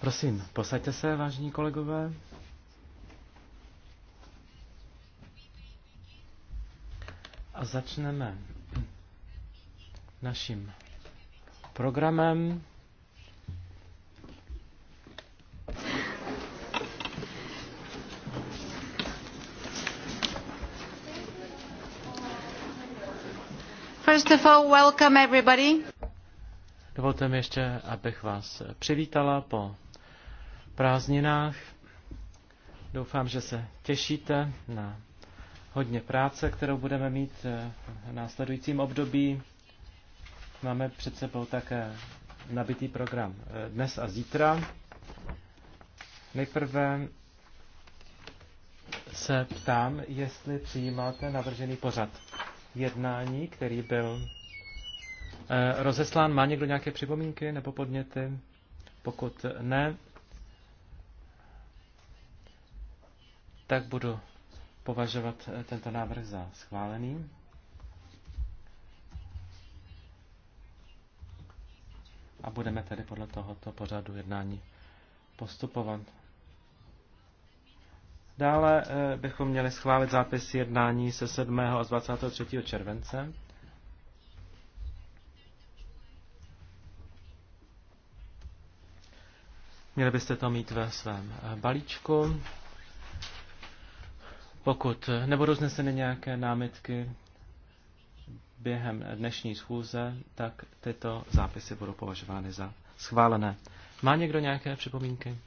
Prosím, posaďte se, vážení kolegové. A začneme naším programem. first of all welcome everybody. Dovolte mi ještě, abych vás přivítala po prázdninách. Doufám, že se těšíte na hodně práce, kterou budeme mít eh, v následujícím období. Máme před sebou také nabitý program eh, dnes a zítra. Nejprve se ptám, jestli přijímáte navržený pořad jednání, který byl eh, rozeslán. Má někdo nějaké připomínky nebo podněty? Pokud ne, tak budu považovat eh, tento návrh za schválený. A budeme tedy podle tohoto pořadu jednání postupovat. Dále eh, bychom měli schválit zápis jednání se 7. a 23. července. Měli byste to mít ve svém eh, balíčku. Pokud nebudou zneseny nějaké námitky během dnešní schůze, tak tyto zápisy budou považovány za schválené. Má někdo nějaké připomínky?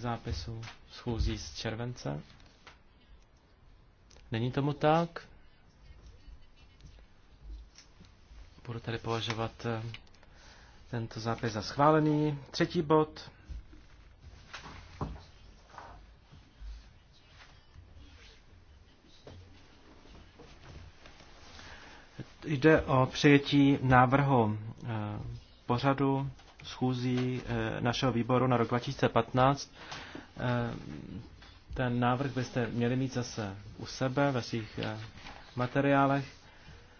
zápisu schůzí z července. Není tomu tak. Budu tady považovat eh, tento zápis za schválený. Třetí bod. Jde o přijetí návrhu eh, pořadu schůzí eh, našeho výboru na rok 2015. Eh, ten návrh byste měli mít zase u sebe ve svých eh, materiálech.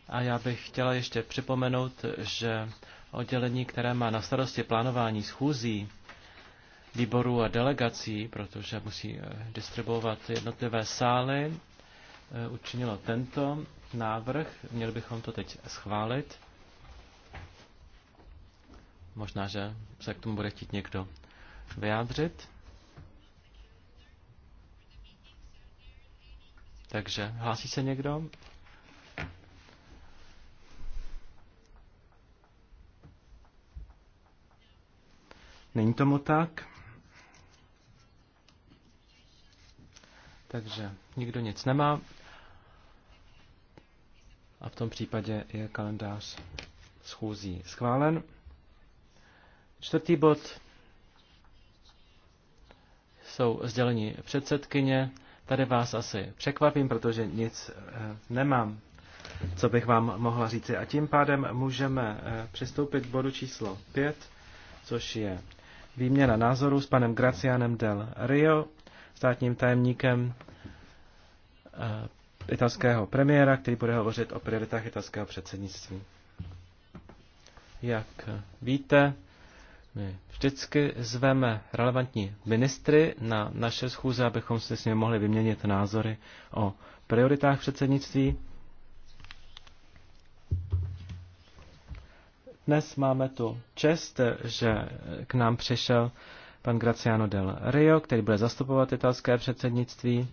A já bych chtěla ještě připomenout, že oddělení, které má na starosti plánování schůzí, výborů a delegací, protože musí distribuovat jednotlivé sály, učinilo tento návrh. Měli bychom to teď schválit. Možná, že se k tomu bude chtít někdo vyjádřit. Takže hlásí se někdo? Není tomu tak? Takže nikdo nic nemá. A v tom případě je kalendář schůzí schválen. Čtvrtý bod jsou sdělení předsedkyně. Tady vás asi překvapím, protože nic eh, nemám, co bych vám mohla říci. A tím pádem můžeme eh, přistoupit k bodu číslo 5, což je výměna názorů s panem Gracianem del Rio, státním tajemníkem eh, italského premiéra, který bude hovořit o prioritách italského předsednictví. Jak víte, my vždycky zveme relevantní ministry na naše schůze, abychom si s nimi mohli vyměnit názory o prioritách předsednictví. Dnes máme tu čest, že k nám přišel pan Graciano del Rio, který bude zastupovat italské předsednictví,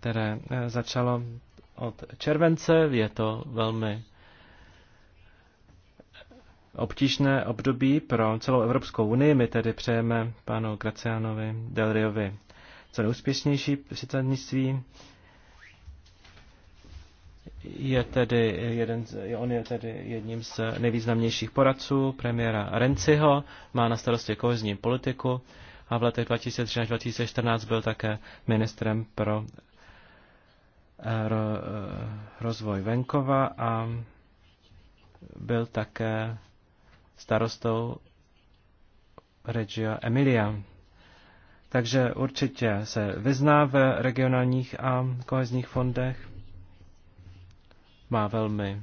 které eh, začalo od července. Je to velmi obtížné období pro celou Evropskou unii. My tedy přejeme panu Gracianovi Delriovi co nejúspěšnější předsednictví. Je tedy jeden, z, on je tedy jedním z nejvýznamnějších poradců premiéra Renciho, má na starosti kohezní politiku a v letech 2013-2014 byl také ministrem pro eh, eh, rozvoj venkova a byl také starostou Regia Emilia. Takže určitě se vyzná v regionálních a kohezních fondech. Má velmi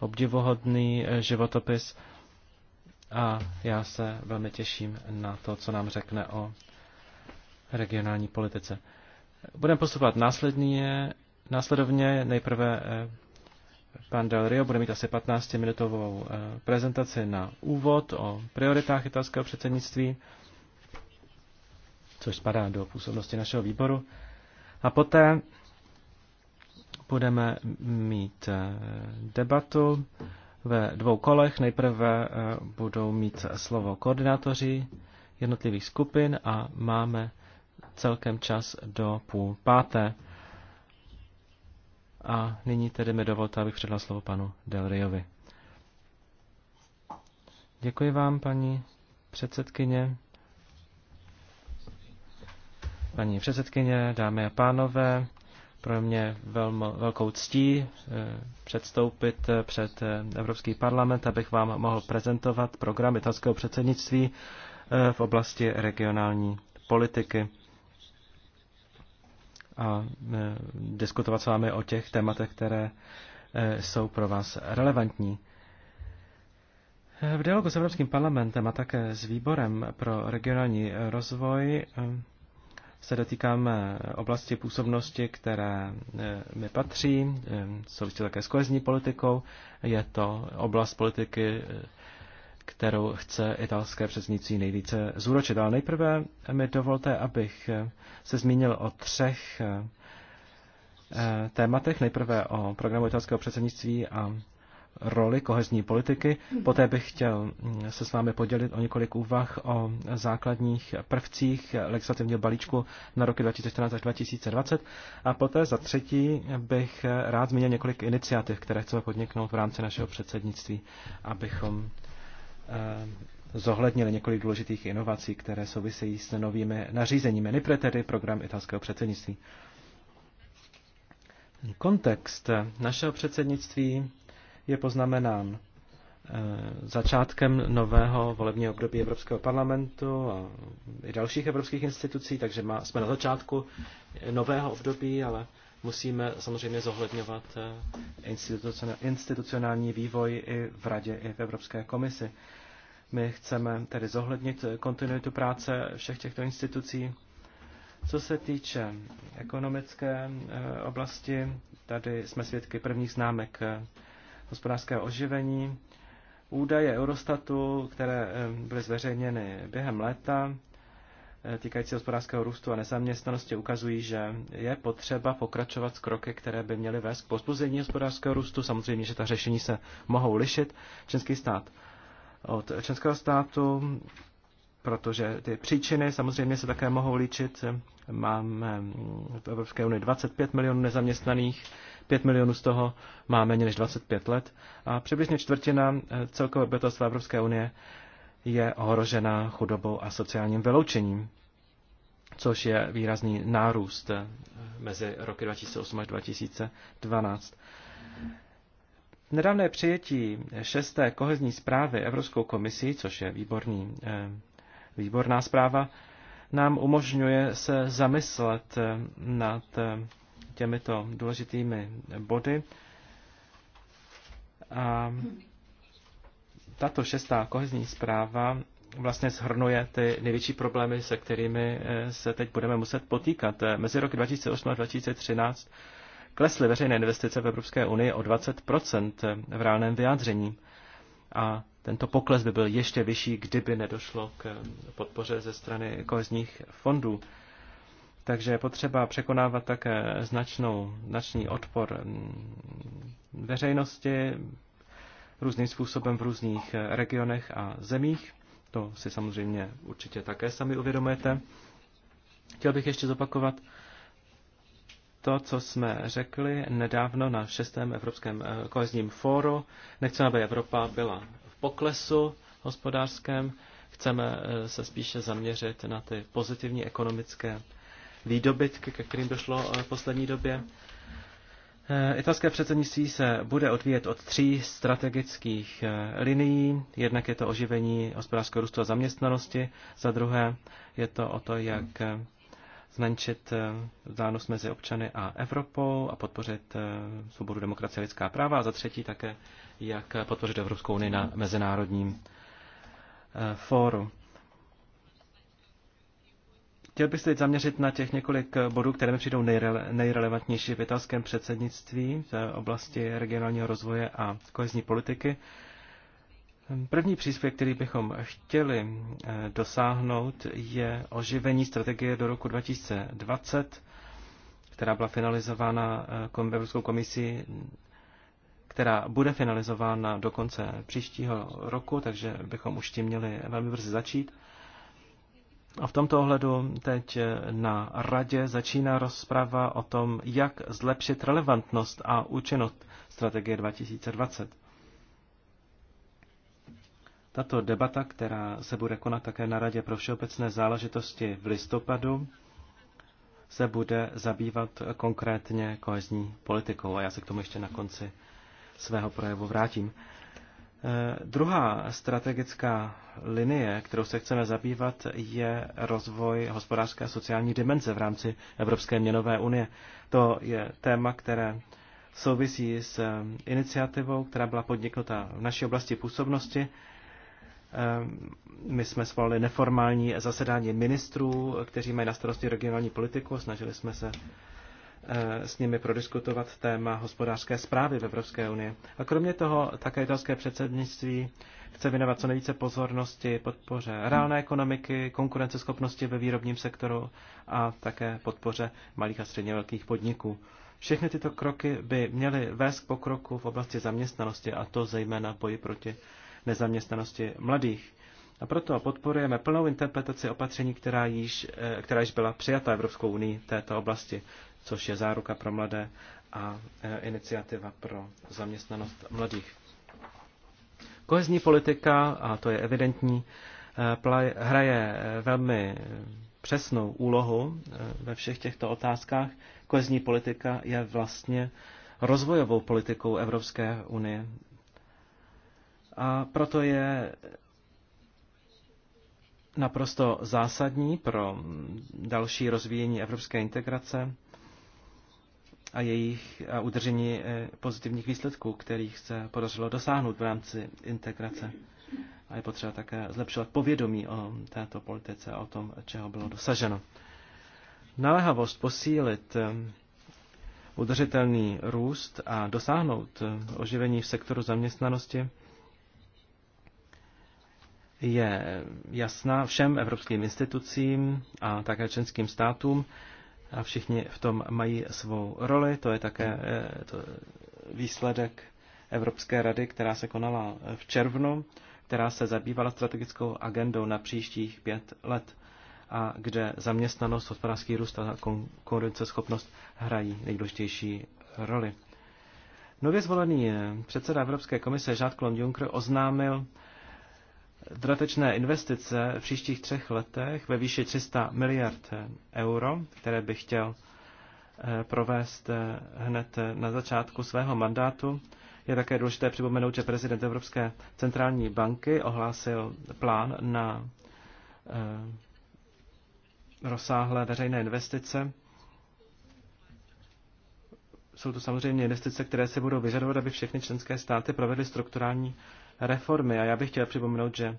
obdivuhodný eh, životopis a já se velmi těším na to, co nám řekne o regionální politice. Budeme postupovat následně, následovně nejprve eh, Pan Del Rio bude mít asi 15-minutovou eh, prezentaci na úvod o prioritách italského předsednictví, což spadá do působnosti našeho výboru. A poté budeme mít eh, debatu ve dvou kolech. Nejprve eh, budou mít slovo koordinátoři jednotlivých skupin a máme celkem čas do půl páté. A nyní tedy mi dovolte, abych předal slovo panu Del Riovi. Děkuji vám, paní předsedkyně. Paní předsedkyně, dámy a pánové, pro mě velmi velkou ctí eh, předstoupit eh, před eh, Evropský parlament, abych vám mohl prezentovat program italského předsednictví v oblasti regionální politiky a e, diskutovat s vámi o těch tématech, které e, jsou pro vás relevantní. V dialogu s Evropským parlamentem a také s výborem pro regionální rozvoj e, se dotýkáme oblasti působnosti, která mi patří, souvisí také s kohezní politikou. Je to oblast politiky kterou chce italské předsednictví nejvíce zúročit. Ale nejprve mi dovolte, abych se zmínil o třech eh, tématech. Nejprve o programu italského předsednictví a roli kohezní politiky. Poté bych chtěl mm, se s vámi podělit o několik úvah o základních prvcích legislativního balíčku na roky 2014 až 2020. A poté za třetí bych rád zmínil několik iniciativ, které chceme podniknout v rámci našeho předsednictví, abychom Eh, zohlednili několik důležitých inovací, které souvisejí s novými nařízeními. Nejprve tedy program italského předsednictví. Kontext našeho předsednictví je poznamenán eh, začátkem nového volebního období Evropského parlamentu a i dalších evropských institucí, takže má, jsme na začátku nového období, ale musíme samozřejmě zohledňovat eh, institucionální vývoj i v Radě, i v Evropské komisi. My chceme tedy zohlednit kontinuitu práce všech těchto institucí. Co se týče ekonomické eh, oblasti, tady jsme svědky prvních známek eh, hospodářského oživení. Údaje Eurostatu, které byly zveřejněny během léta, Eh, týkající hospodářského růstu a nezaměstnanosti ukazují, že je potřeba pokračovat s kroky, které by měly vést k pozbuzení hospodářského růstu. Samozřejmě, že ta řešení se mohou lišit. Český stát od českého státu, protože ty příčiny samozřejmě se také mohou líčit. Máme v Evropské unii 25 milionů nezaměstnaných, 5 milionů z toho má méně než 25 let a přibližně čtvrtina eh, celkového obyvatelstva Evropské unie je ohrožena chudobou a sociálním vyloučením což je výrazný nárůst eh, mezi roky 2008 až 2012. Nedávné přijetí šesté kohezní zprávy Evropskou komisí, což je výborný, eh, výborná zpráva, nám umožňuje se zamyslet eh, nad těmito důležitými body. A tato šestá kohezní zpráva vlastně shrnuje ty největší problémy, se kterými eh, se teď budeme muset potýkat. Eh, mezi roky 2008 a 2013 klesly veřejné investice v Evropské unii o 20 eh, v reálném vyjádření. A tento pokles by byl ještě vyšší, kdyby nedošlo k podpoře ze strany kohezních fondů. Takže je potřeba překonávat také značnou, značný odpor mm, veřejnosti různým způsobem v různých regionech a zemích. To si samozřejmě určitě také sami uvědomujete. Chtěl bych ještě zopakovat to, co jsme řekli nedávno na šestém Evropském eh, kohezním fóru. Nechceme, aby Evropa byla v poklesu hospodářském. Chceme eh, se spíše zaměřit na ty pozitivní ekonomické výdobytky, ke kterým došlo eh, v poslední době. Eh, italské předsednictví se bude odvíjet od tří strategických eh, linií. Jednak je to oživení hospodářského růstu a zaměstnanosti, za druhé je to o to, jak eh, zmenšit vzdálenost mezi občany a Evropou a podpořit svobodu demokracie a lidská práva a za třetí také, jak podpořit Evropskou unii na mezinárodním fóru. Chtěl bych se teď zaměřit na těch několik eh, bodů, které mi přijdou nejrele, nejrelevantnější v italském předsednictví v eh, oblasti regionálního rozvoje a kohezní politiky. Hm, první příspěvek, který bychom chtěli eh, dosáhnout, je oživení strategie do roku 2020, která byla finalizována Evropskou komisí, která bude finalizována do konce příštího roku, takže bychom už tím měli velmi brzy začít. A v tomto ohledu teď na radě začíná rozprava o tom, jak zlepšit relevantnost a účinnost strategie 2020. Tato debata, která se bude konat také na Radě pro všeobecné záležitosti v listopadu, se bude zabývat konkrétně kohezní politikou. A já se k tomu ještě na konci svého projevu vrátím. Eh, druhá strategická linie, kterou se chceme zabývat, je rozvoj hospodářské a sociální dimenze v rámci Evropské měnové unie. To je téma, které souvisí s eh, iniciativou, která byla podniknuta v naší oblasti působnosti. Eh, my jsme svolali neformální zasedání ministrů, kteří mají na starosti regionální politiku. Snažili jsme se Eh, s nimi prodiskutovat téma hospodářské zprávy v Evropské unii. A kromě toho také italské předsednictví chce věnovat co nejvíce pozornosti podpoře reálné ekonomiky, konkurenceschopnosti ve výrobním sektoru a také podpoře malých a středně velkých podniků. Všechny tyto kroky by měly vést k pokroku v oblasti zaměstnanosti a to zejména boji proti nezaměstnanosti mladých. A proto podporujeme plnou interpretaci opatření, která již, eh, která již byla přijata Evropskou unii v této oblasti což je záruka pro mladé a e, iniciativa pro zaměstnanost mladých. Kohezní politika, a to je evidentní, e, hraje e, velmi přesnou úlohu ve všech těchto otázkách. Kohezní politika je vlastně rozvojovou politikou Evropské unie. A proto je naprosto zásadní pro další rozvíjení evropské integrace a jejich a udržení eh, pozitivních výsledků, kterých se podařilo dosáhnout v rámci integrace. A je potřeba také zlepšovat povědomí o této politice a o tom, čeho bylo dosaženo. Naléhavost posílit eh, udržitelný růst a dosáhnout eh, oživení v sektoru zaměstnanosti je jasná všem evropským institucím a také členským státům a všichni v tom mají svou roli. To je také eh, to výsledek Evropské rady, která se konala eh, v červnu, která se zabývala strategickou agendou na příštích pět let a kde zaměstnanost, hospodářský růst a konkurenceschopnost hrají nejdůležitější roli. Nově zvolený eh, předseda Evropské komise Jean-Claude Juncker oznámil dodatečné investice v příštích třech letech ve výši 300 miliard euro, které bych chtěl eh, provést eh, hned eh, na začátku svého mandátu. Je také důležité připomenout, že prezident Evropské centrální banky ohlásil plán na rozsáhlé veřejné investice. Jsou to samozřejmě investice, které se budou vyžadovat, aby všechny členské státy provedly strukturální reformy. A já bych chtěl připomenout, že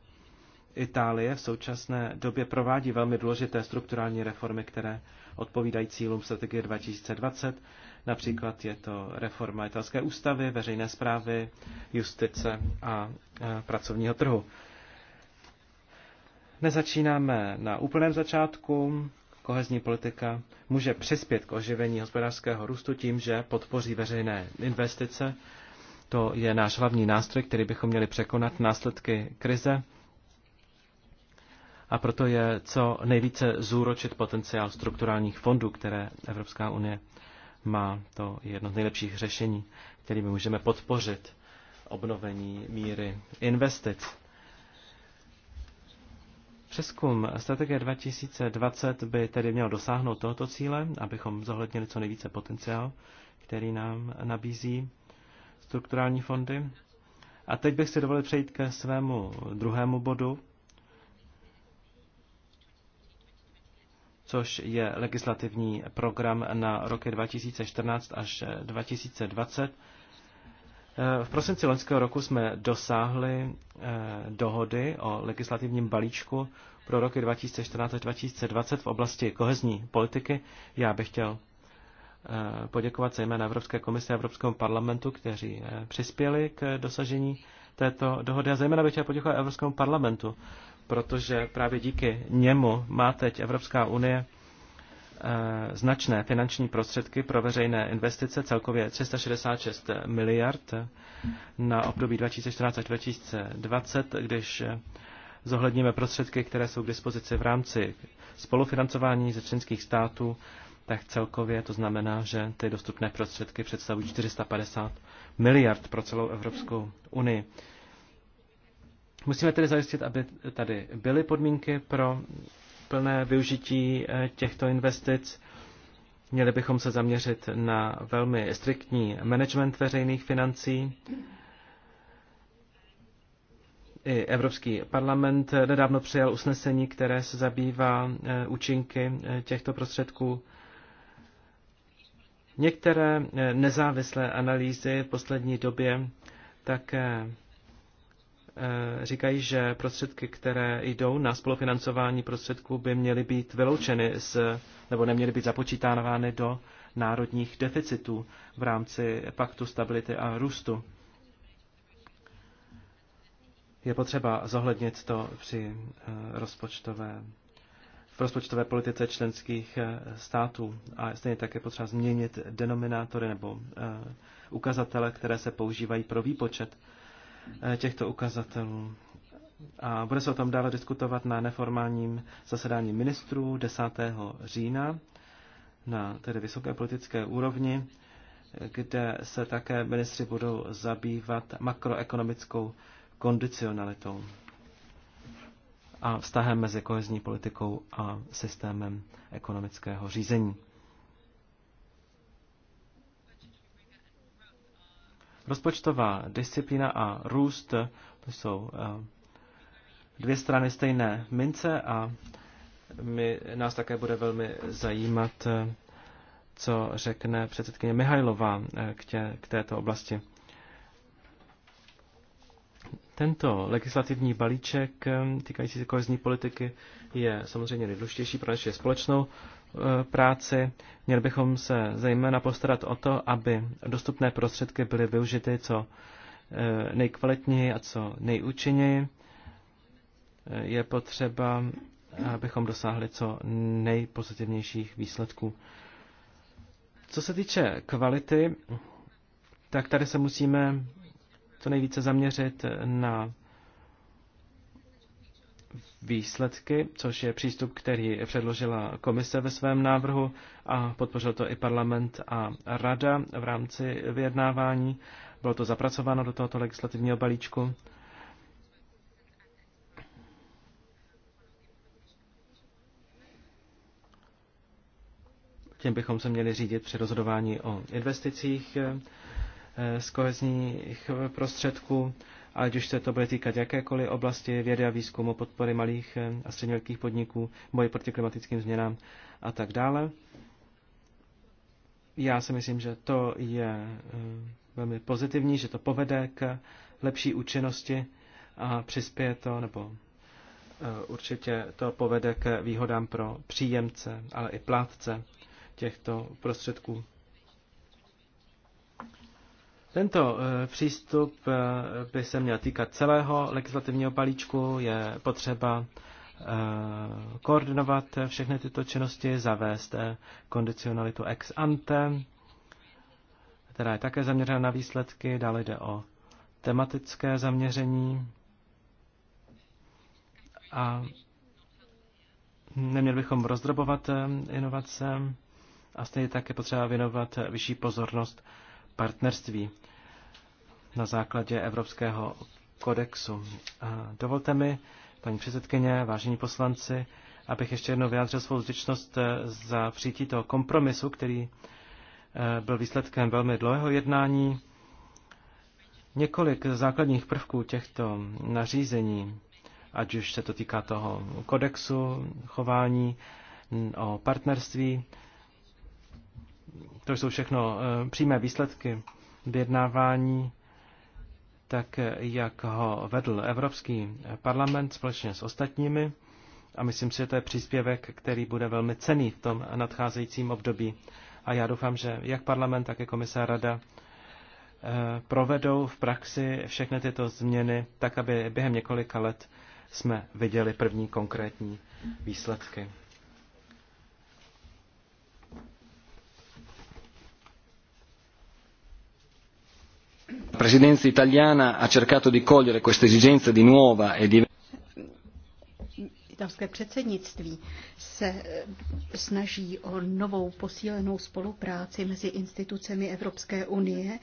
Itálie v současné době provádí velmi důležité strukturální reformy, které odpovídají cílům strategie 2020. Například je to reforma italské ústavy, veřejné zprávy, justice a pracovního trhu. Nezačínáme na úplném začátku. Kohezní politika může přispět k oživení hospodářského růstu tím, že podpoří veřejné investice to je náš hlavní nástroj, který bychom měli překonat následky krize a proto je co nejvíce zúročit potenciál strukturálních fondů, které Evropská unie má. To je jedno z nejlepších řešení, kterými můžeme podpořit obnovení míry investic. Přeskum strategie 2020 by tedy měl dosáhnout tohoto cíle, abychom zohlednili co nejvíce potenciál, který nám nabízí strukturální fondy. A teď bych si dovolil přejít ke svému druhému bodu, což je legislativní program na roky 2014 až 2020. V prosinci loňského roku jsme dosáhli eh, dohody o legislativním balíčku pro roky 2014 až 2020 v oblasti kohezní politiky. Já bych chtěl Eh, poděkovat zejména Evropské komisi a Evropskému parlamentu, kteří eh, přispěli k dosažení této dohody. A zejména bych chtěl poděkovat Evropskému parlamentu, protože právě díky němu má teď Evropská unie eh, značné finanční prostředky pro veřejné investice, celkově 366 miliard na období 2014 až 2020, když zohledníme prostředky, které jsou k dispozici v rámci spolufinancování ze členských států tak celkově to znamená, že ty dostupné prostředky představují 450 miliard pro celou Evropskou unii. Musíme tedy zajistit, aby tady byly podmínky pro plné využití eh, těchto investic. Měli bychom se zaměřit na velmi striktní management veřejných financí. I Evropský parlament eh, nedávno přijal usnesení, které se zabývá eh, účinky těchto prostředků Některé eh, nezávislé analýzy v poslední době také eh, říkají, že prostředky, které jdou na spolufinancování prostředků, by měly být vyloučeny z, nebo neměly být započítávány do národních deficitů v rámci paktu stability a růstu. Je potřeba zohlednit to při eh, rozpočtovém v rozpočtové politice členských eh, států. A stejně tak je potřeba změnit denominátory nebo eh, ukazatele, které se používají pro výpočet eh, těchto ukazatelů. A bude se o tom dále diskutovat na neformálním zasedání ministrů 10. října na tedy vysoké politické úrovni, kde se také ministři budou zabývat makroekonomickou kondicionalitou a vztahem mezi kohezní politikou a systémem ekonomického řízení. Rozpočtová disciplína a růst to jsou eh, dvě strany stejné mince a my, nás také bude velmi zajímat, eh, co řekne předsedkyně Mihajlová eh, k, tě, k této oblasti. Tento legislativní balíček týkající se kohezní politiky je samozřejmě nejdůležitější pro naši společnou e, práci. Měli bychom se zejména postarat o to, aby dostupné prostředky byly využity co e, nejkvalitněji a co nejúčinněji. E, je potřeba, abychom dosáhli co nejpozitivnějších výsledků. Co se týče kvality, tak tady se musíme co nejvíce zaměřit na výsledky, což je přístup, který předložila komise ve svém návrhu a podpořil to i parlament a rada v rámci vyjednávání. Bylo to zapracováno do tohoto legislativního balíčku. Tím bychom se měli řídit při rozhodování o investicích. Eh, z kohezních prostředků, ať už se to bude týkat jakékoliv oblasti vědy a výzkumu, podpory malých eh, a středně velkých podniků, boji proti klimatickým změnám a tak dále. Já si myslím, že to je eh, velmi pozitivní, že to povede k lepší účinnosti a přispěje to, nebo určitě to povede k výhodám pro příjemce, ale i plátce těchto prostředků. Tento eh, přístup eh, by se měl týkat celého legislativního balíčku. Je potřeba eh, koordinovat všechny tyto činnosti, zavést kondicionalitu ex ante, která je také zaměřena na výsledky. Dále jde o tematické zaměření. A neměli bychom rozdrobovat inovace a stejně tak je potřeba věnovat vyšší pozornost partnerství na základě Evropského kodexu. dovolte mi, paní předsedkyně, vážení poslanci, abych ještě jednou vyjádřil svou vděčnost eh, za přijítí toho kompromisu, který eh, byl výsledkem velmi dlouhého jednání. Několik základních prvků těchto nařízení, ať už se to týká toho kodexu chování o partnerství, to jsou všechno eh, přímé výsledky vyjednávání, tak eh, jak ho vedl Evropský eh, parlament společně s ostatními. A myslím si, že to je příspěvek, který bude velmi cený v tom nadcházejícím období. A já doufám, že jak parlament, tak i komisá rada provedou v praxi všechny tyto změny, tak aby během několika let jsme viděli první konkrétní výsledky. La presidenza italiana ha cercato di cogliere questa esigenza di nuova e di italské předsednictví se eh, snaží o novou posílenou spolupráci mezi institucemi Evropské unie,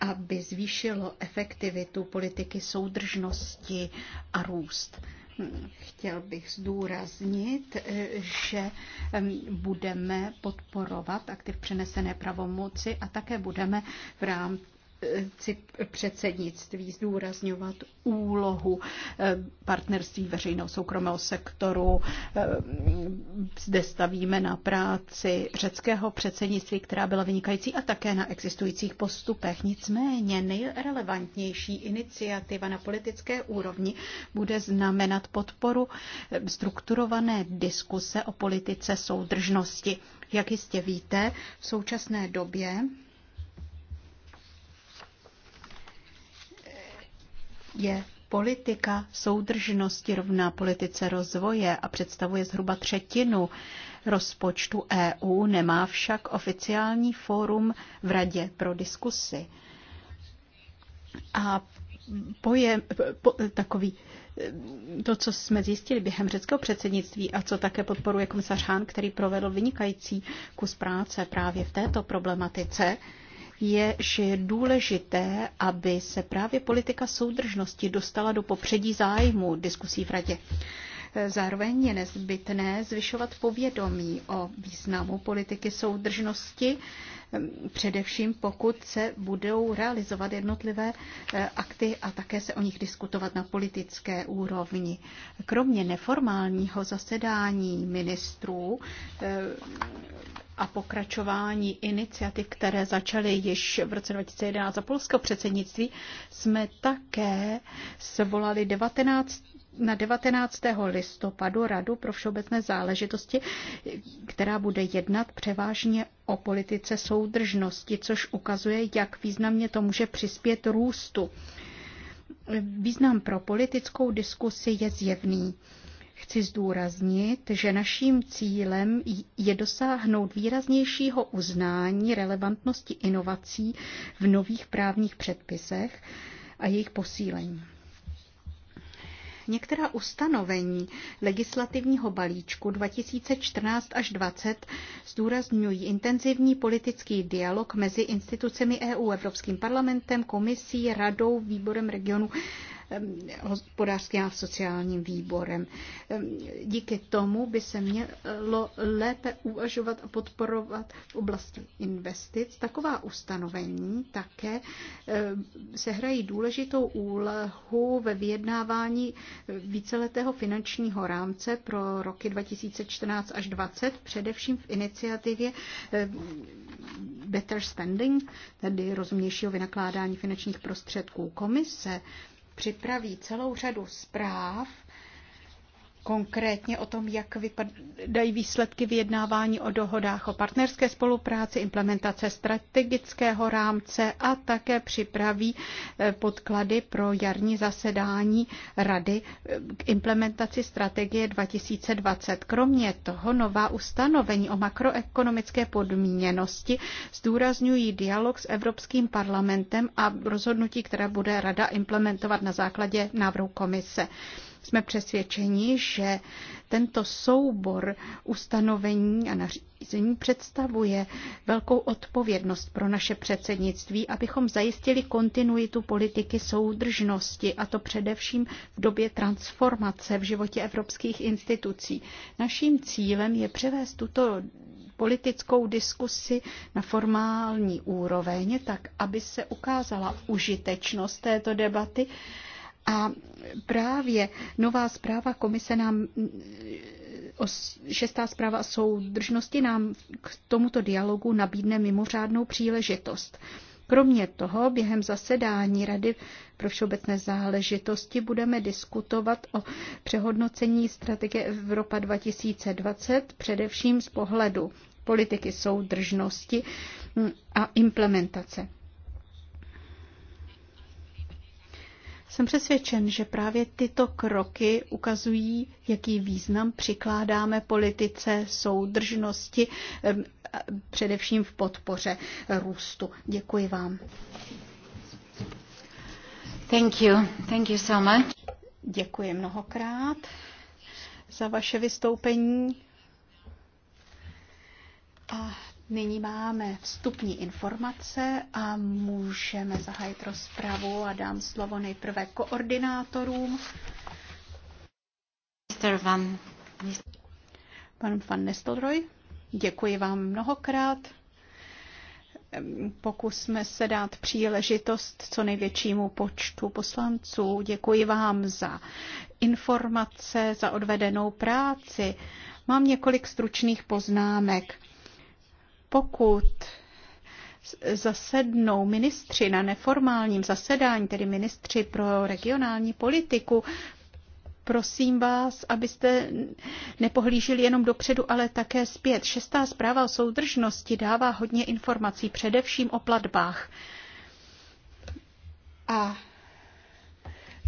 aby zvýšilo efektivitu politiky soudržnosti a růst. Chtěl bych zdůraznit, eh, že budeme podporovat aktiv přenesené pravomoci a také budeme v rámci předsednictví zdůrazňovat úlohu eh, partnerství veřejného soukromého sektoru. Eh, zde stavíme na práci řeckého předsednictví, která byla vynikající a také na existujících postupech. Nicméně nejrelevantnější iniciativa na politické úrovni bude znamenat podporu eh, strukturované diskuse o politice soudržnosti. Jak jistě víte, v současné době je politika soudržnosti rovná politice rozvoje a představuje zhruba třetinu rozpočtu EU, nemá však oficiální fórum v Radě pro diskusy. A pojem, po, takový to, co jsme zjistili během řeckého předsednictví a co také podporuje komisař Hahn, který provedl vynikající kus práce právě v této problematice, je, že je důležité, aby se právě politika soudržnosti dostala do popředí zájmu diskusí v radě. Zároveň je nezbytné zvyšovat povědomí o významu politiky soudržnosti, ehm, především pokud se budou realizovat jednotlivé eh, akty a také se o nich diskutovat na politické úrovni. Kromě neformálního zasedání ministrů eh, a pokračování iniciativ, které začaly již v roce 2011 za polského předsednictví, jsme také svolali 19 na 19. listopadu Radu pro všeobecné záležitosti, která bude jednat převážně o politice soudržnosti, což ukazuje, jak významně to může přispět růstu. Význam pro politickou diskusi je zjevný. Chci zdůraznit, že naším cílem je dosáhnout výraznějšího uznání relevantnosti inovací v nových právních předpisech a jejich posílení některá ustanovení legislativního balíčku 2014 až 20 zdůrazňují intenzivní politický dialog mezi institucemi EU, Evropským parlamentem, komisí, radou, výborem regionu hospodářským a sociálním výborem. Díky tomu by se mělo lépe uvažovat a podporovat v oblasti investic. Taková ustanovení také sehrají důležitou úlohu ve vyjednávání víceletého finančního rámce pro roky 2014 až 2020, především v iniciativě Better Spending, tedy rozumnějšího vynakládání finančních prostředků komise, připraví celou řadu zpráv konkrétně o tom, jak vypadají výsledky vyjednávání o dohodách o partnerské spolupráci, implementace strategického rámce a také připraví eh, podklady pro jarní zasedání Rady eh, k implementaci strategie 2020. Kromě toho nová ustanovení o makroekonomické podmíněnosti zdůrazňují dialog s Evropským parlamentem a rozhodnutí, které bude Rada implementovat na základě návrhu komise. Jsme přesvědčeni, že tento soubor ustanovení a nařízení představuje velkou odpovědnost pro naše předsednictví, abychom zajistili kontinuitu politiky soudržnosti, a to především v době transformace v životě evropských institucí. Naším cílem je převést tuto politickou diskusi na formální úroveň, tak aby se ukázala užitečnost této debaty a právě nová zpráva komise nám, šestá zpráva o soudržnosti nám k tomuto dialogu nabídne mimořádnou příležitost. Kromě toho během zasedání Rady pro všeobecné záležitosti budeme diskutovat o přehodnocení strategie Evropa 2020, především z pohledu politiky soudržnosti a implementace. Jsem přesvědčen, že právě tyto kroky ukazují, jaký význam přikládáme politice soudržnosti, především v podpoře růstu. Děkuji vám. Thank you. Thank you so much. Děkuji mnohokrát za vaše vystoupení. A Nyní máme vstupní informace a můžeme zahájit rozpravu a dám slovo nejprve koordinátorům. Mr. Van, pan Van Nestelroj, děkuji vám mnohokrát. Pokusme se dát příležitost co největšímu počtu poslanců. Děkuji vám za informace, za odvedenou práci. Mám několik stručných poznámek pokud zasednou ministři na neformálním zasedání, tedy ministři pro regionální politiku, prosím vás, abyste nepohlíželi jenom dopředu, ale také zpět. Šestá zpráva o soudržnosti dává hodně informací, především o platbách. A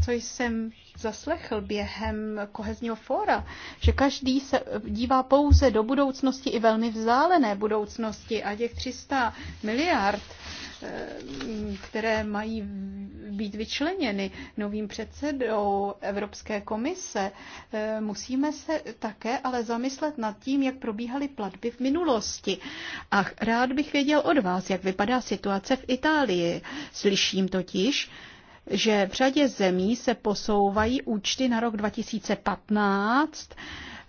co jsem zaslechl během kohezního fóra, že každý se dívá pouze do budoucnosti i velmi vzdálené budoucnosti a těch 300 miliard, eh, které mají být vyčleněny novým předsedou Evropské komise, eh, musíme se také ale zamyslet nad tím, jak probíhaly platby v minulosti. A rád bych věděl od vás, jak vypadá situace v Itálii. Slyším totiž, že v řadě zemí se posouvají účty na rok 2015,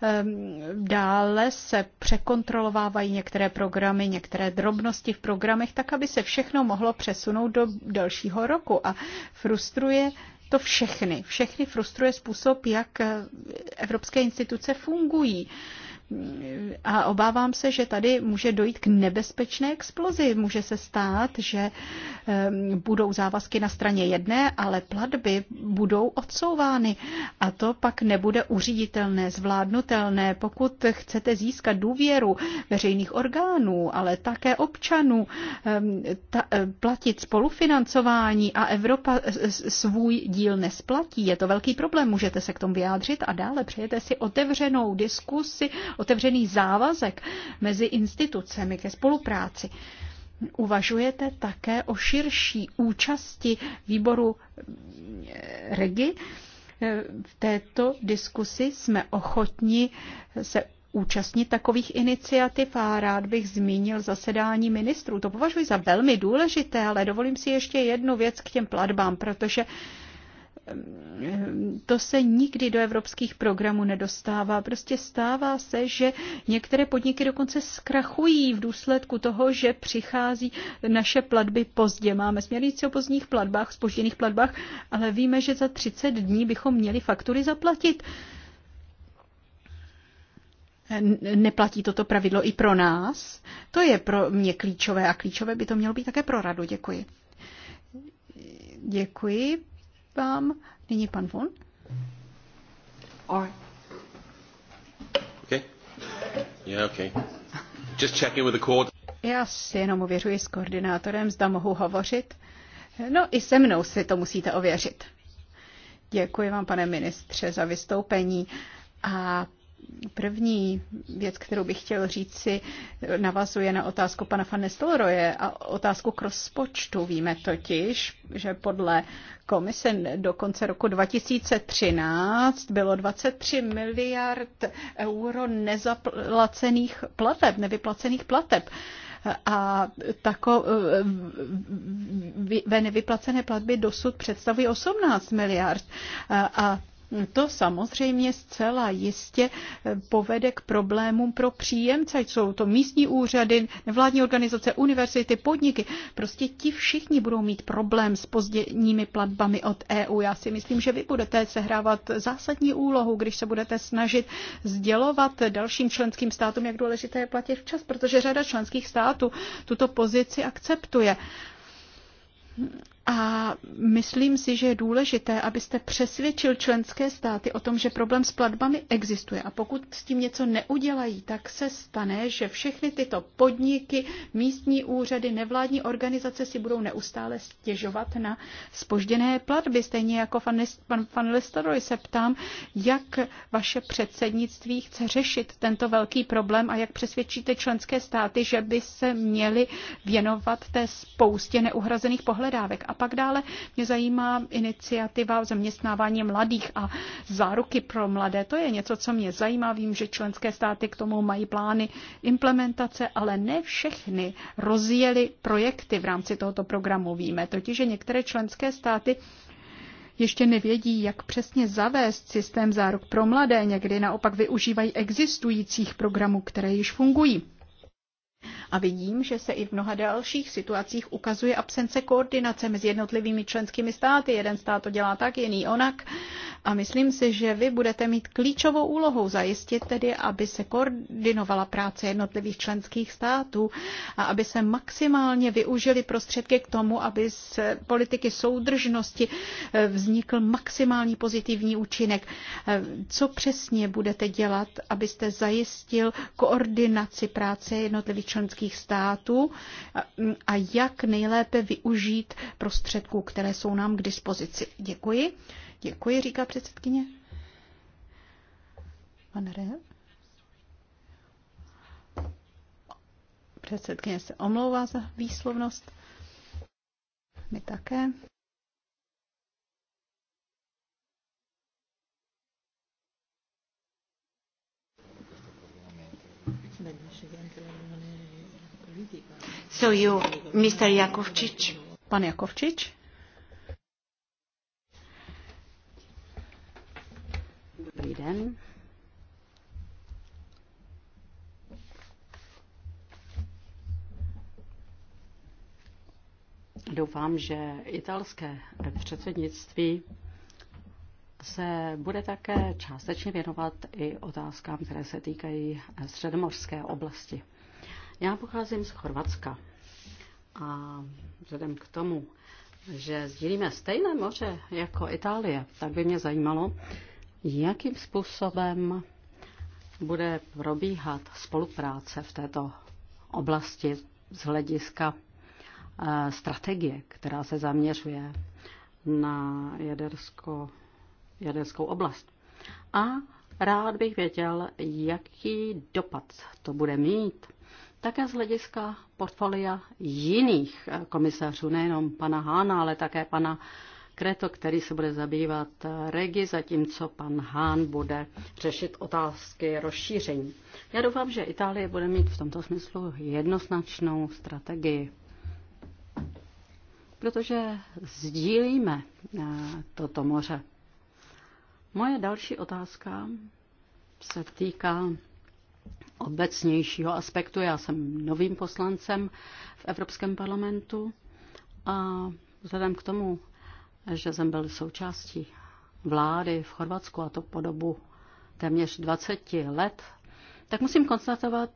ehm, Dále se překontrolovávají některé programy, některé drobnosti v programech, tak aby se všechno mohlo přesunout do dalšího roku. A frustruje to všechny. Všechny frustruje způsob, jak eh, evropské instituce fungují. A obávám se, že tady může dojít k nebezpečné explozi. Může se stát, že ehm, budou závazky na straně jedné, ale platby budou odsouvány. A to pak nebude uříditelné, zvládnutelné. Pokud chcete získat důvěru veřejných orgánů, ale také občanů, ehm, ta, e, platit spolufinancování a Evropa svůj díl nesplatí, je to velký problém. Můžete se k tomu vyjádřit a dále přejete si otevřenou diskusi otevřený závazek mezi institucemi ke spolupráci. Uvažujete také o širší účasti výboru eh, Regi? Eh, v této diskusi jsme ochotni se účastnit takových iniciativ a rád bych zmínil zasedání ministrů. To považuji za velmi důležité, ale dovolím si ještě jednu věc k těm platbám, protože to se nikdy do evropských programů nedostává. Prostě stává se, že některé podniky dokonce zkrachují v důsledku toho, že přichází naše platby pozdě. Máme směrnici o pozdních platbách, spožděných platbách, ale víme, že za 30 dní bychom měli faktury zaplatit. Neplatí toto pravidlo i pro nás? To je pro mě klíčové a klíčové by to mělo být také pro radu. Děkuji. Děkuji vám. Nyní pan Von. Okay. Yeah, okay. Just with the court. Já si jenom ověřuji s koordinátorem, zda mohu hovořit. No i se mnou si to musíte ověřit. Děkuji vám, pane ministře, za vystoupení. A První věc, kterou bych chtěl říci, navazuje na otázku pana van Stoloroje a otázku k rozpočtu. Víme totiž, že podle komise do konce roku 2013 bylo 23 miliard euro nezaplacených plateb, nevyplacených plateb a takové eh, nevyplacené platby dosud představují 18 miliard. A to samozřejmě zcela jistě eh, povede k problémům pro příjemce. Jsou to místní úřady, nevládní organizace, univerzity, podniky. Prostě ti všichni budou mít problém s pozděními platbami od EU. Já si myslím, že vy budete sehrávat zásadní úlohu, když se budete snažit sdělovat dalším členským státům, jak důležité je platit včas, protože řada členských států tuto pozici akceptuje. A myslím si, že je důležité, abyste přesvědčil členské státy o tom, že problém s platbami existuje. A pokud s tím něco neudělají, tak se stane, že všechny tyto podniky, místní úřady, nevládní organizace si budou neustále stěžovat na spožděné platby. Stejně jako pan Van Listeroy se ptám, jak vaše předsednictví chce řešit tento velký problém a jak přesvědčíte členské státy, že by se měly věnovat té spoustě neuhrazených pohledávek. A a pak dále mě zajímá iniciativa o zaměstnávání mladých a záruky pro mladé. To je něco, co mě zajímá. Vím, že členské státy k tomu mají plány implementace, ale ne všechny rozjeli projekty v rámci tohoto programu. Víme totiž, že některé členské státy ještě nevědí, jak přesně zavést systém záruk pro mladé, někdy naopak využívají existujících programů, které již fungují. A vidím, že se i v mnoha dalších situacích ukazuje absence koordinace mezi jednotlivými členskými státy. Jeden stát to dělá tak, jiný onak. A myslím si, že vy budete mít klíčovou úlohou zajistit tedy, aby se koordinovala práce jednotlivých členských států a aby se maximálně využili prostředky k tomu, aby z politiky soudržnosti eh, vznikl maximální pozitivní účinek. Eh, co přesně budete dělat, abyste zajistil koordinaci práce jednotlivých členských států a jak nejlépe využít prostředků, které jsou nám k dispozici. Děkuji. Děkuji, říká předsedkyně. Pan Rev. Předsedkyně se omlouvá za výslovnost. My také. So you, Mr. Jakovčič. Pan Jakovčič. Dobrý den. Doufám, že italské předsednictví se bude také částečně věnovat i otázkám, které se týkají středomorské oblasti. Já pocházím z Chorvatska a vzhledem k tomu, že sdílíme stejné moře jako Itálie, tak by mě zajímalo, jakým způsobem bude probíhat spolupráce v této oblasti z hlediska eh, strategie, která se zaměřuje na jadersko, jaderskou oblast. A rád bych věděl, jaký dopad to bude mít také z hlediska portfolia jiných eh, komisařů, nejenom pana Hána, ale také pana Kreto, který se bude zabývat regi, zatímco pan Hán bude řešit otázky rozšíření. Já doufám, že Itálie bude mít v tomto smyslu jednoznačnou strategii, protože sdílíme eh, toto moře. Moje další otázka se týká obecnějšího aspektu. Já jsem novým poslancem v Evropském parlamentu a vzhledem k tomu, že jsem byl součástí vlády v Chorvatsku a to po dobu téměř 20 let, tak musím konstatovat,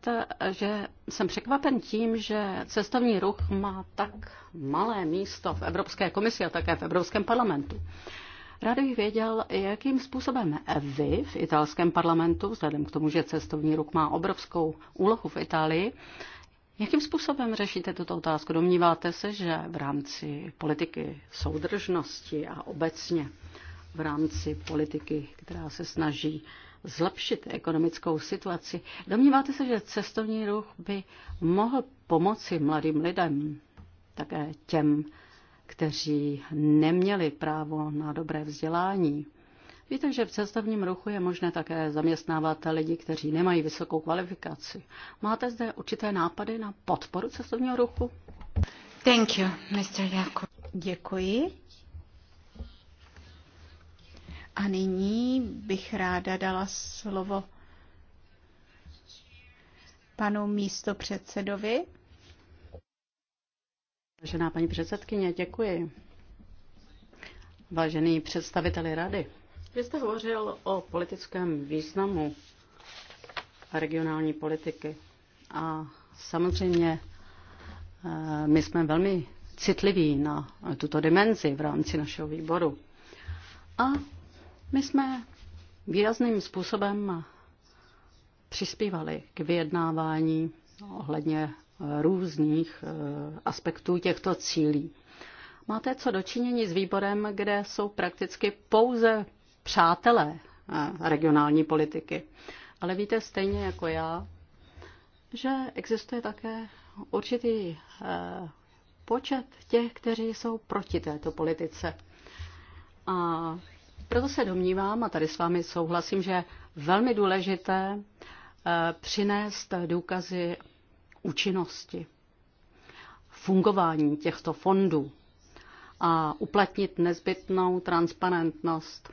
že jsem překvapen tím, že cestovní ruch má tak malé místo v Evropské komisi a také v Evropském parlamentu. Rád bych věděl, jakým způsobem vy v italském parlamentu, vzhledem k tomu, že cestovní ruch má obrovskou úlohu v Itálii, jakým způsobem řešíte tuto otázku? Domníváte se, že v rámci politiky soudržnosti a obecně v rámci politiky, která se snaží zlepšit ekonomickou situaci, domníváte se, že cestovní ruch by mohl pomoci mladým lidem, také těm, kteří neměli právo na dobré vzdělání. Víte, že v cestovním ruchu je možné také zaměstnávat lidi, kteří nemají vysokou kvalifikaci. Máte zde určité nápady na podporu cestovního ruchu? Thank you, Mr. Jakub. Děkuji. A nyní bych ráda dala slovo panu místopředsedovi Vážená paní předsedkyně, děkuji. Vážený představiteli rady, vy jste hovořil o politickém významu regionální politiky a samozřejmě eh, my jsme velmi citliví na tuto dimenzi v rámci našeho výboru. A my jsme výrazným způsobem přispívali k vyjednávání ohledně různých eh, aspektů těchto cílí. Máte co dočinění s výborem, kde jsou prakticky pouze přátelé eh, regionální politiky. Ale víte stejně jako já, že existuje také určitý eh, počet těch, kteří jsou proti této politice. A proto se domnívám, a tady s vámi souhlasím, že je velmi důležité přinést důkazy účinnosti fungování těchto fondů a uplatnit nezbytnou transparentnost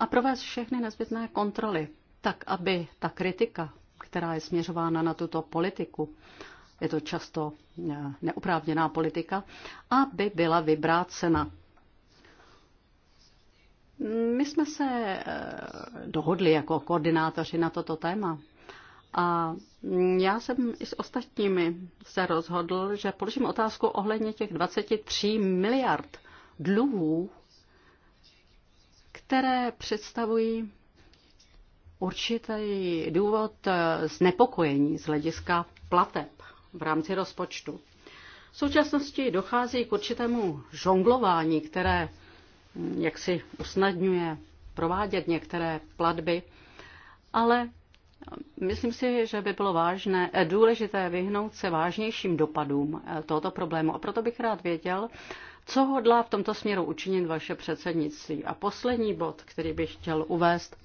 a provést všechny nezbytné kontroly, tak aby ta kritika, která je směřována na tuto politiku, je to často eh, neoprávněná politika, aby byla vybrácena. My jsme se eh, dohodli jako koordinátoři na toto téma a já jsem i s ostatními se rozhodl, že položím otázku ohledně těch 23 miliard dluhů, které představují určitý důvod znepokojení z hlediska plateb v rámci rozpočtu. V současnosti dochází k určitému žonglování, které mm, jaksi usnadňuje provádět některé platby, ale Myslím si, že by bylo vážné, eh, důležité vyhnout se vážnějším dopadům eh, tohoto problému. A proto bych rád věděl, co hodlá v tomto směru učinit vaše předsednictví. A poslední bod, který bych chtěl uvést,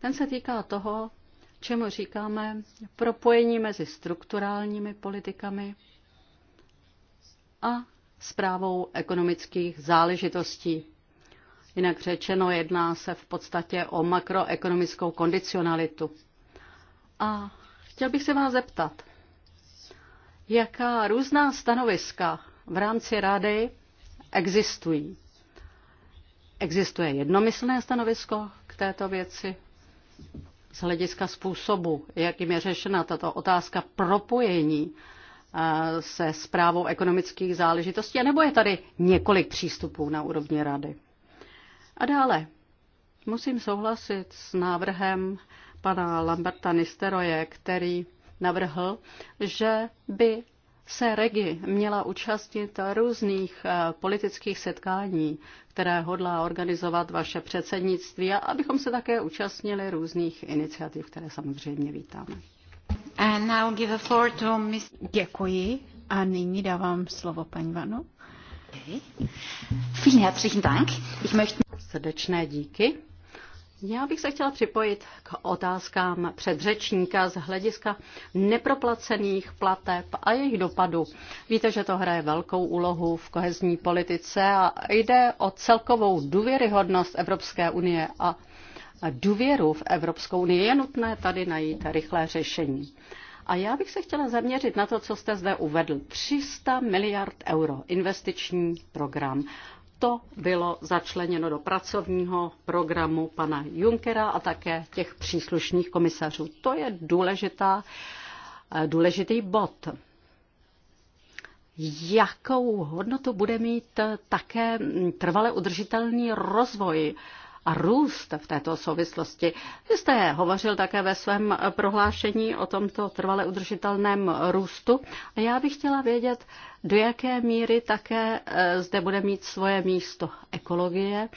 ten se týká toho, čemu říkáme propojení mezi strukturálními politikami a zprávou ekonomických záležitostí. Jinak řečeno, jedná se v podstatě o makroekonomickou kondicionalitu. A chtěl bych se vás zeptat, jaká různá stanoviska v rámci rady existují. Existuje jednomyslné stanovisko k této věci z hlediska způsobu, jakým je řešena tato otázka propojení eh, se zprávou ekonomických záležitostí, nebo je tady několik přístupů na úrovni rady. A dále musím souhlasit s návrhem pana Lamberta Nisteroje, který navrhl, že by se Regi měla účastnit různých eh, politických setkání, které hodlá organizovat vaše předsednictví a abychom se také účastnili různých iniciativ, které samozřejmě vítáme. And now give a floor to Ms. Děkuji a nyní dávám slovo paní Vanu. Okay. Vielen herzlichen Dank. Ich möchte... Srdečné díky. Já bych se chtěla připojit k otázkám předřečníka z hlediska neproplacených plateb a jejich dopadu. Víte, že to hraje velkou úlohu v kohezní politice a jde o celkovou důvěryhodnost Evropské unie a důvěru v Evropskou unii. Je nutné tady najít rychlé řešení. A já bych se chtěla zaměřit na to, co jste zde uvedl. 300 miliard euro investiční program to bylo začleněno do pracovního programu pana Junckera a také těch příslušných komisařů. To je důležitá, eh, důležitý bod. Jakou hodnotu bude mít eh, také mm, trvale udržitelný rozvoj a růst v této souvislosti. Vy jste hovořil také ve svém prohlášení o tomto trvale udržitelném růstu a já bych chtěla vědět, do jaké míry také eh, zde bude mít svoje místo ekologie,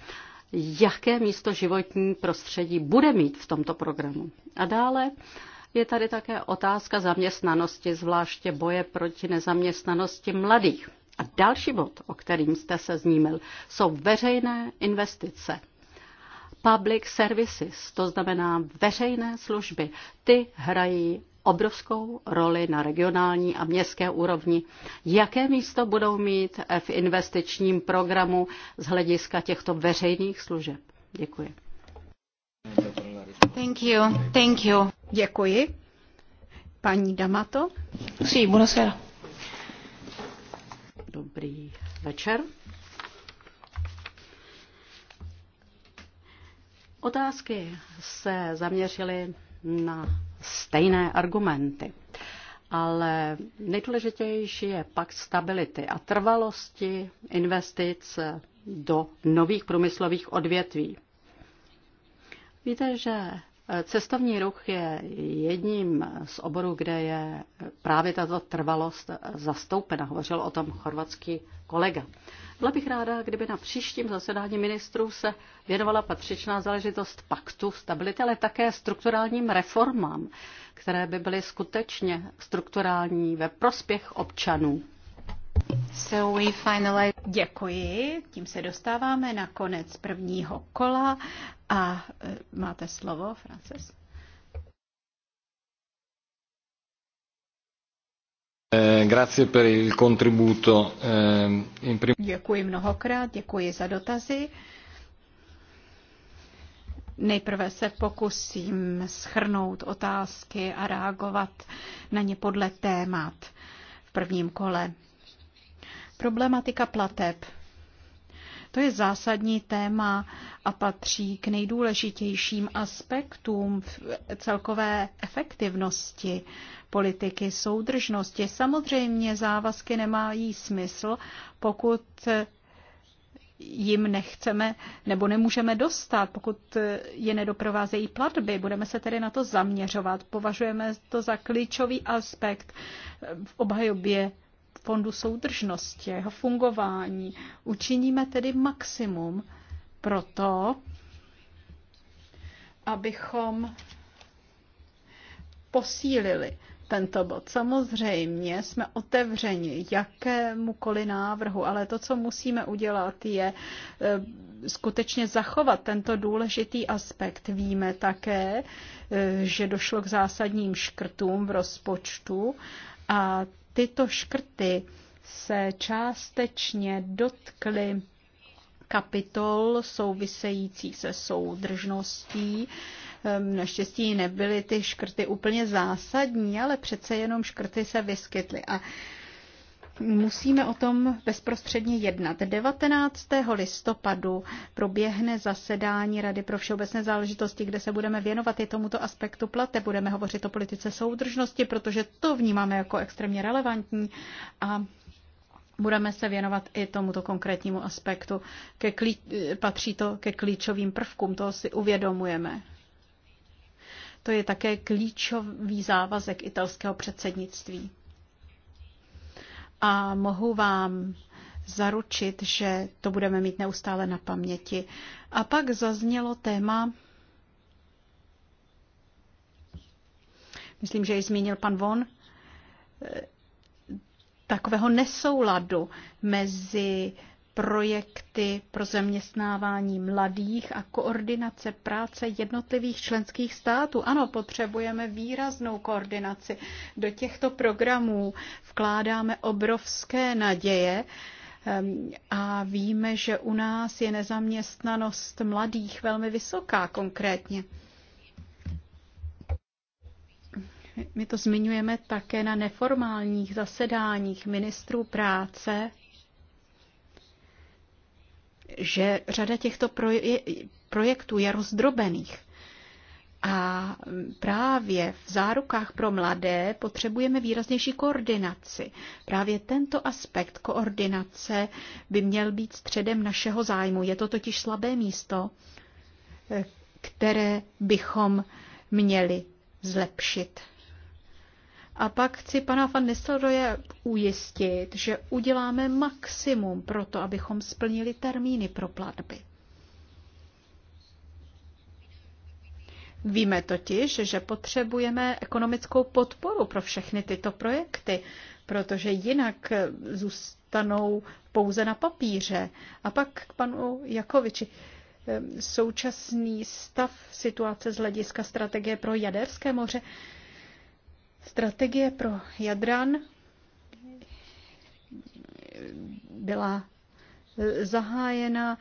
jaké místo životní prostředí bude mít v tomto programu. A dále je tady také otázka zaměstnanosti, zvláště boje proti nezaměstnanosti mladých. A další bod, o kterým jste se znímil, jsou veřejné investice public services, to znamená veřejné služby, ty hrají obrovskou roli na regionální a městské úrovni. Jaké místo budou mít v investičním programu z hlediska těchto veřejných služeb? Děkuji. Thank you. Thank you. Děkuji. Paní Damato. Sí, buonasera. Dobrý večer. Otázky se zaměřily na stejné argumenty, ale nejdůležitější je pak stability a trvalosti investic do nových průmyslových odvětví. Víte, že Cestovní ruch je jedním z oborů, kde je právě tato trvalost zastoupena. Hovořil o tom chorvatský kolega. Byla bych ráda, kdyby na příštím zasedání ministrů se věnovala patřičná záležitost paktu stability, ale také strukturálním reformám, které by byly skutečně strukturální ve prospěch občanů. So we finalize... Děkuji, tím se dostáváme na konec prvního kola a e, máte slovo, Frances. Eh, eh, děkuji mnohokrát, děkuji za dotazy. Nejprve se pokusím schrnout otázky a reagovat na ně podle témat v prvním kole. Problematika plateb. To je zásadní téma a patří k nejdůležitějším aspektům celkové efektivnosti politiky soudržnosti. Samozřejmě závazky nemají smysl, pokud jim nechceme nebo nemůžeme dostat, pokud je nedoprovázejí platby. Budeme se tedy na to zaměřovat. Považujeme to za klíčový aspekt v obhajobě fondu soudržnosti jeho fungování. Učiníme tedy maximum pro to, abychom posílili tento bod. Samozřejmě jsme otevřeni jakémukoliv návrhu, ale to, co musíme udělat, je eh, skutečně zachovat tento důležitý aspekt. Víme také, eh, že došlo k zásadním škrtům v rozpočtu a tyto škrty se částečně dotkly kapitol související se soudržností. Ehm, naštěstí nebyly ty škrty úplně zásadní, ale přece jenom škrty se vyskytly. A musíme o tom bezprostředně jednat. 19. listopadu proběhne zasedání Rady pro všeobecné záležitosti, kde se budeme věnovat i tomuto aspektu plate. Budeme hovořit o politice soudržnosti, protože to vnímáme jako extrémně relevantní a Budeme se věnovat i tomuto konkrétnímu aspektu. Ke klí- patří to ke klíčovým prvkům, toho si uvědomujeme. To je také klíčový závazek italského předsednictví a mohu vám zaručit, že to budeme mít neustále na paměti. A pak zaznělo téma, myslím, že ji zmínil pan Von, takového nesouladu mezi projekty pro zaměstnávání mladých a koordinace práce jednotlivých členských států. Ano, potřebujeme výraznou koordinaci. Do těchto programů vkládáme obrovské naděje ehm, a víme, že u nás je nezaměstnanost mladých velmi vysoká konkrétně. My to zmiňujeme také na neformálních zasedáních ministrů práce že řada těchto proje- projektů je rozdrobených. A právě v zárukách pro mladé potřebujeme výraznější koordinaci. Právě tento aspekt koordinace by měl být středem našeho zájmu. Je to totiž slabé místo, eh, které bychom měli zlepšit. A pak chci pana van Nistelrooye ujistit, že uděláme maximum pro to, abychom splnili termíny pro platby. Víme totiž, že potřebujeme ekonomickou podporu pro všechny tyto projekty, protože jinak zůstanou pouze na papíře. A pak k panu Jakoviči. Současný stav situace z hlediska strategie pro Jaderské moře Strategie pro Jadran byla zahájena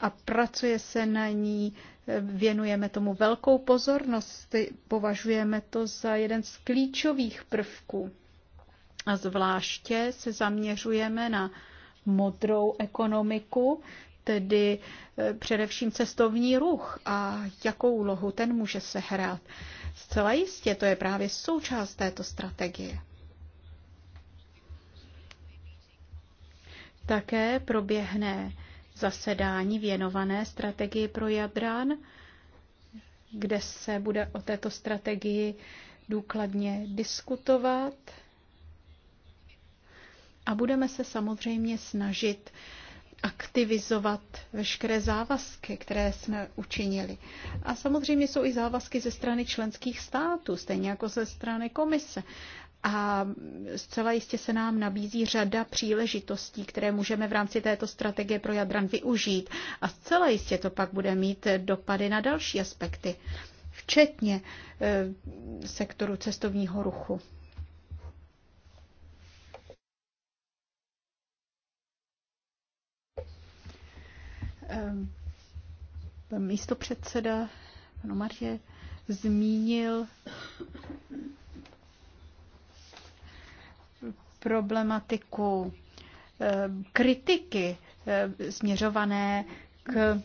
a pracuje se na ní, věnujeme tomu velkou pozornost, považujeme to za jeden z klíčových prvků. A zvláště se zaměřujeme na modrou ekonomiku, tedy eh, především cestovní ruch a jakou úlohu ten může sehrát. hrát. Zcela jistě to je právě součást této strategie. Také proběhne zasedání věnované strategii pro Jadran, kde se bude o této strategii důkladně diskutovat a budeme se samozřejmě snažit aktivizovat veškeré závazky, které jsme učinili. A samozřejmě jsou i závazky ze strany členských států, stejně jako ze strany komise. A zcela jistě se nám nabízí řada příležitostí, které můžeme v rámci této strategie pro Jadran využít. A zcela jistě to pak bude mít dopady na další aspekty, včetně eh, sektoru cestovního ruchu. Ehm, pan místo předseda, pan Omarje, zmínil problematiku ehm, kritiky ehm, směřované k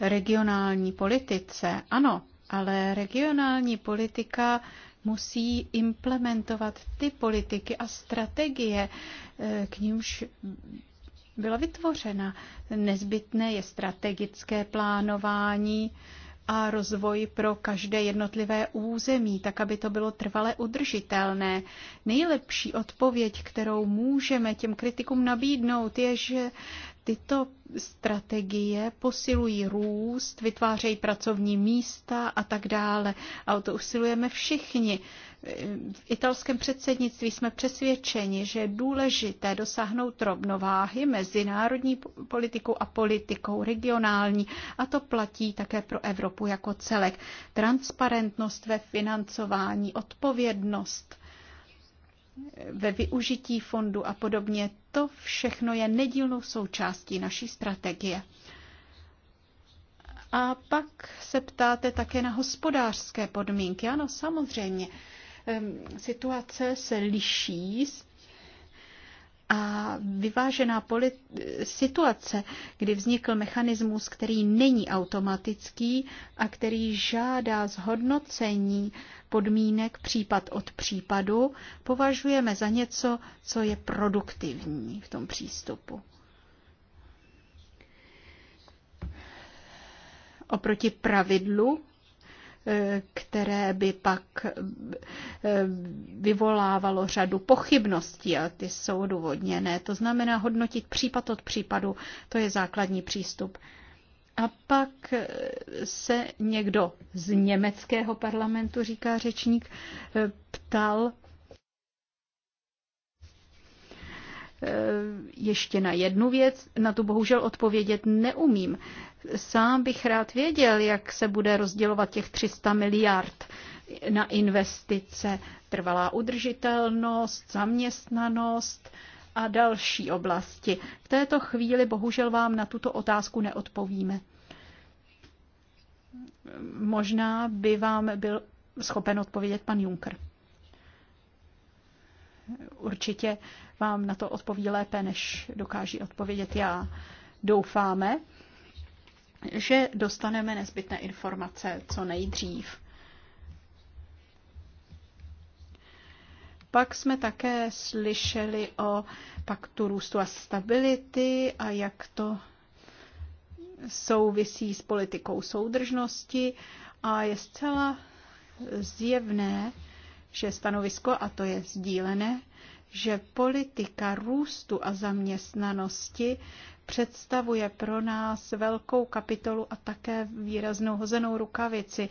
regionální politice. Ano, ale regionální politika musí implementovat ty politiky a strategie, k nímž byla vytvořena. Nezbytné je strategické plánování a rozvoj pro každé jednotlivé území, tak aby to bylo trvale udržitelné. Nejlepší odpověď, kterou můžeme těm kritikům nabídnout, je, že tyto strategie posilují růst, vytvářejí pracovní místa a tak dále. A o to usilujeme všichni. V italském předsednictví jsme přesvědčeni, že je důležité dosáhnout rovnováhy mezi národní politikou a politikou regionální a to platí také pro Evropu jako celek. Transparentnost ve financování, odpovědnost ve využití fondu a podobně. To všechno je nedílnou součástí naší strategie. A pak se ptáte také na hospodářské podmínky. Ano, samozřejmě situace se liší a vyvážená situace, kdy vznikl mechanismus, který není automatický a který žádá zhodnocení podmínek případ od případu, považujeme za něco, co je produktivní v tom přístupu. Oproti pravidlu které by pak eh, vyvolávalo řadu pochybností a ty jsou důvodněné. To znamená hodnotit případ od případu, to je základní přístup. A pak eh, se někdo z německého parlamentu, říká řečník, eh, ptal Ještě na jednu věc, na tu bohužel odpovědět neumím. Sám bych rád věděl, jak se bude rozdělovat těch 300 miliard na investice, trvalá udržitelnost, zaměstnanost a další oblasti. V této chvíli bohužel vám na tuto otázku neodpovíme. Možná by vám byl schopen odpovědět pan Juncker určitě vám na to odpoví lépe, než dokáží odpovědět já. Doufáme, že dostaneme nezbytné informace co nejdřív. Pak jsme také slyšeli o paktu růstu a stability a jak to souvisí s politikou soudržnosti a je zcela zjevné, že stanovisko, a to je sdílené, že politika růstu a zaměstnanosti představuje pro nás velkou kapitolu a také výraznou hozenou rukavici.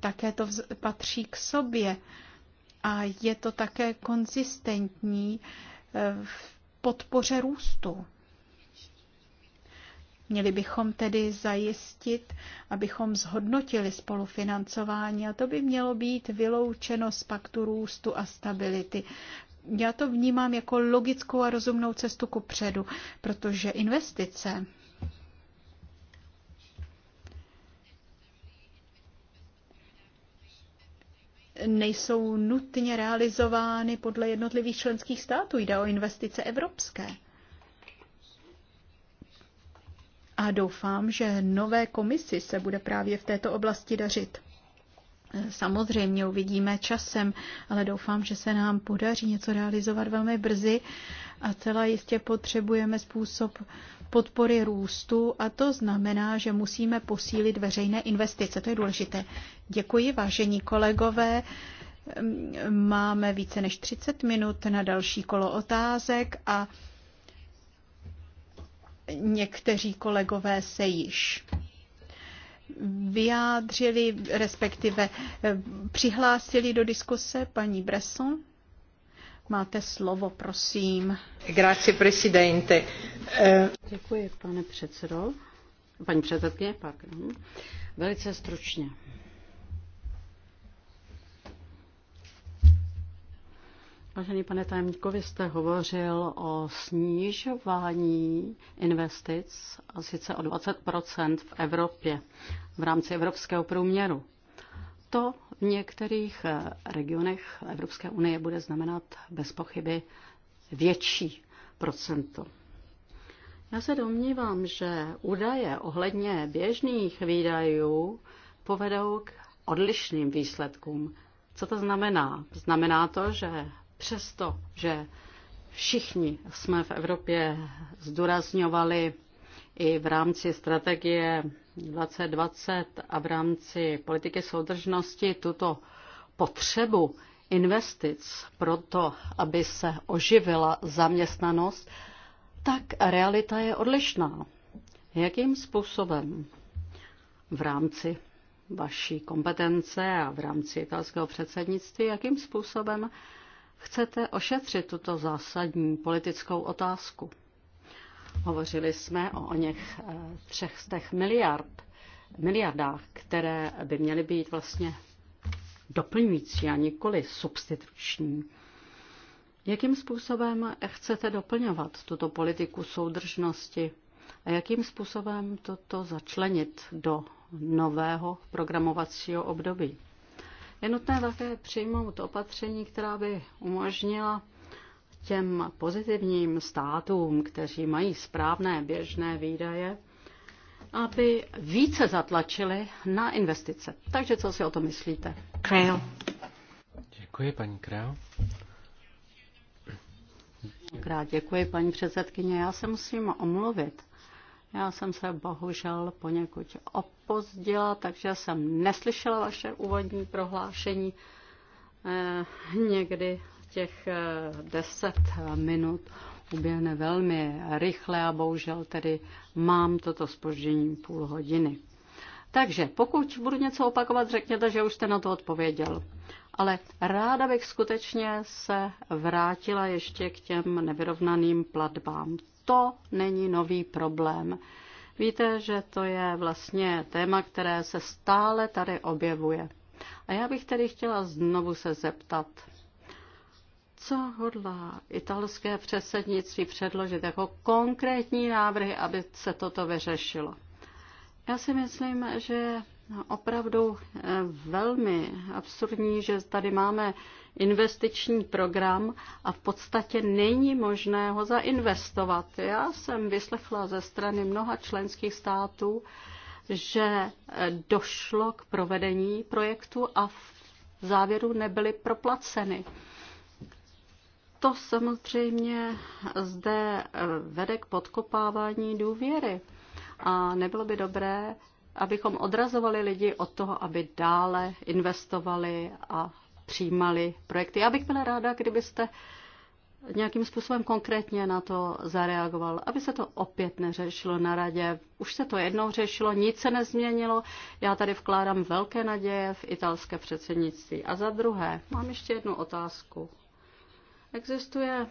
Také to patří k sobě a je to také konzistentní eh, v podpoře růstu. Měli bychom tedy zajistit, abychom zhodnotili spolufinancování a to by mělo být vyloučeno z paktu růstu a stability. Já to vnímám jako logickou a rozumnou cestu ku předu, protože investice nejsou nutně realizovány podle jednotlivých členských států. Jde o investice evropské a doufám, že nové komisi se bude právě v této oblasti dařit. Samozřejmě uvidíme časem, ale doufám, že se nám podaří něco realizovat velmi brzy a celá jistě potřebujeme způsob podpory růstu a to znamená, že musíme posílit veřejné investice. To je důležité. Děkuji, vážení kolegové. Máme více než 30 minut na další kolo otázek a někteří kolegové se již vyjádřili, respektive eh, přihlásili do diskuse. Paní Bresson, máte slovo, prosím. Grazie, presidente. Eh, Děkuji, pane předsedo. Paní předsedkyně, pardon. Velice stručně. Vážený pane tajemníku, vy jste hovořil o snižování investic a sice o 20 v Evropě v rámci evropského průměru. To v některých eh, regionech Evropské unie bude znamenat bez pochyby větší procento. Já se domnívám, že údaje ohledně běžných výdajů povedou k odlišným výsledkům. Co to znamená? Znamená to, že Přesto, že všichni jsme v Evropě zdůrazňovali i v rámci strategie 2020 a v rámci politiky soudržnosti tuto potřebu investic pro to, aby se oživila zaměstnanost, tak realita je odlišná. Jakým způsobem v rámci vaší kompetence a v rámci italského předsednictví, jakým způsobem chcete ošetřit tuto zásadní politickou otázku? Hovořili jsme o, o něch eh, třech z těch miliard, miliardách, které by měly být vlastně doplňující a nikoli substituční. Jakým způsobem chcete doplňovat tuto politiku soudržnosti a jakým způsobem toto začlenit do nového programovacího období? Je nutné také přijmout opatření, která by umožnila těm pozitivním státům, kteří mají správné běžné výdaje, aby více zatlačili na investice. Takže co si o to myslíte? Krail. Děkuji, paní Krail. Krát děkuji, paní předsedkyně. Já se musím omluvit. Já jsem se bohužel poněkud opozdila, takže jsem neslyšela vaše úvodní prohlášení. Eh, někdy těch eh, deset minut uběhne velmi rychle a bohužel tedy mám toto spoždění půl hodiny. Takže pokud budu něco opakovat, řekněte, že už jste na to odpověděl. Ale ráda bych skutečně se vrátila ještě k těm nevyrovnaným platbám to není nový problém. Víte, že to je vlastně téma, které se stále tady objevuje. A já bych tedy chtěla znovu se zeptat, co hodlá italské předsednictví předložit jako konkrétní návrhy, aby se toto vyřešilo? Já si myslím, že opravdu eh, velmi absurdní, že tady máme investiční program a v podstatě není možné ho zainvestovat. Já jsem vyslechla ze strany mnoha členských států, že eh, došlo k provedení projektu a v závěru nebyly proplaceny. To samozřejmě zde eh, vede k podkopávání důvěry a nebylo by dobré, abychom odrazovali lidi od toho, aby dále investovali a přijímali projekty. Já bych byla ráda, kdybyste nějakým způsobem konkrétně na to zareagoval, aby se to opět neřešilo na radě. Už se to jednou řešilo, nic se nezměnilo. Já tady vkládám velké naděje v italské předsednictví. A za druhé, mám ještě jednu otázku. Existuje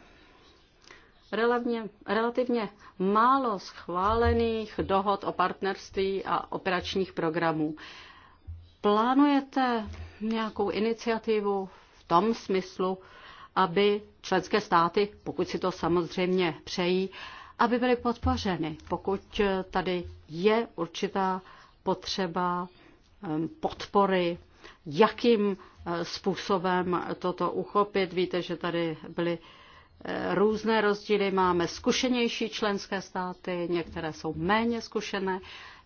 relativně, relativně málo schválených dohod o partnerství a operačních programů. Plánujete nějakou iniciativu v tom smyslu, aby členské státy, pokud si to samozřejmě přejí, aby byly podpořeny, pokud tady je určitá potřeba ehm, podpory, jakým eh, způsobem toto uchopit. Víte, že tady byly Eh, různé rozdíly. Máme zkušenější členské státy, některé jsou méně zkušené.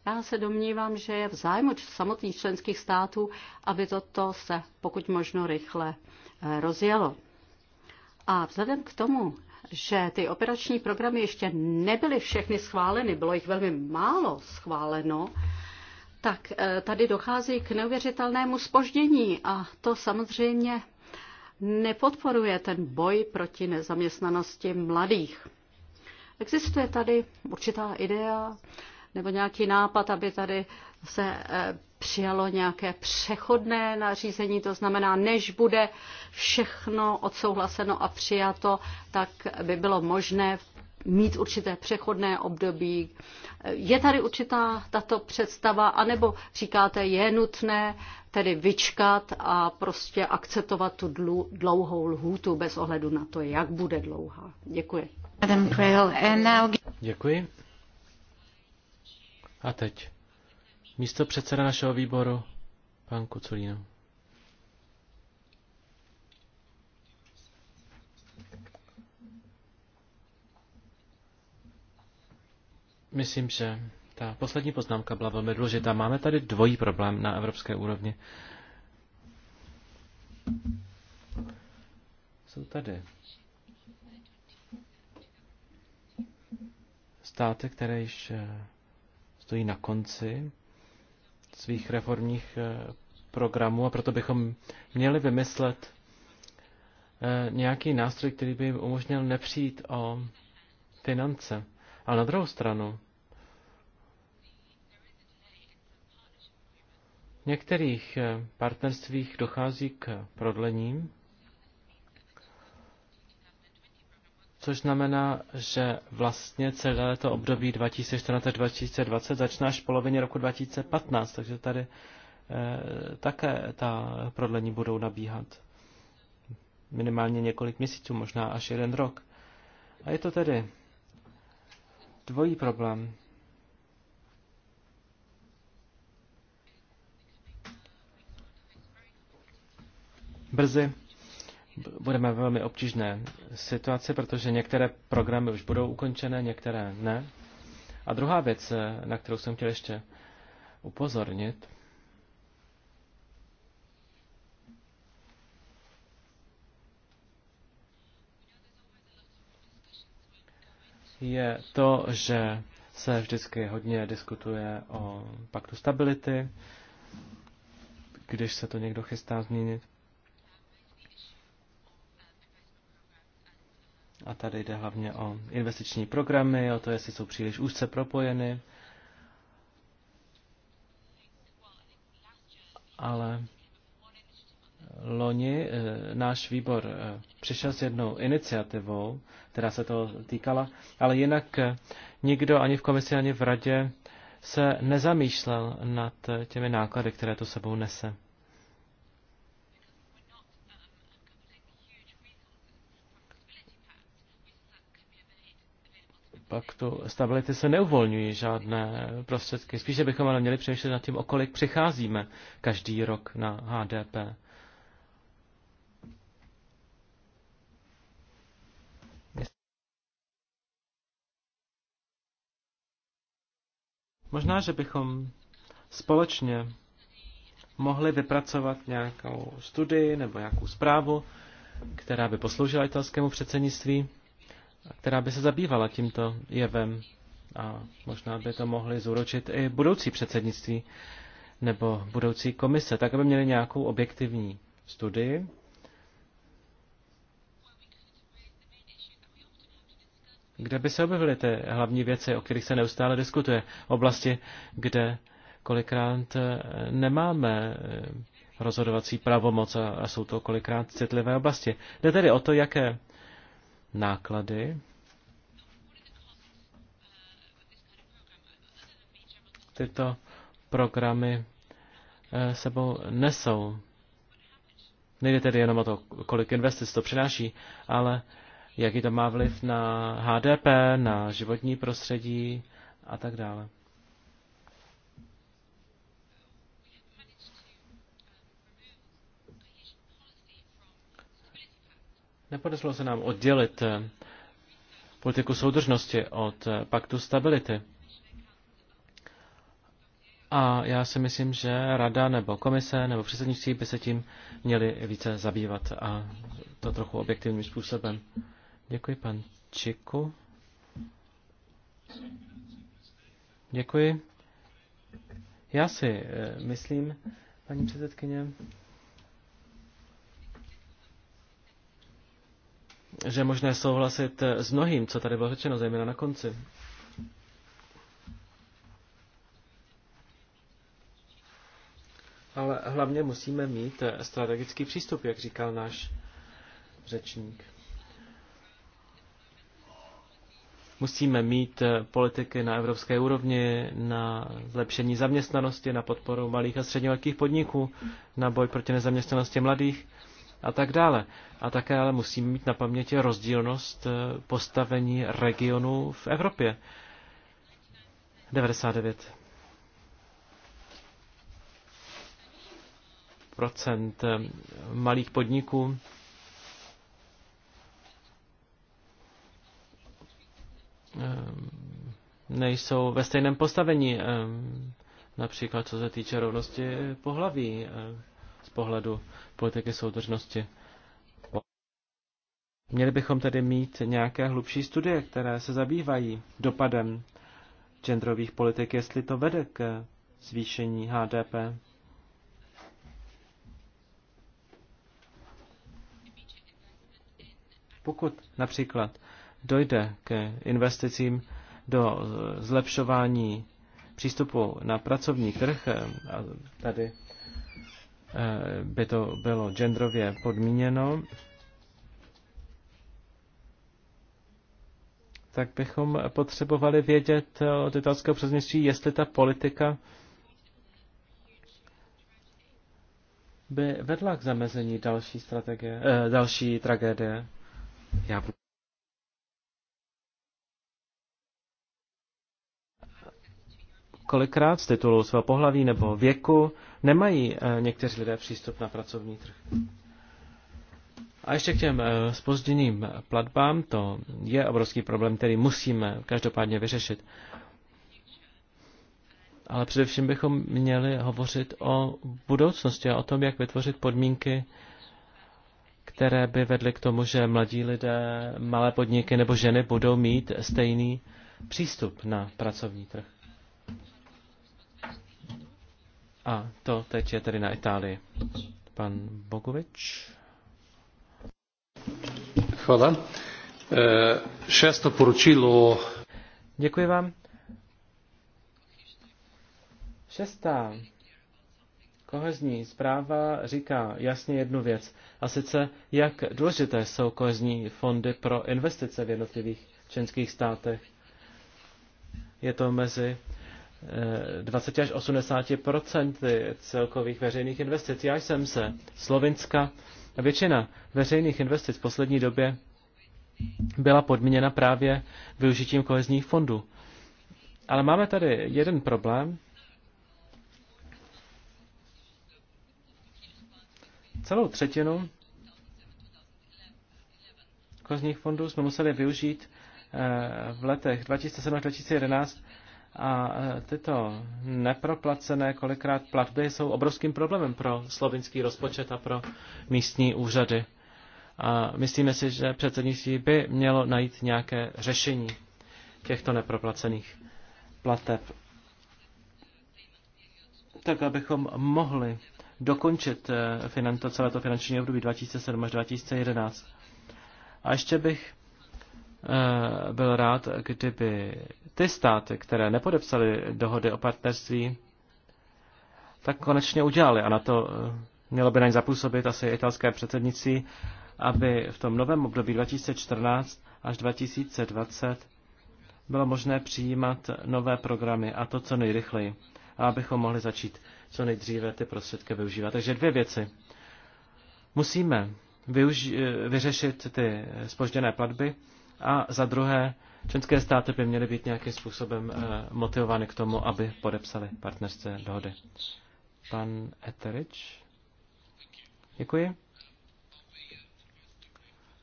Já se domnívám, že je v zájmu samotných členských států, aby toto se pokud možno rychle eh, rozjelo. A vzhledem k tomu, že ty operační programy ještě nebyly všechny schváleny, bylo jich velmi málo schváleno, tak eh, tady dochází k neuvěřitelnému spoždění a to samozřejmě nepodporuje ten boj proti nezaměstnanosti mladých. Existuje tady určitá idea nebo nějaký nápad, aby tady se eh, přijalo nějaké přechodné nařízení, to znamená, než bude všechno odsouhlaseno a přijato, tak by bylo možné v mít určité přechodné období. Je tady určitá tato představa, anebo říkáte, je nutné tedy vyčkat a prostě akceptovat tu dlouhou lhůtu bez ohledu na to, jak bude dlouhá. Děkuji. Děkuji. A teď místo předseda našeho výboru, pan Kuculíno. Myslím, že ta poslední poznámka byla velmi důležitá. Máme tady dvojí problém na evropské úrovni. Jsou tady státy, které již eh, stojí na konci svých reformních eh, programů a proto bychom měli vymyslet eh, nějaký nástroj, který by jim umožnil nepřijít o finance. Ale na druhou stranu, některých eh, partnerstvích dochází k prodlením, což znamená, že vlastně celé to období 2014-2020 začíná až v polovině roku 2015, takže tady eh, také ta prodlení budou nabíhat. Minimálně několik měsíců, možná až jeden rok. A je to tedy dvojí problém. brzy budeme ve velmi obtížné situaci, protože některé programy už budou ukončené, některé ne. A druhá věc, na kterou jsem chtěl ještě upozornit, je to, že se vždycky hodně diskutuje o paktu stability, když se to někdo chystá změnit. A tady jde hlavně o investiční programy, o to, jestli jsou příliš úzce propojeny. Ale loni eh, náš výbor eh, přišel s jednou iniciativou, která se toho týkala, ale jinak eh, nikdo ani v komisi, ani v radě se nezamýšlel nad těmi náklady, které to sebou nese. tu stability se neuvolňují žádné prostředky. Spíše bychom ale měli přemýšlet nad tím, o kolik přicházíme každý rok na HDP. Možná, že bychom společně mohli vypracovat nějakou studii nebo nějakou zprávu, která by posloužila italskému předsednictví která by se zabývala tímto jevem a možná by to mohli zúročit i budoucí předsednictví nebo budoucí komise, tak aby měli nějakou objektivní studii. Kde by se objevily ty hlavní věci, o kterých se neustále diskutuje? Oblasti, kde kolikrát eh, nemáme eh, rozhodovací pravomoc a jsou to kolikrát citlivé oblasti. Jde tedy o to, jaké náklady. Tyto programy eh, sebou nesou. Nejde tedy jenom o to, kolik investic to přináší, ale jaký to má vliv na HDP, na životní prostředí a tak dále. Nepodařilo se nám oddělit eh, politiku soudržnosti od eh, paktu stability. A já si myslím, že rada nebo komise nebo předsednictví by se tím měli více zabývat a to trochu objektivním způsobem. Děkuji, pan Čiku. Děkuji. Já si eh, myslím, paní předsedkyně, že je možné souhlasit s mnohým, co tady bylo řečeno, zejména na konci. Ale hlavně musíme mít strategický přístup, jak říkal náš řečník. Musíme mít politiky na evropské úrovni, na zlepšení zaměstnanosti, na podporu malých a středně velkých podniků, na boj proti nezaměstnanosti mladých a tak dále. A také ale musíme mít na paměti rozdílnost eh, postavení regionu v Evropě. 99 procent eh, malých podniků eh, nejsou ve stejném postavení, například co se týče rovnosti pohlaví z pohledu politiky soudržnosti. Měli bychom tedy mít nějaké hlubší studie, které se zabývají dopadem genderových politik, jestli to vede k zvýšení HDP. Pokud například dojde k investicím do zlepšování přístupu na pracovní trh, eh, a tady Eh, by to bylo genderově podmíněno, tak bychom potřebovali vědět eh, od italského předsednictví, jestli ta politika by vedla k zamezení další strategie, eh, další tragédie. Já budu... Kolikrát z titulu svého pohlaví nebo věku nemají eh, někteří lidé přístup na pracovní trh. A ještě k těm spozděným eh, platbám, to je obrovský problém, který musíme každopádně vyřešit. Ale především bychom měli hovořit o budoucnosti a o tom, jak vytvořit podmínky, které by vedly k tomu, že mladí lidé, malé podniky nebo ženy budou mít stejný přístup na pracovní trh. A to teď je tedy na Itálii. Pan Bogovič. Hvala. E, šesto poručilo. Děkuji vám. Šestá kohezní zpráva říká jasně jednu věc, a sice jak důležité jsou kohezní fondy pro investice v jednotlivých členských státech. Je to mezi 20 až 80 celkových veřejných investic. Já jsem se Slovinska a většina veřejných investic v poslední době byla podmíněna právě využitím kohezních fondů. Ale máme tady jeden problém. Celou třetinu kohezních fondů jsme museli využít eh, v letech 2007 až 2011 a e, tyto neproplacené kolikrát platby jsou obrovským problémem pro slovinský rozpočet a pro místní úřady. A myslíme si, že předsednictví by mělo najít nějaké řešení těchto neproplacených plateb, tak abychom mohli dokončit e, finan, to celé to finanční období 2007 až 2011. A ještě bych Eh, byl rád, kdyby ty státy, které nepodepsaly dohody o partnerství, tak konečně udělali. A na to eh, mělo by na ně zapůsobit asi italské předsednicí, aby v tom novém období 2014 až 2020 bylo možné přijímat nové programy a to co nejrychleji, a abychom mohli začít co nejdříve ty prostředky využívat. Takže dvě věci. Musíme využi- eh, vyřešit ty spožděné platby a za druhé, členské státy by měly být nějakým způsobem eh, motivovány k tomu, aby podepsali partnerské dohody. Pan Eterič. Děkuji.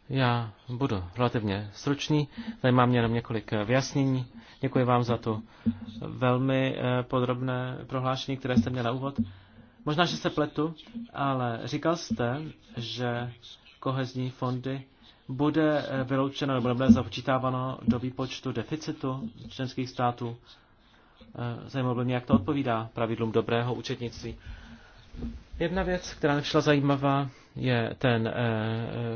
Já budu relativně stručný. Tady mám jenom několik eh, vyjasnění. Děkuji vám za to velmi eh, podrobné prohlášení, které jste měl na úvod. Možná, že se pletu, ale říkal jste, že kohezní fondy bude eh, vyloučena nebo nebude započítáváno do výpočtu deficitu členských států. Eh, zajímalo by mě, jak to odpovídá pravidlům dobrého účetnictví. Jedna věc, která mi přišla zajímavá, je ten e,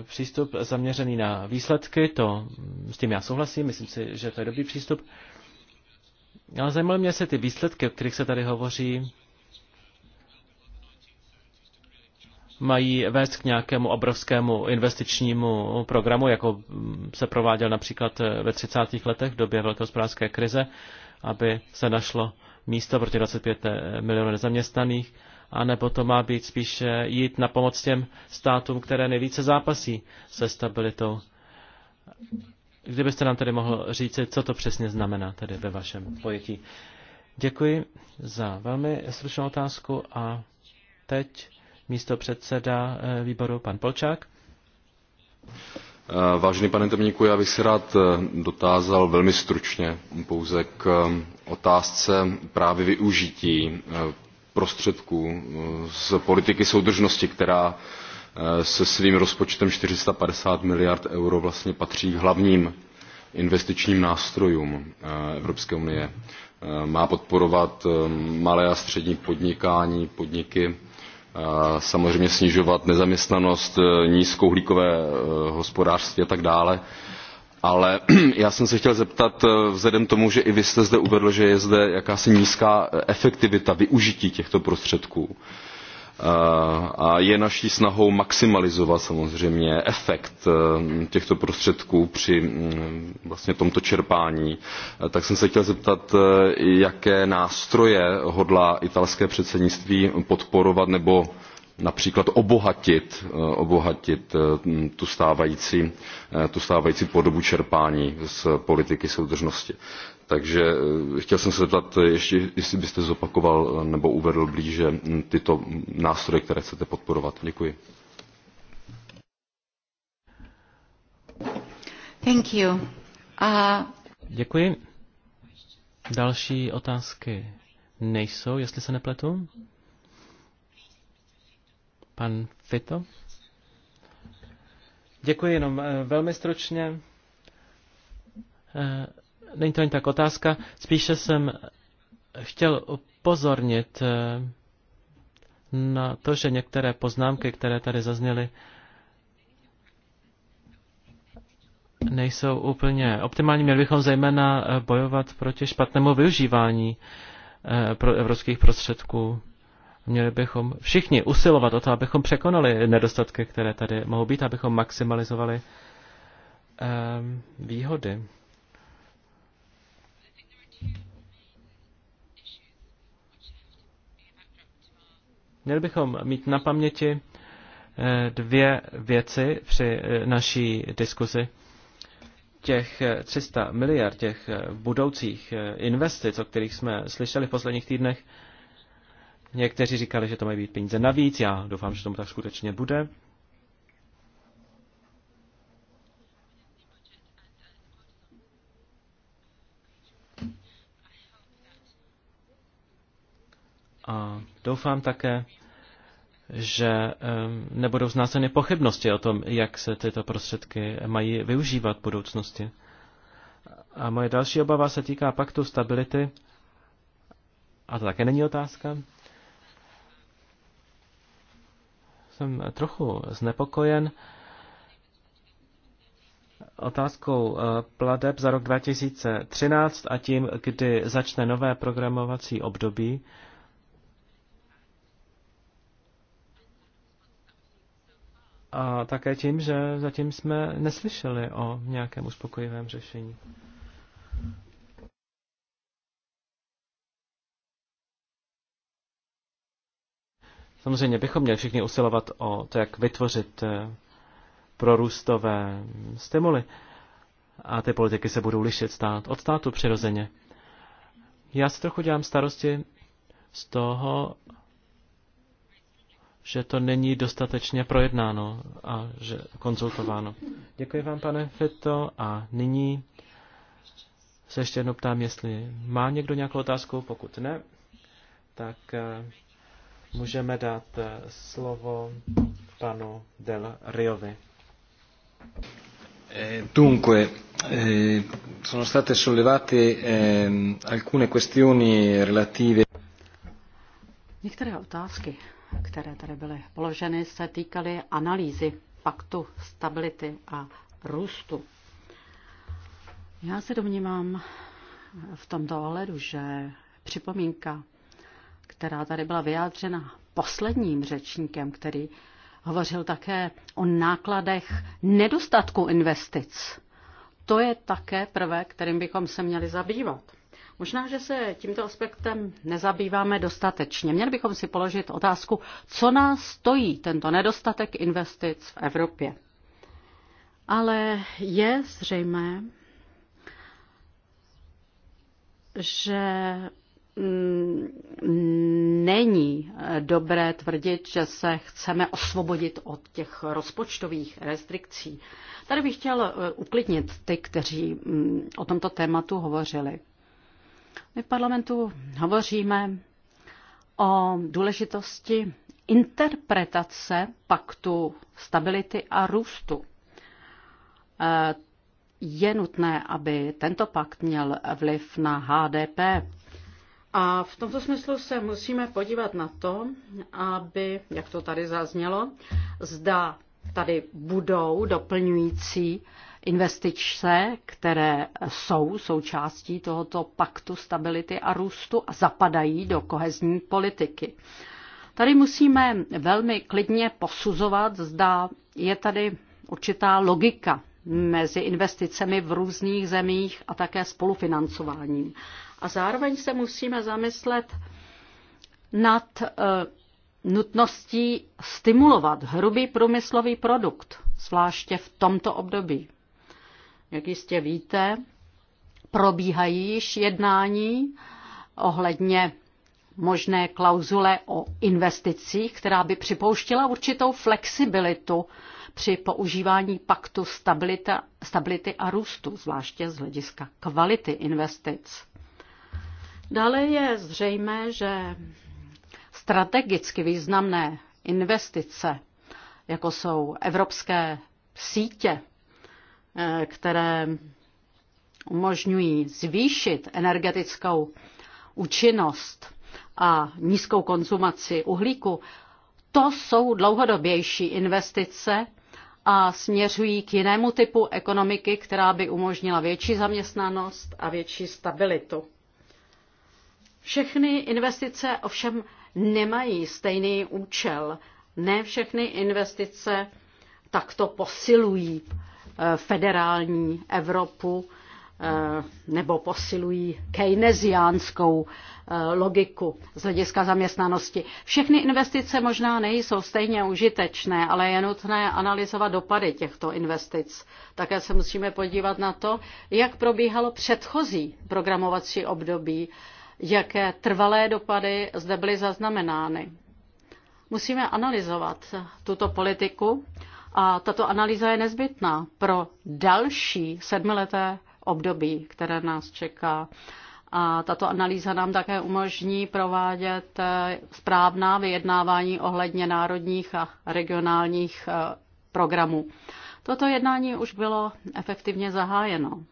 přístup zaměřený na výsledky. To mm, s tím já souhlasím, myslím si, že to je dobrý přístup. Ale zajímalo mě, se ty výsledky, o kterých se tady hovoří, mají vést k nějakému obrovskému investičnímu programu, jako se prováděl například ve 30. letech v době velké hospodářské krize, aby se našlo místo pro těch 25 milionů nezaměstnaných, anebo to má být spíše jít na pomoc těm státům, které nejvíce zápasí se stabilitou. Kdybyste nám tedy mohl říct, co to přesně znamená tedy ve vašem pojetí. Děkuji za velmi stručnou otázku a teď místo předseda eh, výboru pan Polčák. Eh, vážený pane Temníku, já bych se rád eh, dotázal velmi stručně pouze k otázce právě využití prostředků z politiky soudržnosti, která se svým rozpočtem 450 miliard euro vlastně patří k hlavním investičním nástrojům Evropské unie. Má podporovat malé a střední podnikání, podniky samozřejmě snižovat nezaměstnanost e, nízkouhlíkové e, hospodářství a tak dále ale já jsem se chtěl zeptat e, vzhledem k tomu že i vy jste zde uvedl že je zde jakási nízká efektivita využití těchto prostředků tak a je naší snahou maximalizovat samozřejmě efekt e, těchto prostředků při vlastně tomto čerpání e, tak jsem se chtěl zeptat e, jaké nástroje hodlá italské předsednictví podporovat nebo například obohatit, obohatit tu, stávající, tu stávající podobu čerpání z politiky soudržnosti takže eh, chtěl jsem se zeptat eh, ještě jestli byste zopakoval eh, nebo uvedl blíže mm, tyto mm, nástroje které chcete podporovat. děkuji. Thank you. Uh... Děkuji. Další otázky nejsou, jestli se nepletu. Pan Fito? Děkuji, jenom velmi stručně není to ani tak otázka, spíše jsem chtěl upozornit eh, na to, že některé poznámky, které tady zazněly, nejsou úplně optimální. Měli bychom zejména eh, bojovat proti špatnému využívání eh, pro evropských prostředků. Měli bychom všichni usilovat o to, abychom překonali nedostatky, které tady mohou být, abychom maximalizovali výhody. Měli bychom mít na paměti eh, dvě věci při eh, naší diskuzi. Těch 300 eh, miliard, těch budoucích investic, o kterých jsme slyšeli v posledních týdnech, někteří říkali, že to mají být peníze navíc, já doufám, že tomu tak skutečně bude. A doufám také, že nebudou znáceny pochybnosti o tom, jak se tyto prostředky mají využívat v budoucnosti. A moje další obava se týká paktu stability. A to také není otázka. Jsem trochu znepokojen otázkou eh, pladeb za rok 2013 a tím, kdy začne nové programovací období. A také tím, že zatím jsme neslyšeli o nějakém uspokojivém řešení. Samozřejmě bychom měli všichni usilovat o to, jak vytvořit eh, prorůstové stimuly. A ty politiky se budou lišit stát od státu přirozeně. Já si trochu dělám starosti z toho, že to není dostatečně projednáno a že konzultováno. Děkuji vám, pane Fito, a nyní se ještě jednou ptám, jestli má někdo nějakou otázku, pokud ne, tak eh, můžeme dát eh, slovo panu Del Riovi. Eh, dunque, sono state sollevate ehm, alcune questioni relative. Některé otázky které tady byly položeny, se týkaly analýzy paktu stability a růstu. Já se domnívám v tomto ohledu, že připomínka, která tady byla vyjádřena posledním řečníkem, který hovořil také o nákladech nedostatku investic, to je také prvek, kterým bychom se měli zabývat. Možná, že se tímto aspektem nezabýváme dostatečně. Měli bychom si položit otázku, co nás stojí tento nedostatek investic v Evropě. Ale je zřejmé, že mm, není dobré tvrdit, že se chceme osvobodit od těch rozpočtových restrikcí. Tady bych chtěl e, uklidnit ty, kteří mm, o tomto tématu hovořili. My v parlamentu hovoříme o důležitosti interpretace paktu stability a růstu. E, je nutné, aby tento pakt měl vliv na HDP. A v tomto smyslu se musíme podívat na to, aby, jak to tady zaznělo, zda tady budou doplňující investice, které jsou součástí tohoto paktu stability a růstu a zapadají do kohezní politiky. Tady musíme velmi klidně posuzovat, zda je tady určitá logika mezi investicemi v různých zemích a také spolufinancováním. A zároveň se musíme zamyslet nad eh, nutností stimulovat hrubý průmyslový produkt, zvláště v tomto období. Jak jistě víte, probíhají již jednání ohledně možné klauzule o investicích, která by připouštila určitou flexibilitu při používání paktu stabilita, stability a růstu, zvláště z hlediska kvality investic. Dále je zřejmé, že strategicky významné investice, jako jsou evropské sítě Eh, které umožňují zvýšit energetickou účinnost a nízkou konzumaci uhlíku, to jsou dlouhodobější investice a směřují k jinému typu ekonomiky, která by umožnila větší zaměstnanost a větší stabilitu. Všechny investice ovšem nemají stejný účel. Ne všechny investice takto posilují federální Evropu eh, nebo posilují keynesiánskou eh, logiku z hlediska zaměstnanosti. Všechny investice možná nejsou stejně užitečné, ale je nutné analyzovat dopady těchto investic. Také se musíme podívat na to, jak probíhalo předchozí programovací období, jaké trvalé dopady zde byly zaznamenány. Musíme analyzovat tuto politiku a tato analýza je nezbytná pro další sedmileté období, které nás čeká. A tato analýza nám také umožní provádět eh, správná vyjednávání ohledně národních a regionálních eh, programů. Toto jednání už bylo efektivně zahájeno.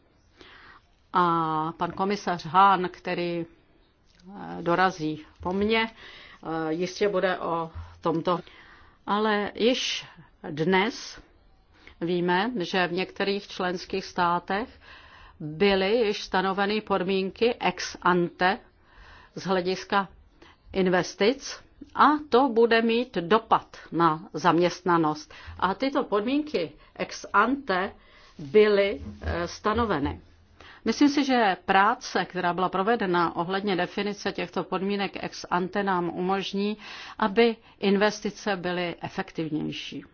A pan komisař Hahn, který eh, dorazí po mně, jistě bude o tomto. Ale již dnes víme, že v některých členských státech byly již stanoveny podmínky ex ante z hlediska investic a to bude mít dopad na zaměstnanost. A tyto podmínky ex ante byly eh, stanoveny. Myslím si, že práce, která byla provedena ohledně definice těchto podmínek ex ante, nám umožní, aby investice byly efektivnější.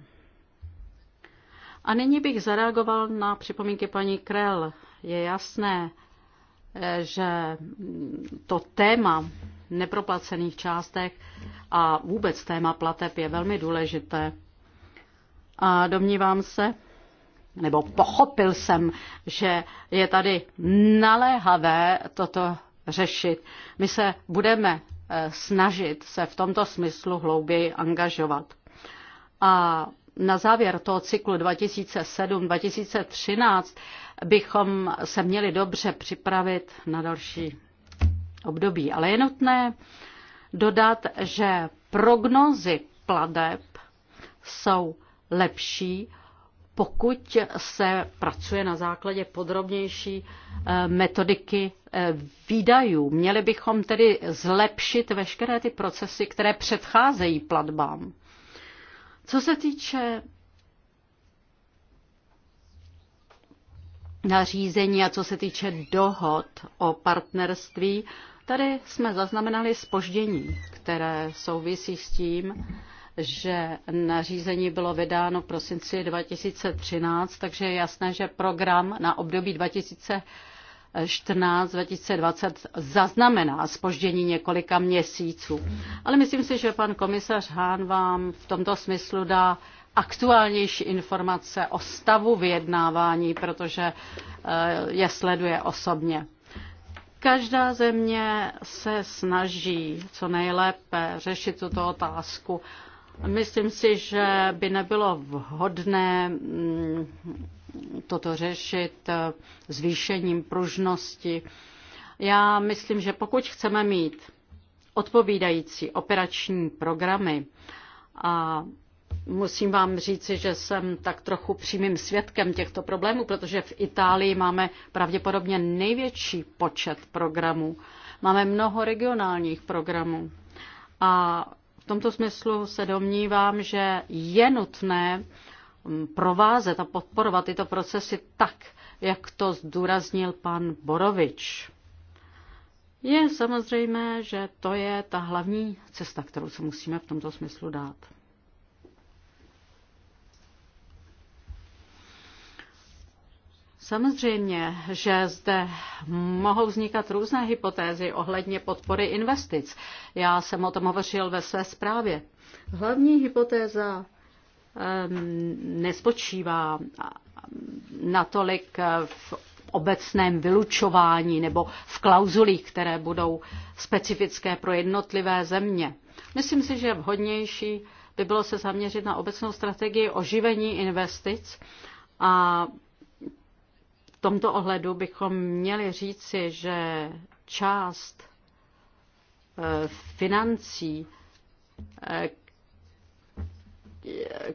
A nyní bych zareagoval na připomínky paní Krell. Je jasné, eh, že to téma neproplacených částek a vůbec téma plateb je velmi důležité. A domnívám se, nebo pochopil jsem, že je tady naléhavé toto řešit. My se budeme eh, snažit se v tomto smyslu hlouběji angažovat. A na závěr toho cyklu 2007-2013 bychom se měli dobře připravit na další období. Ale je nutné dodat, že prognozy pladeb jsou lepší, pokud se pracuje na základě podrobnější eh, metodiky eh, výdajů. Měli bychom tedy zlepšit veškeré ty procesy, které předcházejí platbám. Co se týče nařízení a co se týče dohod o partnerství, tady jsme zaznamenali spoždění, které souvisí s tím, že nařízení bylo vydáno v prosinci 2013, takže je jasné, že program na období 2013 14-2020 zaznamená spoždění několika měsíců. Ale myslím si, že pan komisař Hán vám v tomto smyslu dá aktuálnější informace o stavu vyjednávání, protože eh, je sleduje osobně. Každá země se snaží co nejlépe řešit tuto otázku. Myslím si, že by nebylo vhodné mm, toto řešit eh, zvýšením pružnosti. Já myslím, že pokud chceme mít odpovídající operační programy a musím vám říci, že jsem tak trochu přímým svědkem těchto problémů, protože v Itálii máme pravděpodobně největší počet programů. Máme mnoho regionálních programů. A v tomto smyslu se domnívám, že je nutné Mm, provázet a podporovat tyto procesy tak, jak to zdůraznil pan Borovič. Je samozřejmé, že to je ta hlavní cesta, kterou se musíme v tomto smyslu dát. Samozřejmě, že zde mohou vznikat různé hypotézy ohledně podpory investic. Já jsem o tom hovořil ve své zprávě. Hlavní hypotéza Ehm, nespočívá natolik v obecném vylučování nebo v klauzulích, které budou specifické pro jednotlivé země. Myslím si, že vhodnější by bylo se zaměřit na obecnou strategii oživení investic a v tomto ohledu bychom měli říci, že část eh, financí, eh,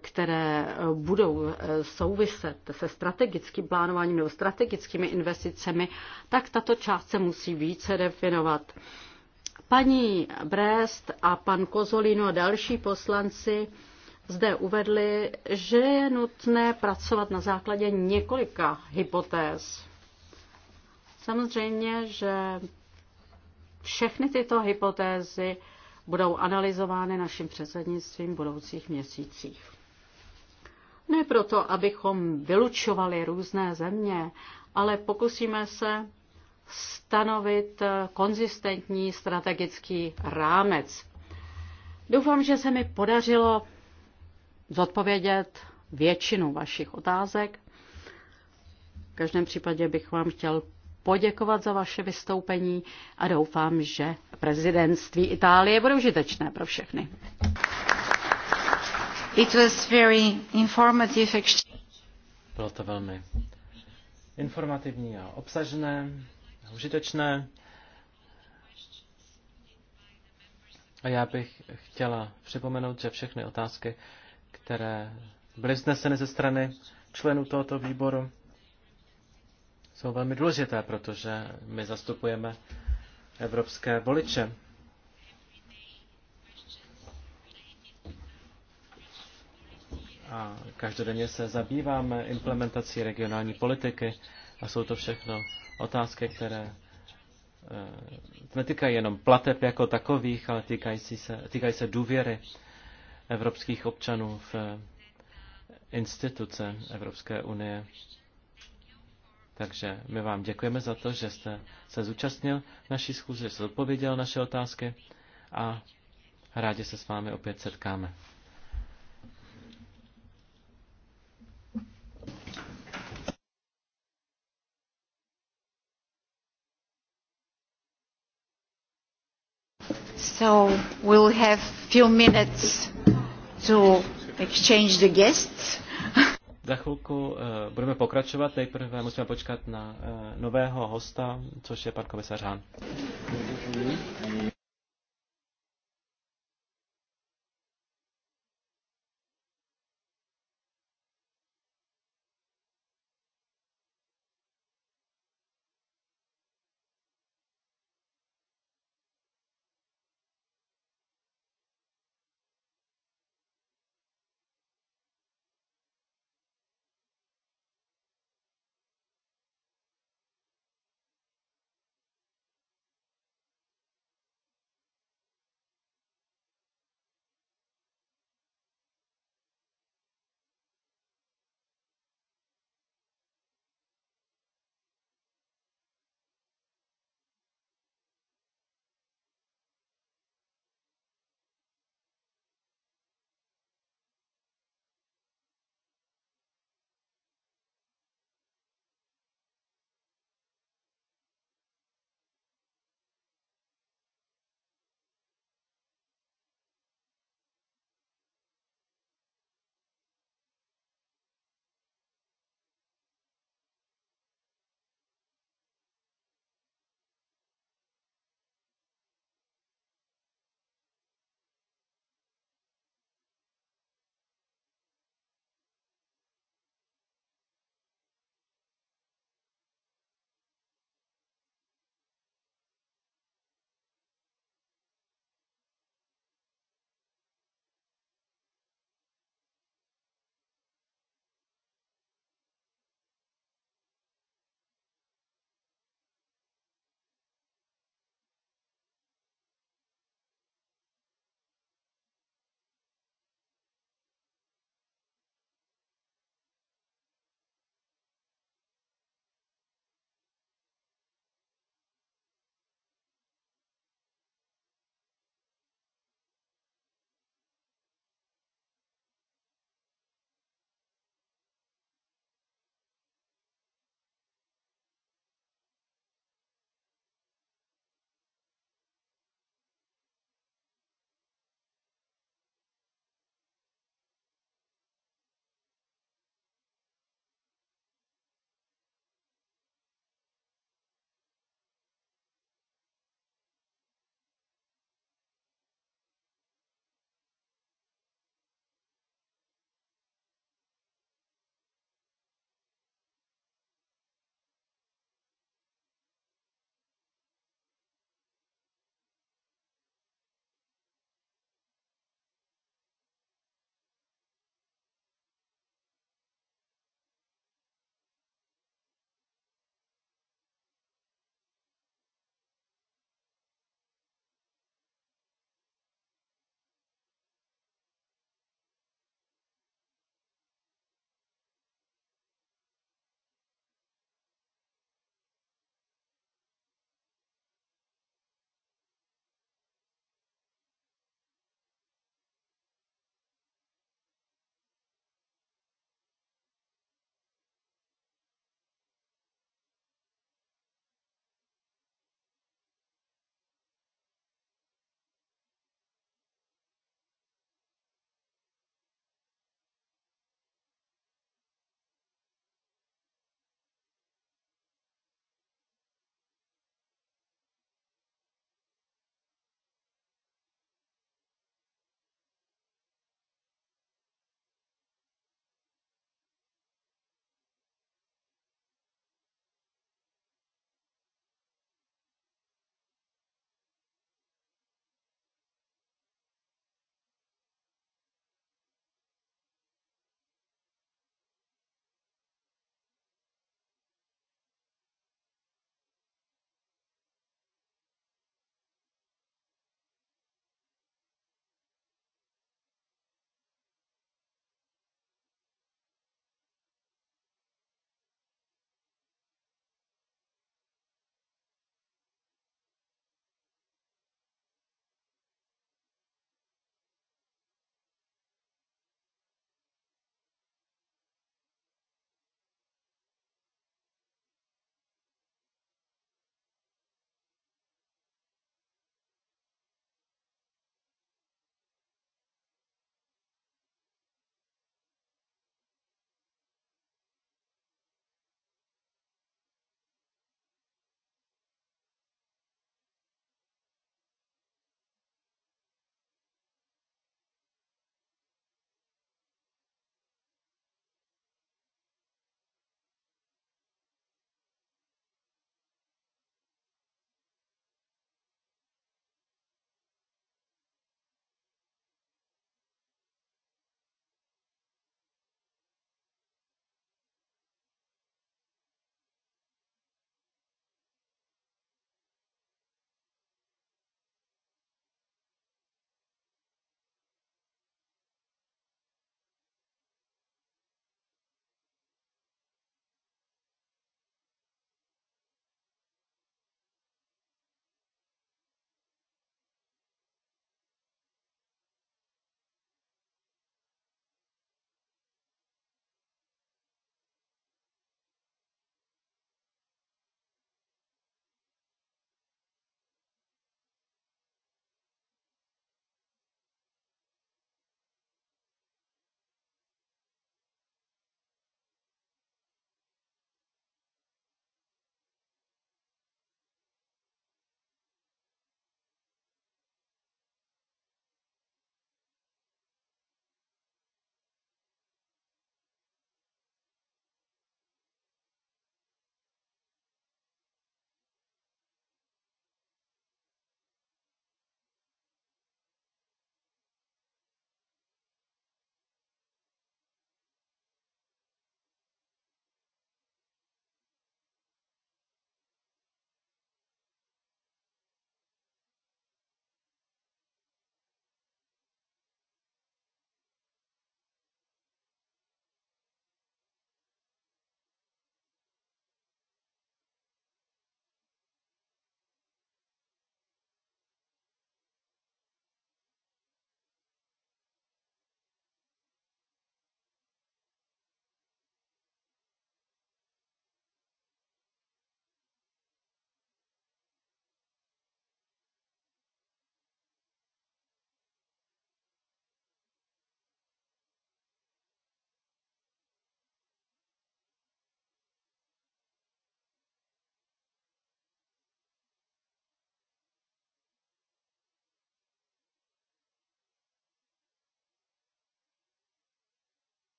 které eh, budou eh, souviset se strategickým plánováním nebo strategickými investicemi, tak tato část se musí více definovat. Paní Brest a pan Kozolino a další poslanci zde uvedli, že je nutné pracovat na základě několika hypotéz. Samozřejmě, že všechny tyto hypotézy budou analyzovány naším předsednictvím v budoucích měsících. Ne proto, abychom vylučovali různé země, ale pokusíme se stanovit konzistentní strategický rámec. Doufám, že se mi podařilo zodpovědět většinu vašich otázek. V každém případě bych vám chtěl poděkovat za vaše vystoupení a doufám, že prezidentství Itálie bude užitečné pro všechny. It was very informative exchange. Bylo to velmi informativní a obsažné, a užitečné. A já bych chtěla připomenout, že všechny otázky, které byly vzneseny ze strany členů tohoto výboru, jsou velmi důležité, protože my zastupujeme evropské voliče. A každodenně se zabýváme implementací regionální politiky a jsou to všechno otázky, které eh, netýkají jenom plateb jako takových, ale týkají se, týkají se důvěry evropských občanů v instituce Evropské unie. Takže my vám děkujeme za to, že jste se zúčastnil naší schůze, že jste odpověděl naše otázky a rádi se s vámi opět setkáme. So we'll have few minutes to exchange the guests. Za chvilku eh, budeme pokračovat. Nejprve musíme počkat na eh, nového hosta, což je pan komisař Hán.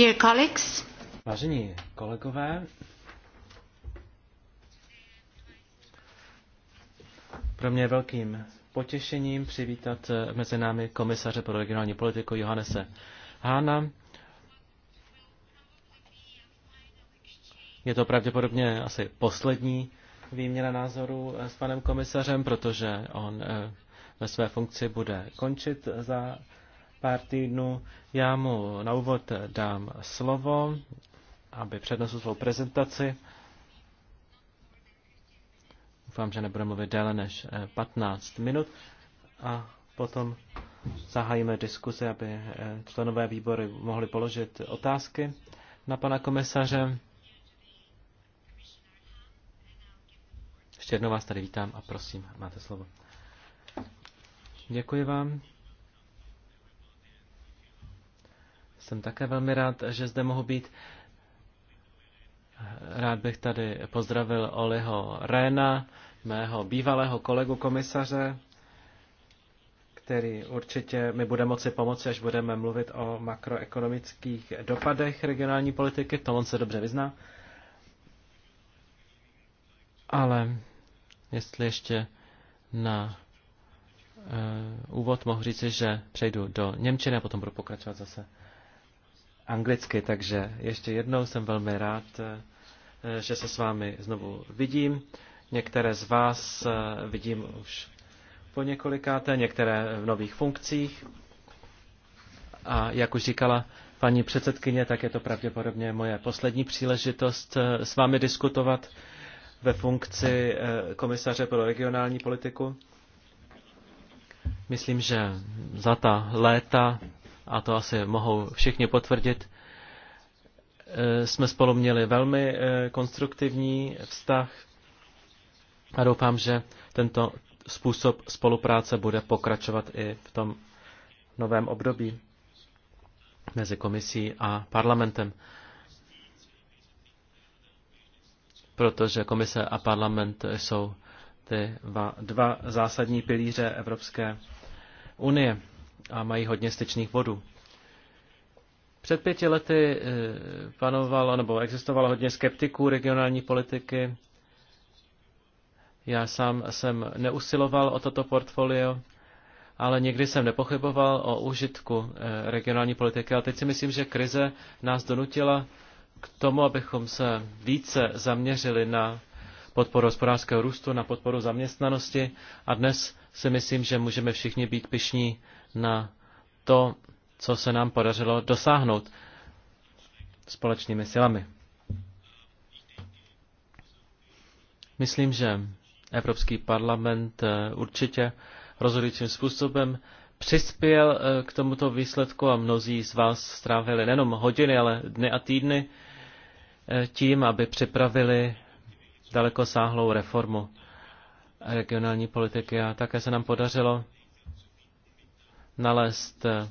Dear colleagues. Vážení kolegové, pro mě je velkým potěšením přivítat mezi námi komisaře pro regionální politiku Johannese Hána. Je to pravděpodobně asi poslední výměna názorů s panem komisařem, protože on eh, ve své funkci bude končit za pár týdnů. Já mu na úvod dám slovo, aby přednesl svou prezentaci. Doufám, že nebude mluvit déle než 15 eh, minut a potom zahájíme diskuzi, aby eh, členové výbory mohli položit otázky na pana komisaře. Ještě jednou vás tady vítám a prosím, máte slovo. Děkuji vám. Jsem také velmi rád, že zde mohu být. Rád bych tady pozdravil Oliho Réna, mého bývalého kolegu komisaře, který určitě mi bude moci pomoci, až budeme mluvit o makroekonomických dopadech regionální politiky, v tom on se dobře vyzná. Ale jestli ještě na uh, úvod mohu říci, že přejdu do Němčiny a potom budu pokračovat zase anglicky, takže ještě jednou jsem velmi rád, eh, že se s vámi znovu vidím. Některé z vás eh, vidím už po několikáté, některé v nových funkcích. A jak už říkala paní předsedkyně, tak je to pravděpodobně moje poslední příležitost eh, s vámi diskutovat ve funkci komisaře pro regionální politiku. Myslím, že za ta léta a to asi mohou všichni potvrdit, eh, jsme spolu měli velmi eh, konstruktivní vztah a doufám, že tento způsob spolupráce bude pokračovat i v tom novém období mezi komisí a parlamentem. Protože komise a parlament jsou ty dva, dva zásadní pilíře Evropské unie a mají hodně styčných bodů. Před pěti lety eh, panovalo nebo existovalo hodně skeptiků regionální politiky. Já sám jsem neusiloval o toto portfolio, ale nikdy jsem nepochyboval o užitku eh, regionální politiky. A teď si myslím, že krize nás donutila k tomu, abychom se více zaměřili na podporu hospodářského růstu, na podporu zaměstnanosti a dnes si myslím, že můžeme všichni být pišní na to, co se nám podařilo dosáhnout společnými silami. Myslím, že Evropský parlament eh, určitě rozhodujícím způsobem přispěl eh, k tomuto výsledku a mnozí z vás strávili nejenom hodiny, ale dny a týdny eh, tím, aby připravili dalekosáhlou reformu regionální politiky. A také se nám podařilo nalézt eh,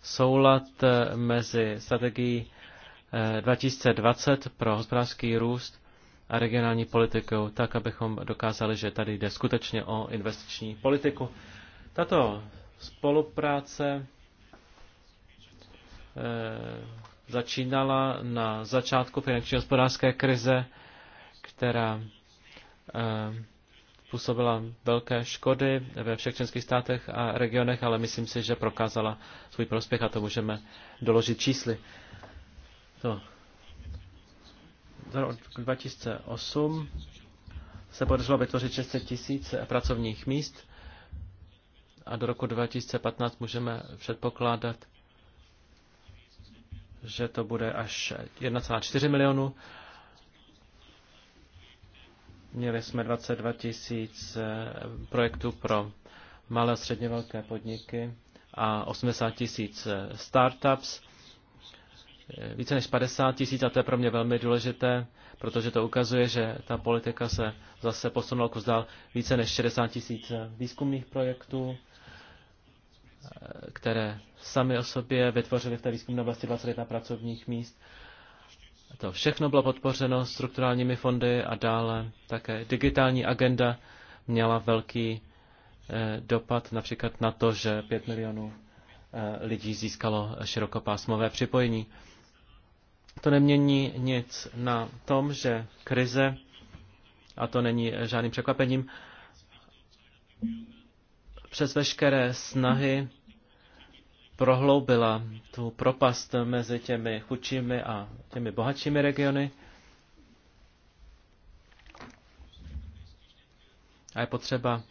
soulad eh, mezi strategií 2020 eh, pro hospodářský růst a regionální politikou, tak abychom dokázali, že tady jde skutečně o investiční politiku. Tato spolupráce začínala na začátku finanční hospodářské krize, která způsobila velké škody ve všech členských státech a regionech, ale myslím si, že prokázala svůj prospěch a to můžeme doložit čísly. To. Od 2008 se podařilo vytvořit 600 tisíc pracovních míst a do roku 2015 můžeme předpokládat, že to bude až 1,4 milionu Měli jsme 22 tisíc eh, projektů pro malé a středně velké podniky a 80 tisíc eh, startups. Eh, více než 50 tisíc a to je pro mě velmi důležité, protože to ukazuje, že ta politika se zase posunula kus dál. Více než 60 tisíc výzkumných projektů, které sami o sobě vytvořily v té výzkumné oblasti 21 pracovních míst to všechno bylo podpořeno strukturálními fondy a dále také digitální agenda měla velký eh, dopad například na to, že 5 milionů eh, lidí získalo širokopásmové připojení. To nemění nic na tom, že krize, a to není žádným překvapením, přes veškeré snahy prohloubila tu propast mezi těmi chudšími a těmi bohatšími regiony. A je potřeba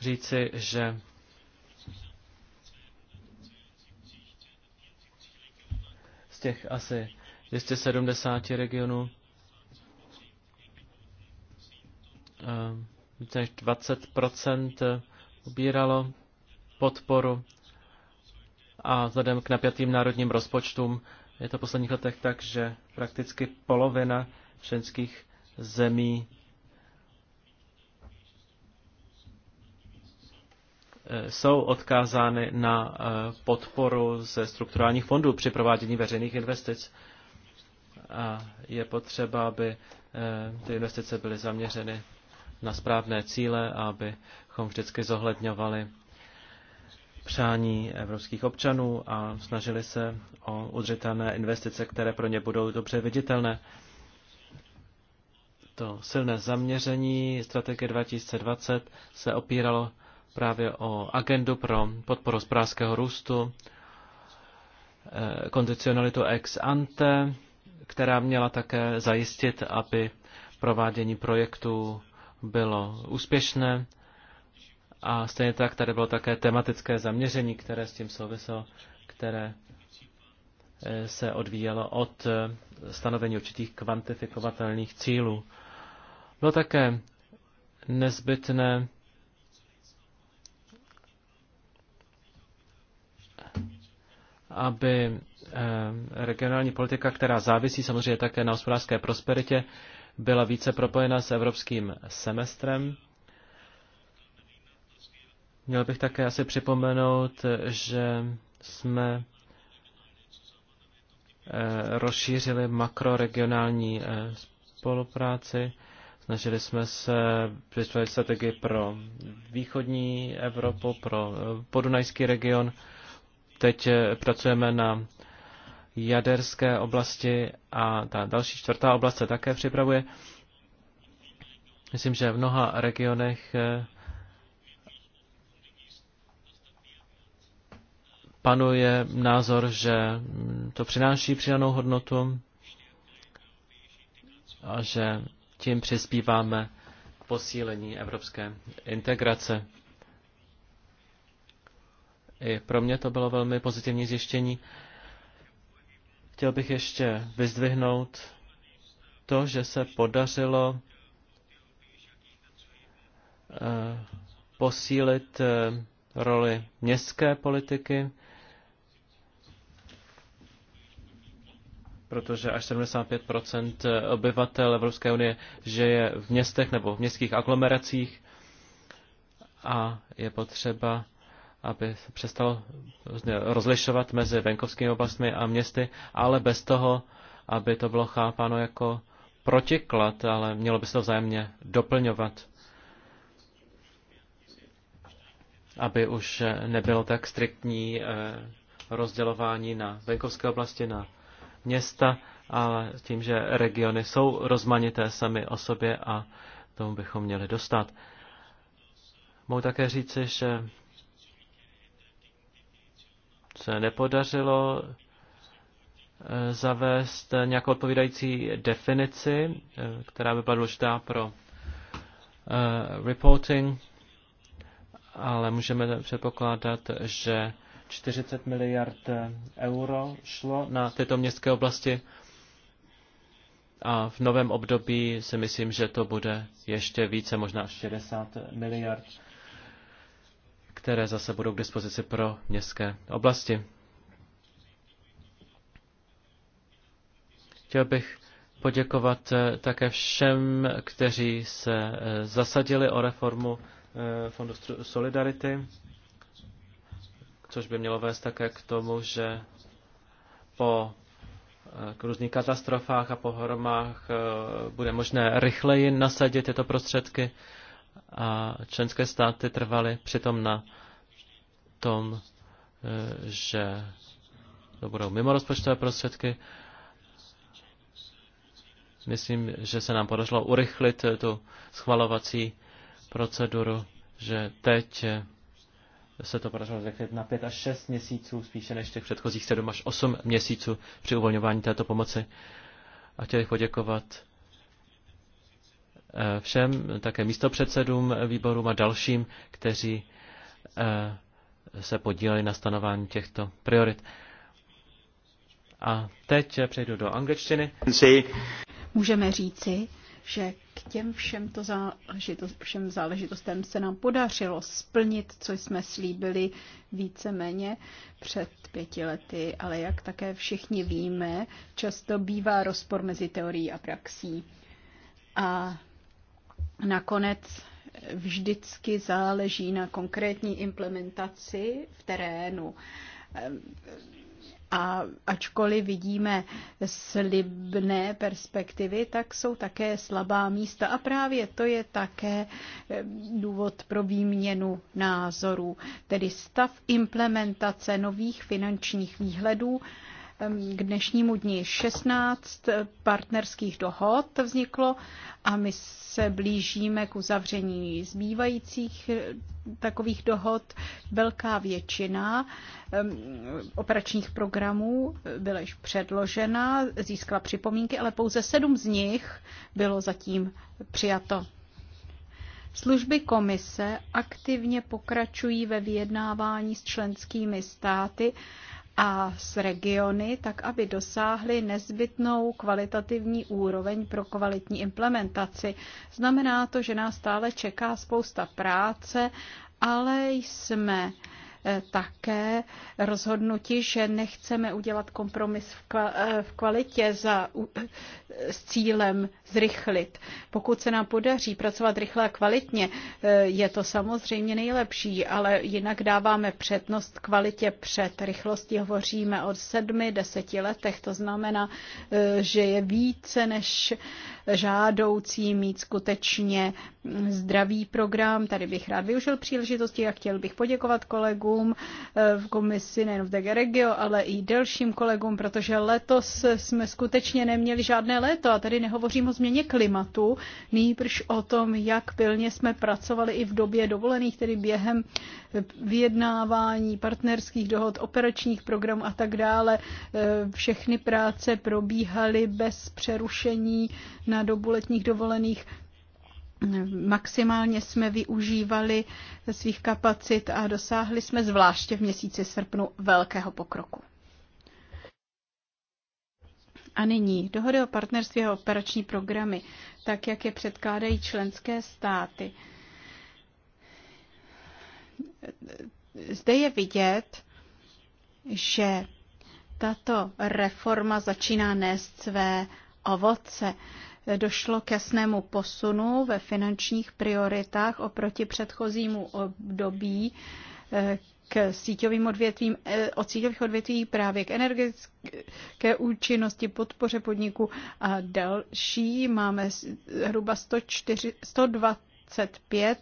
říci, že z těch asi 270 regionů více než 20 ubíralo podporu a vzhledem k napjatým národním rozpočtům je to v posledních letech tak, že prakticky polovina členských zemí eh, jsou odkázány na eh, podporu ze strukturálních fondů při provádění veřejných investic. A je potřeba, aby eh, ty investice byly zaměřeny na správné cíle a abychom vždycky zohledňovali přání evropských občanů a snažili se o udržitelné investice, které pro ně budou dobře viditelné. To silné zaměření strategie 2020 se opíralo právě o agendu pro podporu zprávského růstu, eh, kondicionalitu ex ante, která měla také zajistit, aby provádění projektů bylo úspěšné a stejně tak tady bylo také tematické zaměření, které s tím souviselo, které eh, se odvíjelo od eh, stanovení určitých kvantifikovatelných cílů. Bylo také nezbytné aby eh, regionální politika, která závisí samozřejmě také na hospodářské prosperitě, byla více propojena s evropským semestrem Měl bych také asi připomenout, že jsme eh, rozšířili makroregionální eh, spolupráci. Snažili jsme se vytvořit strategii pro východní Evropu, pro eh, podunajský region. Teď pracujeme na jaderské oblasti a ta další čtvrtá oblast se také připravuje. Myslím, že v mnoha regionech panuje názor, že to přináší přidanou hodnotu a že tím přispíváme k posílení evropské integrace. I pro mě to bylo velmi pozitivní zjištění. Chtěl bych ještě vyzdvihnout to, že se podařilo eh, posílit eh, roli městské politiky protože až 75 obyvatel Evropské unie žije v městech nebo v městských aglomeracích a je potřeba, aby se přestalo rozlišovat mezi venkovskými oblastmi a městy, ale bez toho, aby to bylo chápáno jako protiklad, ale mělo by se to vzájemně doplňovat. Aby už nebylo tak striktní eh, rozdělování na venkovské oblasti, na města, ale tím, že regiony jsou rozmanité sami o sobě a tomu bychom měli dostat. Mohu také říci, že se nepodařilo eh, zavést nějakou odpovídající definici, eh, která by byla důležitá pro eh, reporting, ale můžeme předpokládat, že 40 miliard eh, euro šlo na tyto městské oblasti a v novém období si myslím, že to bude ještě více, možná 60 miliard, které zase budou k dispozici pro městské oblasti. Chtěl bych poděkovat eh, také všem, kteří se eh, zasadili o reformu Fondu Solidarity což by mělo vést také k tomu, že po eh, k různých katastrofách a pohromách eh, bude možné rychleji nasadit tyto prostředky a členské státy trvaly přitom na tom, eh, že to budou mimo rozpočtové prostředky. Myslím, že se nám podařilo urychlit tu schvalovací proceduru, že teď se to podařilo zrychlit na 5 až 6 měsíců, spíše než těch předchozích 7 až 8 měsíců při uvolňování této pomoci. A chtěl bych poděkovat eh, všem, také místopředsedům výborům a dalším, kteří eh, se podíleli na stanování těchto priorit. A teď přejdu do angličtiny. Můžeme říci, že k těm všem to záležitost, všem záležitostem se nám podařilo splnit, co jsme slíbili víceméně před pěti lety, ale jak také všichni víme, často bývá rozpor mezi teorií a praxí. A nakonec vždycky záleží na konkrétní implementaci v terénu a ačkoliv vidíme slibné perspektivy, tak jsou také slabá místa. A právě to je také eh, důvod pro výměnu názorů, tedy stav implementace nových finančních výhledů k dnešnímu dni 16 eh, partnerských dohod vzniklo a my se blížíme k uzavření zbývajících eh, takových dohod. Velká většina operačních programů byla již předložena, získala připomínky, ale pouze sedm z nich bylo zatím přijato. Služby komise aktivně pokračují ve vyjednávání s členskými státy a s regiony, tak aby dosáhly nezbytnou kvalitativní úroveň pro kvalitní implementaci. Znamená to, že nás stále čeká spousta práce, ale jsme Eh, také rozhodnuti, že nechceme udělat kompromis v eh, kvalitě za, eh, s cílem zrychlit. Pokud se nám podaří pracovat rychle a kvalitně, je to samozřejmě nejlepší, ale jinak dáváme přednost kvalitě před rychlostí. Hovoříme o sedmi, deseti letech, to znamená, že je více než žádoucí mít skutečně mm, zdravý program. Tady bych rád využil příležitosti a chtěl bych poděkovat kolegům kolegům eh, v komisi, nejen v DG Regio, ale i dalším kolegům, protože letos jsme skutečně neměli žádné léto a tady nehovořím o změně klimatu, nejprve o tom, jak pilně jsme pracovali i v době dovolených, tedy během eh, vyjednávání partnerských dohod, operačních programů a tak dále. Eh, všechny práce probíhaly bez přerušení na dobu letních dovolených. Maximálně jsme využívali svých kapacit a dosáhli jsme zvláště v měsíci srpnu velkého pokroku. A nyní dohody o partnerství a operační programy, tak jak je předkládají členské státy. Zde je vidět, že tato reforma začíná nést své ovoce došlo ke snému posunu ve finančních prioritách oproti předchozímu období eh, k síťovým odvětvím, eh, od síťových odvětví právě k energetické účinnosti, podpoře podniku a další. Máme hruba 104, 125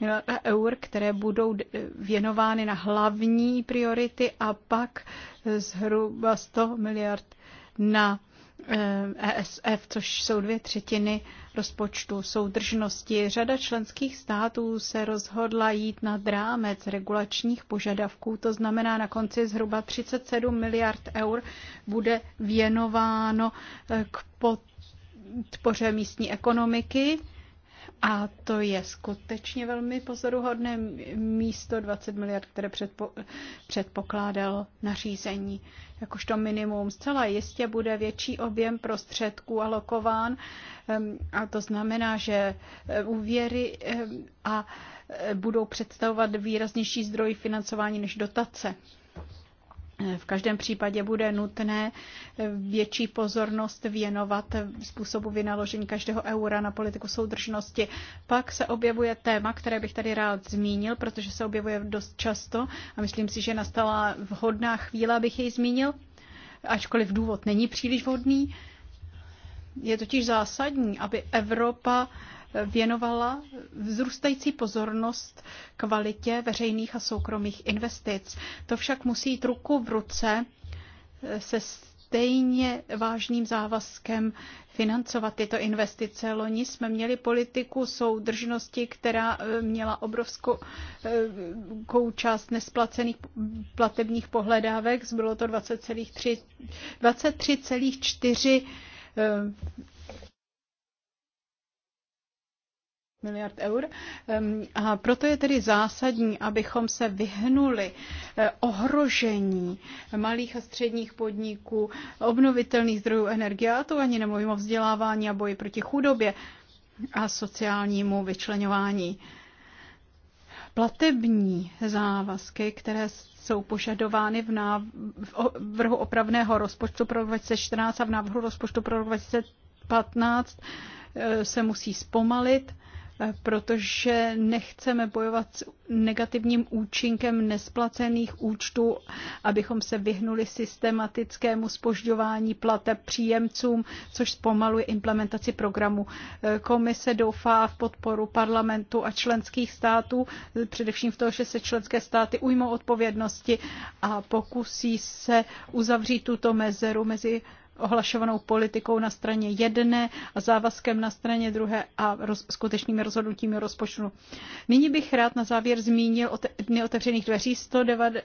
miliard eur, které budou věnovány na hlavní priority a pak zhruba 100 miliard na ESF, eh, e což jsou dvě třetiny rozpočtu soudržnosti. Řada členských států se rozhodla jít na drámec regulačních požadavků, to znamená na konci zhruba 37 miliard eur bude věnováno eh, k podpoře místní ekonomiky a to je skutečně velmi pozoruhodné místo 20 miliard, které předpo, předpokládal nařízení. Jakožto minimum zcela jistě bude větší objem prostředků alokován a to znamená, že e, úvěry a e, budou představovat výraznější zdroj financování než dotace. V každém případě bude nutné větší pozornost věnovat způsobu vynaložení každého eura na politiku soudržnosti. Pak se objevuje téma, které bych tady rád zmínil, protože se objevuje dost často a myslím si, že nastala vhodná chvíle, abych jej zmínil, ačkoliv důvod není příliš vhodný. Je totiž zásadní, aby Evropa věnovala vzrůstající pozornost kvalitě veřejných a soukromých investic. To však musí jít ruku v ruce se stejně vážným závazkem financovat tyto investice. Loni jsme měli politiku soudržnosti, která eh, měla obrovskou eh, část nesplacených platebních pohledávek. Bylo to 23,4 miliard eur. A proto je tedy zásadní, abychom se vyhnuli eh, ohrožení malých a středních podniků, obnovitelných zdrojů energie, a to ani nemluvím o vzdělávání a boji proti chudobě a sociálnímu vyčlenování. Platební závazky, které jsou požadovány v návrhu opravného rozpočtu pro 2014 a v návrhu rozpočtu pro 2015, eh, se musí zpomalit protože nechceme bojovat s negativním účinkem nesplacených účtů, abychom se vyhnuli systematickému spožďování plateb příjemcům, což zpomaluje implementaci programu. Komise doufá v podporu parlamentu a členských států, především v tom, že se členské státy ujmou odpovědnosti a pokusí se uzavřít tuto mezeru mezi ohlašovanou politikou na straně jedné a závazkem na straně druhé a roz, skutečnými rozhodnutími rozpočtu. Nyní bych rád na závěr zmínil o te, dny otevřených dveří 190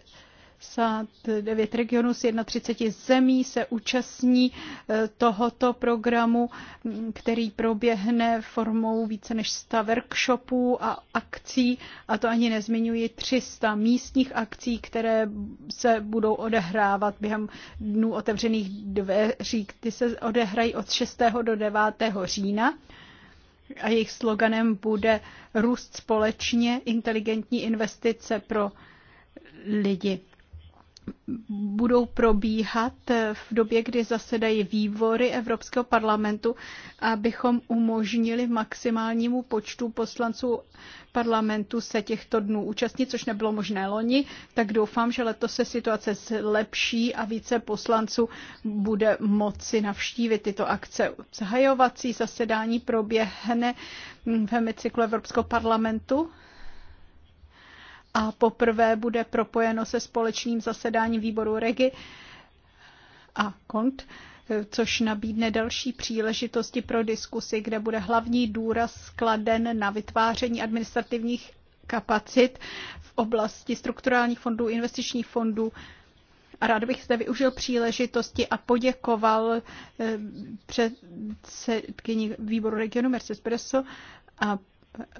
59 regionů z 31 zemí se účastní eh, tohoto programu, mm, který proběhne formou více než 100 workshopů a akcí, a to ani nezmiňuji 300 místních akcí, které se budou odehrávat během dnů otevřených dveří. Ty se odehrají od 6. do 9. října a jejich sloganem bude Růst společně, inteligentní investice pro lidi budou probíhat v době, kdy zasedají vývory Evropského parlamentu, abychom umožnili maximálnímu počtu poslanců parlamentu se těchto dnů účastnit, což nebylo možné loni, tak doufám, že letos se situace zlepší a více poslanců bude moci navštívit tyto akce. Zahajovací zasedání proběhne v hemicyklu Evropského parlamentu a poprvé bude propojeno se společným zasedáním výboru REGI a KONT, což nabídne další příležitosti pro diskusy, kde bude hlavní důraz skladen na vytváření administrativních kapacit v oblasti strukturálních fondů, investičních fondů, a rád bych zde využil příležitosti a poděkoval eh, předsedkyni výboru regionu Mercedes Preso a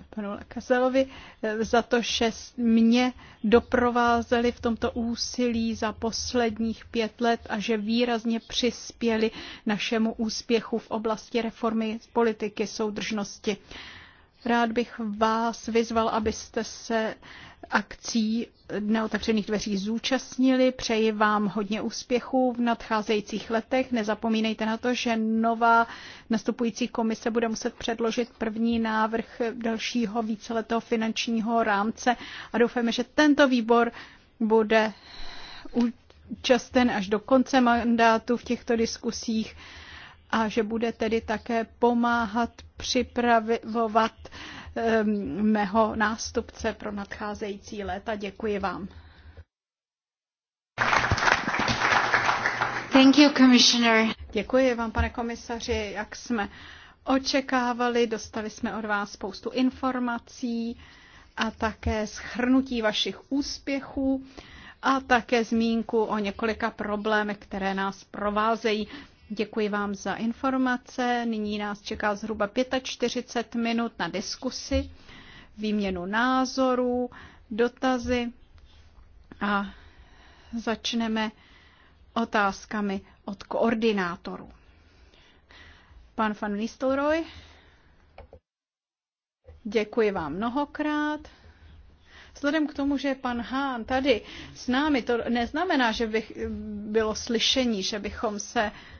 panu Kaselovi eh, za to, že mě doprovázeli v tomto úsilí za posledních pět let a že výrazně přispěli našemu úspěchu v oblasti reformy politiky soudržnosti. Rád bych vás vyzval, abyste se akcí neotevřených dveří zúčastnili. Přeji vám hodně úspěchů v nadcházejících letech. Nezapomínejte na to, že nová nastupující komise bude muset předložit první návrh dalšího víceletého finančního rámce a doufáme, že tento výbor bude účasten až do konce mandátu v těchto diskusích a že bude tedy také pomáhat připravovat Ehm, mého nástupce pro nadcházející léta. Děkuji vám. Thank you, Commissioner. Děkuji vám, pane komisaři, jak jsme očekávali. Dostali jsme od vás spoustu informací a také schrnutí vašich úspěchů a také zmínku o několika problémech, které nás provázejí. Děkuji vám za informace. Nyní nás čeká zhruba 45 minut na diskusi, výměnu názorů, dotazy a začneme otázkami od koordinátorů. Pan van Nistelrooy, děkuji vám mnohokrát. Vzhledem k tomu, že je pan Hán tady s námi, to neznamená, že by bylo slyšení, že bychom se uh,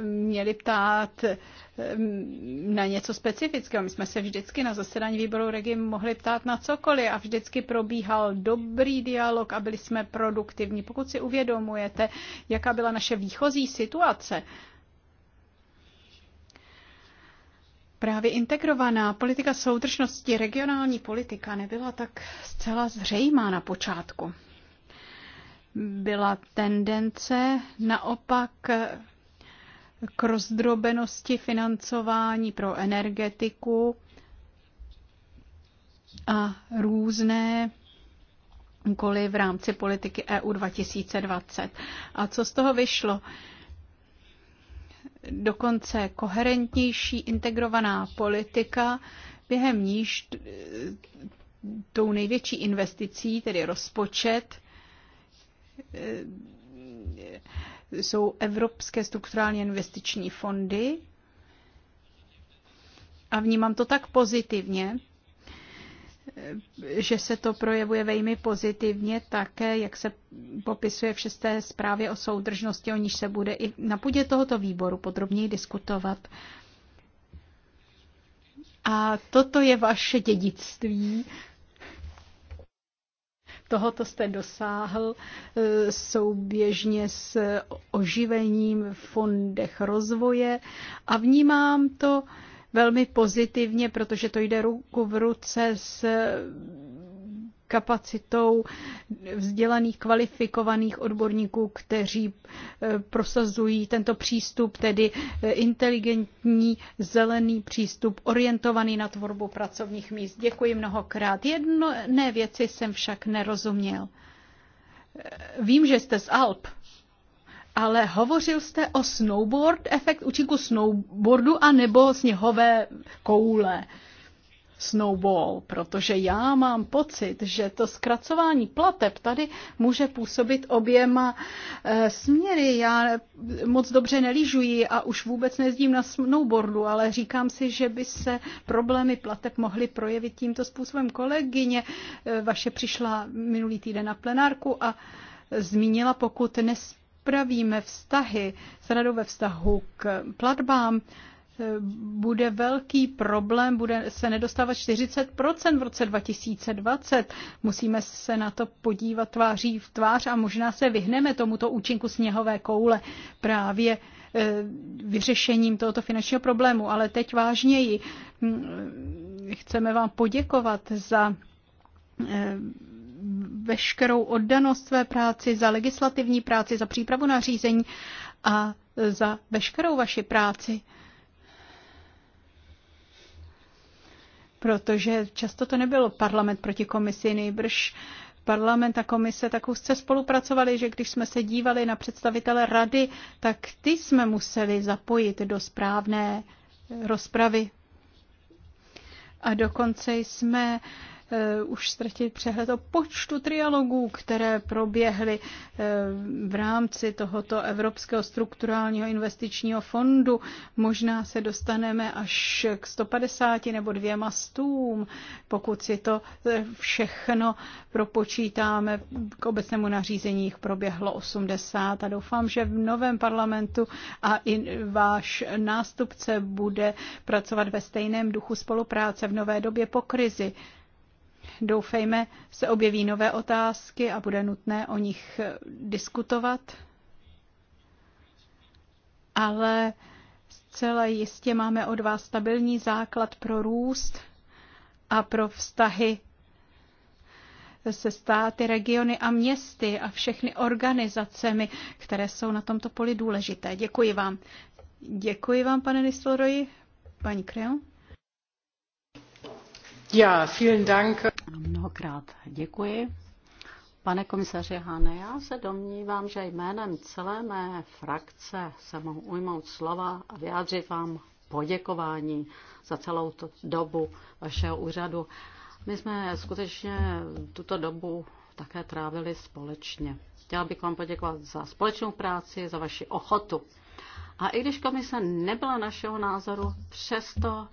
měli ptát eh, na něco specifického. My jsme se vždycky na zasedání výboru regi mohli ptát na cokoliv a vždycky probíhal dobrý dialog a byli jsme produktivní. Pokud si uvědomujete, jaká byla naše výchozí situace, Právě integrovaná politika soudržnosti, regionální politika nebyla tak zcela zřejmá na počátku. Byla tendence naopak k rozdrobenosti financování pro energetiku a různé úkoly v rámci politiky EU 2020. A co z toho vyšlo? Dokonce koherentnější integrovaná politika, během níž tou největší investicí, tedy rozpočet, jsou evropské strukturální investiční fondy a vnímám to tak pozitivně, že se to projevuje velmi pozitivně také, jak se popisuje v šesté zprávě o soudržnosti, o níž se bude i na půdě tohoto výboru podrobněji diskutovat. A toto je vaše dědictví, Tohoto jste dosáhl eh, souběžně s oživením v fondech rozvoje a vnímám to velmi pozitivně, protože to jde ruku v ruce s kapacitou vzdělaných, kvalifikovaných odborníků, kteří eh, prosazují tento přístup, tedy eh, inteligentní, zelený přístup, orientovaný na tvorbu pracovních míst. Děkuji mnohokrát. Jedné věci jsem však nerozuměl. Eh, vím, že jste z Alp, ale hovořil jste o snowboard, efekt účinku snowboardu a nebo sněhové koule snowball, protože já mám pocit, že to zkracování plateb tady může působit oběma eh, směry. Já moc dobře nelížuji a už vůbec nezdím na snowboardu, ale říkám si, že by se problémy plateb mohly projevit tímto způsobem. Kolegyně eh, vaše přišla minulý týden na plenárku a zmínila, pokud nespravíme vztahy s radou ve vztahu k platbám, bude velký problém, bude se nedostávat 40% v roce 2020. Musíme se na to podívat tváří v tvář a možná se vyhneme tomuto účinku sněhové koule právě eh, vyřešením tohoto finančního problému. Ale teď vážněji hm, chceme vám poděkovat za eh, veškerou oddanost své práci, za legislativní práci, za přípravu na řízení a za veškerou vaši práci. protože často to nebyl parlament proti komisi, nejbrž parlament a komise tak úzce spolupracovali, že když jsme se dívali na představitele rady, tak ty jsme museli zapojit do správné rozpravy. A dokonce jsme uh, Eh, už ztratit přehled o počtu trialogů, které proběhly eh, v rámci tohoto Evropského strukturálního investičního fondu. Možná se dostaneme až k 150 nebo dvěma stům, pokud si to eh, všechno propočítáme. K obecnému nařízení jich proběhlo 80 a doufám, že v novém parlamentu a i váš nástupce bude pracovat ve stejném duchu spolupráce v nové době po krizi. Doufejme, se objeví nové otázky a bude nutné o nich diskutovat. Ale zcela jistě máme od vás stabilní základ pro růst a pro vztahy se státy, regiony a městy a všechny organizacemi, které jsou na tomto poli důležité. Děkuji vám. Děkuji vám, pane Nistelroji. Paní Kreon. Ja, vielen Dank. Mnohokrát děkuji. Pane komisaři Hane, já se domnívám, že jménem celé mé frakce se mohu ujmout slova a vyjádřit vám poděkování za celou tu dobu vašeho úřadu. My jsme skutečně tuto dobu také trávili společně. Chtěla bych vám poděkovat za společnou práci, za vaši ochotu. A i když komise nebyla našeho názoru, přesto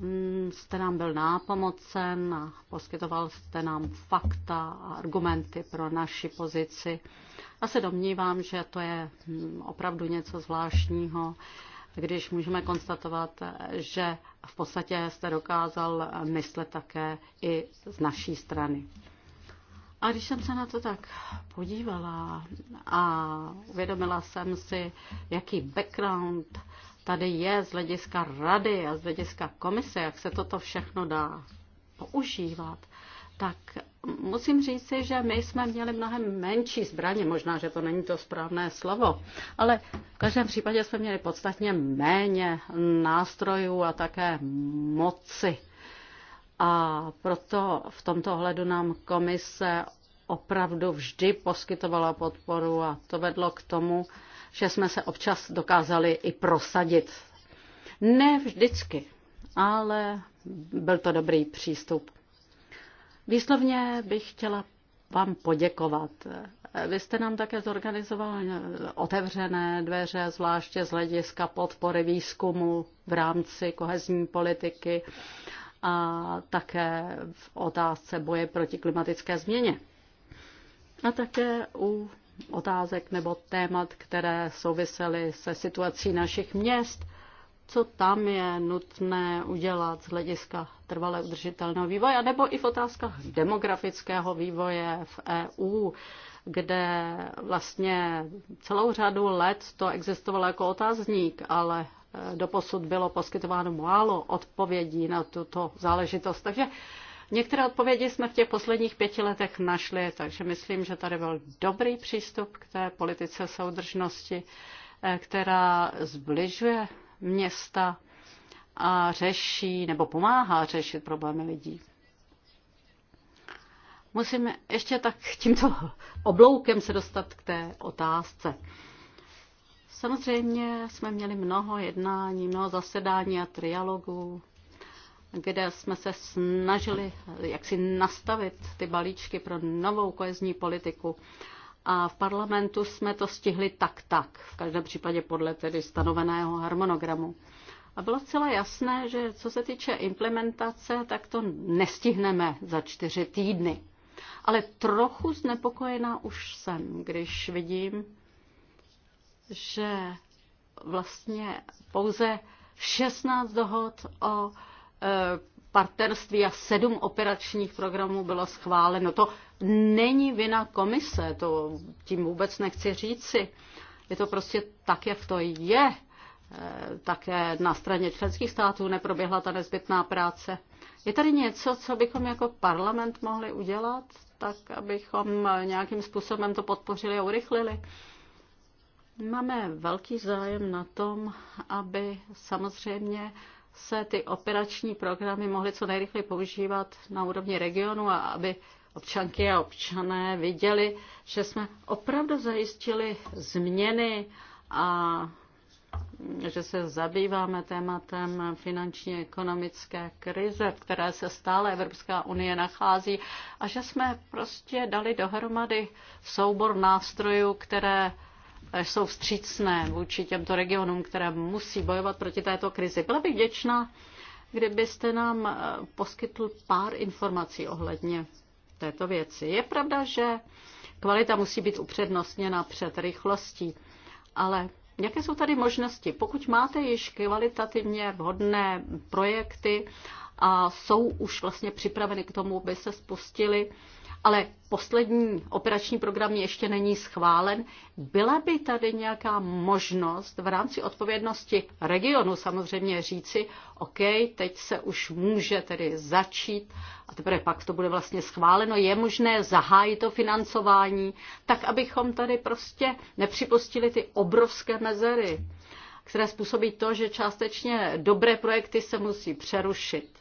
Mm, jste nám byl nápomocen a poskytoval jste nám fakta a argumenty pro naši pozici. Já se domnívám, že to je mm, opravdu něco zvláštního, když můžeme konstatovat, že v podstatě jste dokázal myslet také i z naší strany. A když jsem se na to tak podívala a uvědomila jsem si, jaký background tady je z hlediska rady a z hlediska komise, jak se toto všechno dá používat, tak musím říci, že my jsme měli mnohem menší zbraně, možná, že to není to správné slovo, ale v každém případě jsme měli podstatně méně nástrojů a také moci. A proto v tomto ohledu nám komise opravdu vždy poskytovala podporu a to vedlo k tomu, že jsme se občas dokázali i prosadit. Ne vždycky, ale byl to dobrý přístup. Výslovně bych chtěla vám poděkovat. Vy jste nám také zorganizoval otevřené dveře, zvláště z hlediska podpory výzkumu v rámci kohezní politiky a také v otázce boje proti klimatické změně. A také u otázek nebo témat, které souvisely se situací našich měst, co tam je nutné udělat z hlediska trvale udržitelného vývoje, nebo i v otázkách demografického vývoje v EU, kde vlastně celou řadu let to existovalo jako otázník, ale e, doposud bylo poskytováno málo odpovědí na tuto záležitost. Takže Některé odpovědi jsme v těch posledních pěti letech našli, takže myslím, že tady byl dobrý přístup k té politice soudržnosti, eh, která zbližuje města a řeší nebo pomáhá řešit problémy lidí. Musím ještě tak tímto obloukem se dostat k té otázce. Samozřejmě jsme měli mnoho jednání, mnoho zasedání a trialogů kde jsme se snažili jaksi nastavit ty balíčky pro novou kohezní politiku. A v parlamentu jsme to stihli tak tak, v každém případě podle tedy stanoveného harmonogramu. A bylo zcela jasné, že co se týče implementace, tak to nestihneme za čtyři týdny. Ale trochu znepokojená už jsem, když vidím, že vlastně pouze 16 dohod o Eh, partnerství a sedm operačních programů bylo schváleno. To není vina komise, to tím vůbec nechci říci. Je to prostě tak, jak to je. Eh, také na straně členských států neproběhla ta nezbytná práce. Je tady něco, co bychom jako parlament mohli udělat, tak abychom nějakým způsobem to podpořili a urychlili? Máme velký zájem na tom, aby samozřejmě se ty operační programy mohly co nejrychleji používat na úrovni regionu a aby občanky a občané viděli, že jsme opravdu zajistili změny a že se zabýváme tématem finanční ekonomické krize, v které se stále Evropská unie nachází a že jsme prostě dali dohromady soubor nástrojů, které jsou vstřícné vůči těmto regionům, které musí bojovat proti této krizi. Byla bych vděčná, kdybyste nám eh, poskytl pár informací ohledně této věci. Je pravda, že kvalita musí být upřednostněna před rychlostí, ale jaké jsou tady možnosti? Pokud máte již kvalitativně vhodné projekty a jsou už vlastně připraveny k tomu, aby se spustili, ale poslední operační program ještě není schválen. Byla by tady nějaká možnost v rámci odpovědnosti regionu samozřejmě říci, OK, teď se už může tedy začít a teprve pak to bude vlastně schváleno. Je možné zahájit to financování, tak abychom tady prostě nepřipustili ty obrovské mezery, které způsobí to, že částečně dobré projekty se musí přerušit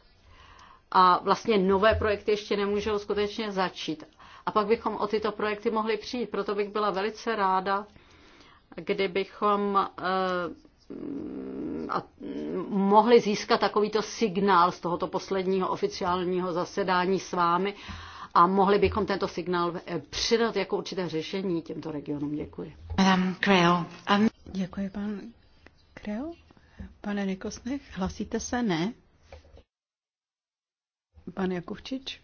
a vlastně nové projekty ještě nemůžou skutečně začít. A pak bychom o tyto projekty mohli přijít. Proto bych byla velice ráda, kdybychom eh, a mm, mohli získat takovýto signál z tohoto posledního oficiálního zasedání s vámi a mohli bychom tento signál eh, přidat jako určité řešení těmto regionům. Děkuji. Madame Um... Děkuji, pan Creo. Pane Nikosnech, hlasíte se? Ne. Pan Jakovčič,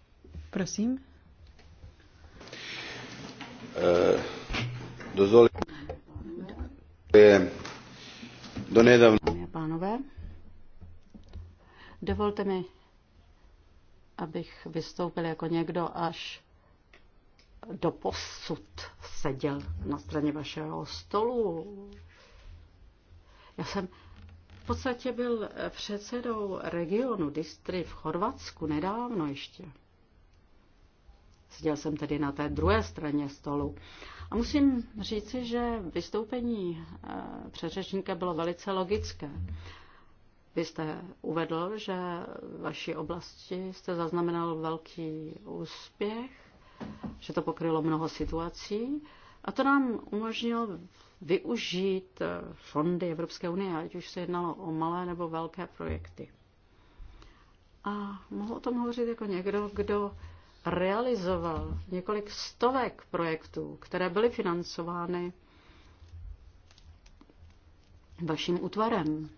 prosím. Eh, do nedávna. Pánové, dovolte mi, abych vystoupil jako někdo až do posud seděl na straně vašeho stolu. Já jsem v podstatě byl eh, předsedou regionu Distry v Chorvatsku nedávno ještě. Seděl jsem tedy na té druhé straně stolu. A musím říci, že vystoupení eh, předřečníka bylo velice logické. Vy jste uvedl, že v vaší oblasti jste zaznamenal velký úspěch, že to pokrylo mnoho situací. A to nám umožnilo využít eh, fondy Evropské unie, ať už se jednalo o malé nebo velké projekty. A mohu o tom hovořit jako někdo, kdo realizoval několik stovek projektů, které byly financovány vaším útvarem.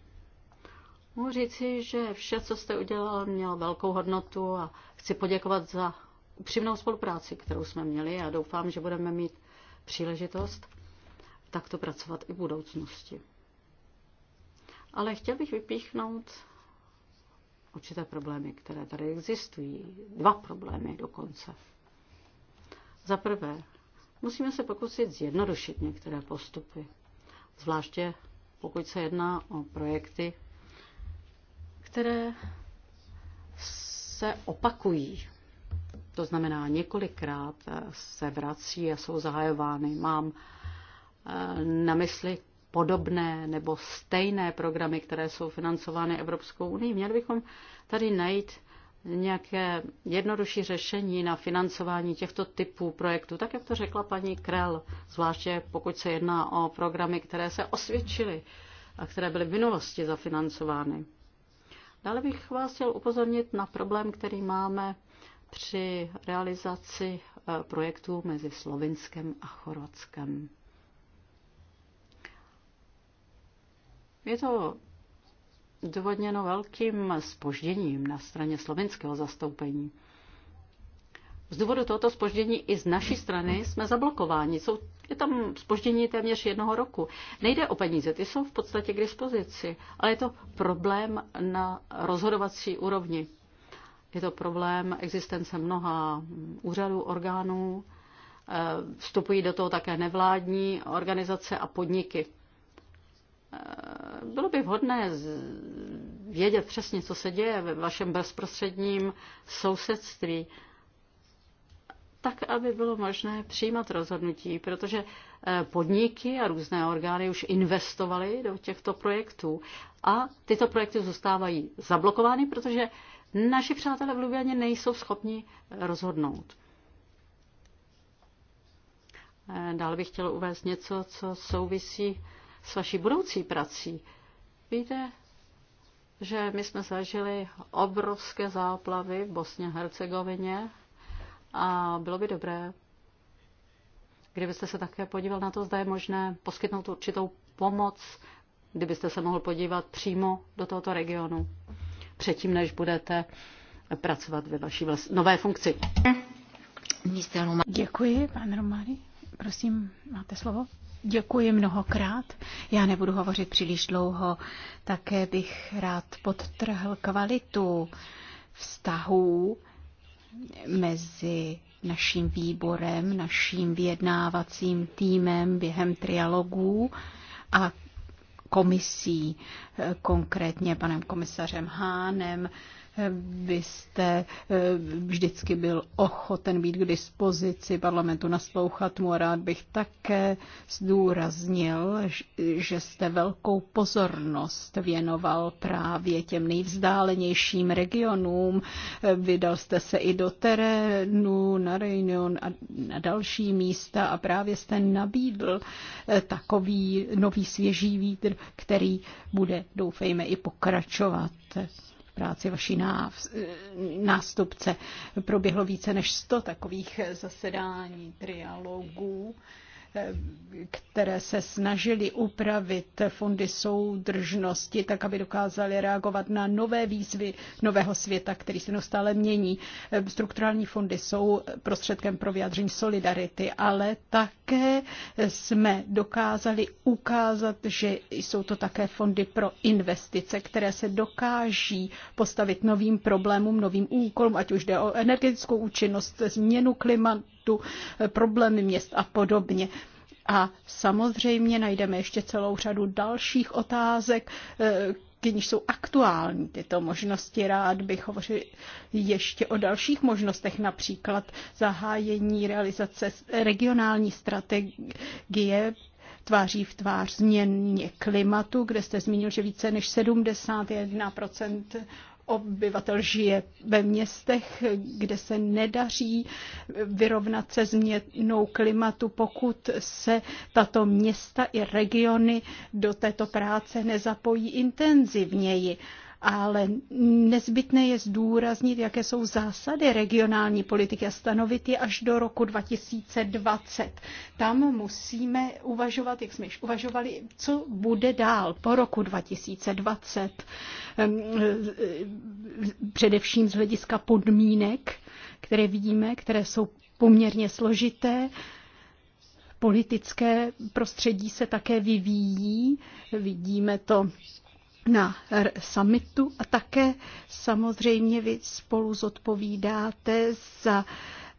Mohu říci, že vše, co jste udělal, mělo velkou hodnotu a chci poděkovat za upřímnou spolupráci, kterou jsme měli a doufám, že budeme mít příležitost takto pracovat i v budoucnosti. Ale chtěl bych vypíchnout určité problémy, které tady existují. Dva problémy dokonce. Za prvé, musíme se pokusit zjednodušit některé postupy. Zvláště pokud se jedná o projekty, které se opakují. To znamená, několikrát eh, se vrací a jsou zahajovány. Mám eh, na mysli podobné nebo stejné programy, které jsou financovány Evropskou unii. Měli bychom tady najít nějaké jednodušší řešení na financování těchto typů projektů, tak jak to řekla paní Krell, zvláště pokud se jedná o programy, které se osvědčily a které byly v minulosti zafinancovány. Dále bych vás chtěl upozornit na problém, který máme při realizaci eh, projektů mezi Slovinskem a Chorvatskem. Je to důvodněno velkým spožděním na straně slovinského zastoupení. Z důvodu tohoto spoždění i z naší strany jsme zablokováni. Jsou, je tam spoždění téměř jednoho roku. Nejde o peníze, ty jsou v podstatě k dispozici, ale je to problém na rozhodovací úrovni. Je to problém existence mnoha úřadů, orgánů. Eh, vstupují do toho také nevládní organizace a podniky. Eh, bylo by vhodné vědět přesně, co se děje ve vašem bezprostředním sousedství, tak, aby bylo možné přijímat rozhodnutí, protože eh, podniky a různé orgány už investovaly do těchto projektů a tyto projekty zůstávají zablokovány, protože naši přátelé v Ljubljaně nejsou schopni rozhodnout. Eh, dále bych chtěla uvést něco, co souvisí s vaší budoucí prací. Víte, že my jsme zažili obrovské záplavy v Bosně a Hercegovině a bylo by dobré, kdybyste se také podíval na to, zda je možné poskytnout určitou pomoc, kdybyste se mohl podívat přímo do tohoto regionu předtím, než budete pracovat ve vaší vlast... nové funkci. Děkuji, pan Romari. Prosím, máte slovo. Děkuji mnohokrát. Já nebudu hovořit příliš dlouho. Také bych rád podtrhl kvalitu vztahů mezi naším výborem, naším vyjednávacím týmem během trialogů a komisí, eh, konkrétně panem komisařem Hánem, vy jste eh, vždycky byl ochoten být k dispozici parlamentu, naslouchat mu a rád bych také zdůraznil, že jste velkou pozornost věnoval právě těm nejvzdálenějším regionům. Vydal jste se i do terénu, na Reunion a na další místa a právě jste nabídl eh, takový nový svěží vítr, který bude, doufejme, i pokračovat práci vaší nástupce. Proběhlo více než 100 takových zasedání, trialogů které se snažily upravit fondy soudržnosti, tak aby dokázaly reagovat na nové výzvy nového světa, který se neustále mění. Strukturální fondy jsou prostředkem pro vyjádření solidarity, ale také jsme dokázali ukázat, že jsou to také fondy pro investice, které se dokáží postavit novým problémům, novým úkolům, ať už jde o energetickou účinnost, změnu klimatu, sportu, eh, problémy měst a podobně. A samozřejmě najdeme ještě celou řadu dalších otázek, eh, když jsou aktuální tyto možnosti. Rád bych hovořil ještě o dalších možnostech, například zahájení realizace regionální strategie tváří v tvář změně klimatu, kde jste zmínil, že více než 71 obyvatel žije ve městech, kde se nedaří vyrovnat se změnou klimatu, pokud se tato města i regiony do této práce nezapojí intenzivněji ale nezbytné je zdůraznit, jaké jsou zásady regionální politiky a stanovit je až do roku 2020. Tam musíme uvažovat, jak jsme již uvažovali, co bude dál po roku 2020, ehm, ehm, především z hlediska podmínek, které vidíme, které jsou poměrně složité, politické prostředí se také vyvíjí. Vidíme to na summitu a také samozřejmě vy spolu zodpovídáte za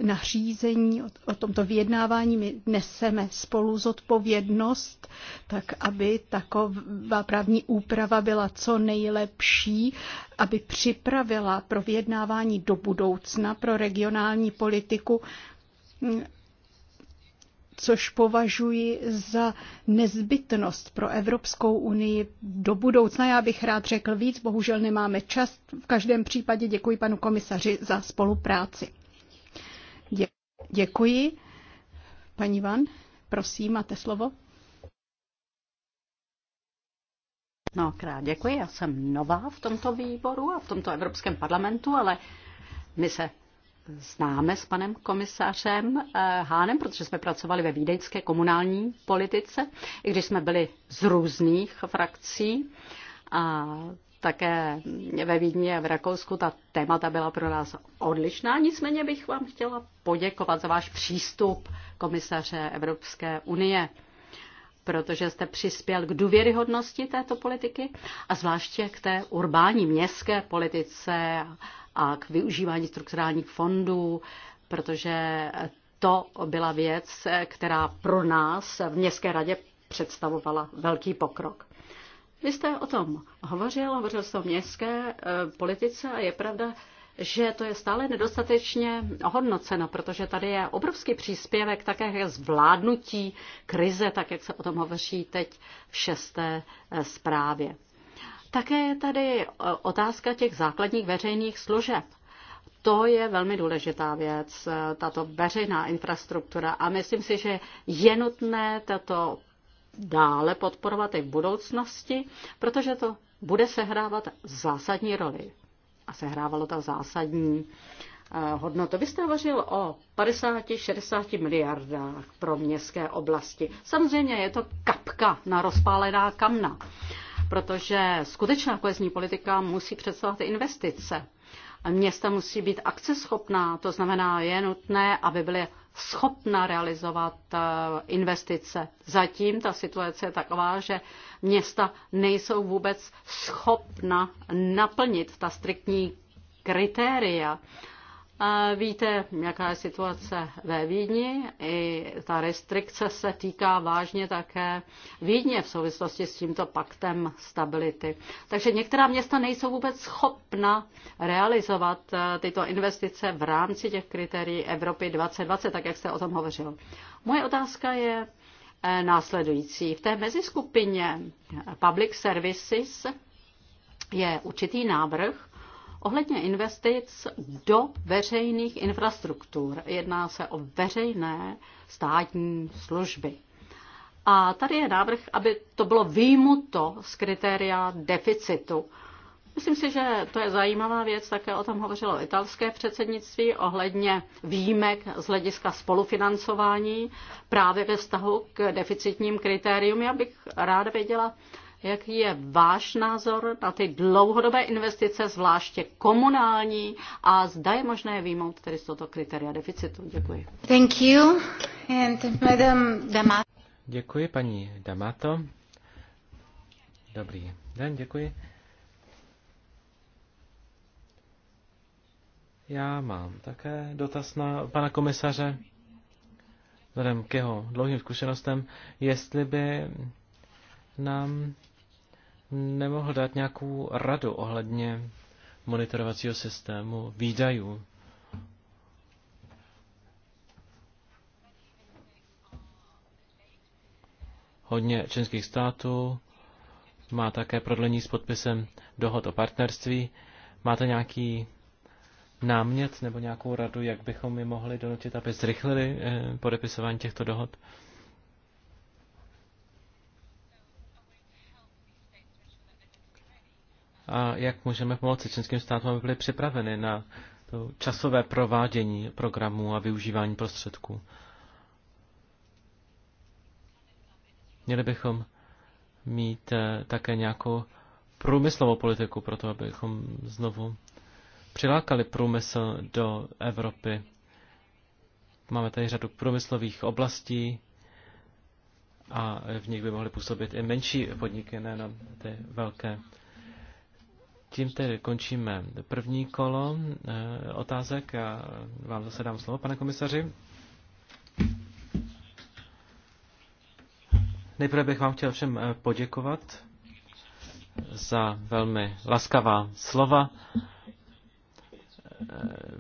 nařízení o, o tomto vyjednávání. My neseme spolu zodpovědnost, tak aby taková právní úprava byla co nejlepší, aby připravila pro vyjednávání do budoucna pro regionální politiku což považuji za nezbytnost pro Evropskou unii do budoucna. Já bych rád řekl víc, bohužel nemáme čas. V každém případě děkuji panu komisaři za spolupráci. Děkuji. Paní Van, prosím, máte slovo. No, krát děkuji. Já jsem nová v tomto výboru a v tomto Evropském parlamentu, ale my se známe s panem komisařem eh, Hánem, protože jsme pracovali ve vídeňské komunální politice, i když jsme byli z různých frakcí. A také ve Vídni a v Rakousku ta témata byla pro nás odlišná. Nicméně bych vám chtěla poděkovat za váš přístup komisaře Evropské unie protože jste přispěl k důvěryhodnosti této politiky a zvláště k té urbání městské politice a k využívání strukturálních fondů, protože to byla věc, která pro nás v Městské radě představovala velký pokrok. Vy jste o tom hovořil, hovořil jste o městské eh, politice a je pravda, že to je stále nedostatečně ohodnoceno, protože tady je obrovský příspěvek také zvládnutí krize, tak jak se o tom hovoří teď v šesté eh, zprávě. Také je tady eh, otázka těch základních veřejných služeb. To je velmi důležitá věc, eh, tato veřejná infrastruktura a myslím si, že je nutné tato dále podporovat i v budoucnosti, protože to bude sehrávat zásadní roli a sehrávalo ta zásadní eh, hodnotu. Vy jste hovořil o 50-60 miliardách pro městské oblasti. Samozřejmě je to kapka na rozpálená kamna, protože skutečná kohezní politika musí představovat investice. Města musí být akceschopná, to znamená, je nutné, aby byly schopna realizovat eh, investice. Zatím ta situace je taková, že města nejsou vůbec schopna naplnit ta striktní kritéria. A víte, jaká je situace ve Vídni. I ta restrikce se týká vážně také Vídně v souvislosti s tímto paktem stability. Takže některá města nejsou vůbec schopna realizovat eh, tyto investice v rámci těch kritérií Evropy 2020, tak jak jste o tom hovořil. Moje otázka je eh, následující. V té meziskupině Public Services je určitý návrh, Ohledně investic do veřejných infrastruktur jedná se o veřejné státní služby. A tady je návrh, aby to bylo výjimuto z kritéria deficitu. Myslím si, že to je zajímavá věc, také o tom hovořilo italské předsednictví ohledně výjimek z hlediska spolufinancování právě ve vztahu k deficitním kritériům. Já bych ráda věděla, Jaký je váš názor na ty dlouhodobé investice, zvláště komunální, a zda je možné výjmout tedy z toto kritéria deficitu? Děkuji. Thank you. And Madam Damato. Děkuji, paní Damato. Dobrý den, děkuji. Já mám také dotaz na pana komisaře, vzhledem k jeho dlouhým zkušenostem, jestli by nám nemohl dát nějakou radu ohledně monitorovacího systému výdajů. Hodně členských států má také prodlení s podpisem dohod o partnerství. Máte nějaký námět nebo nějakou radu, jak bychom je mohli donutit, aby zrychlili eh, podepisování těchto dohod? a jak můžeme pomoci členským státům, aby byly připraveny na to časové provádění programů a využívání prostředků. Měli bychom mít eh, také nějakou průmyslovou politiku pro to, abychom znovu přilákali průmysl do Evropy. Máme tady řadu průmyslových oblastí a v nich by mohly působit i menší podniky, nejenom ty velké. Tím tedy končíme první kolo eh, otázek a vám zase dám slovo, pane komisaři. Nejprve bych vám chtěl všem eh, poděkovat za velmi laskavá slova. Eh,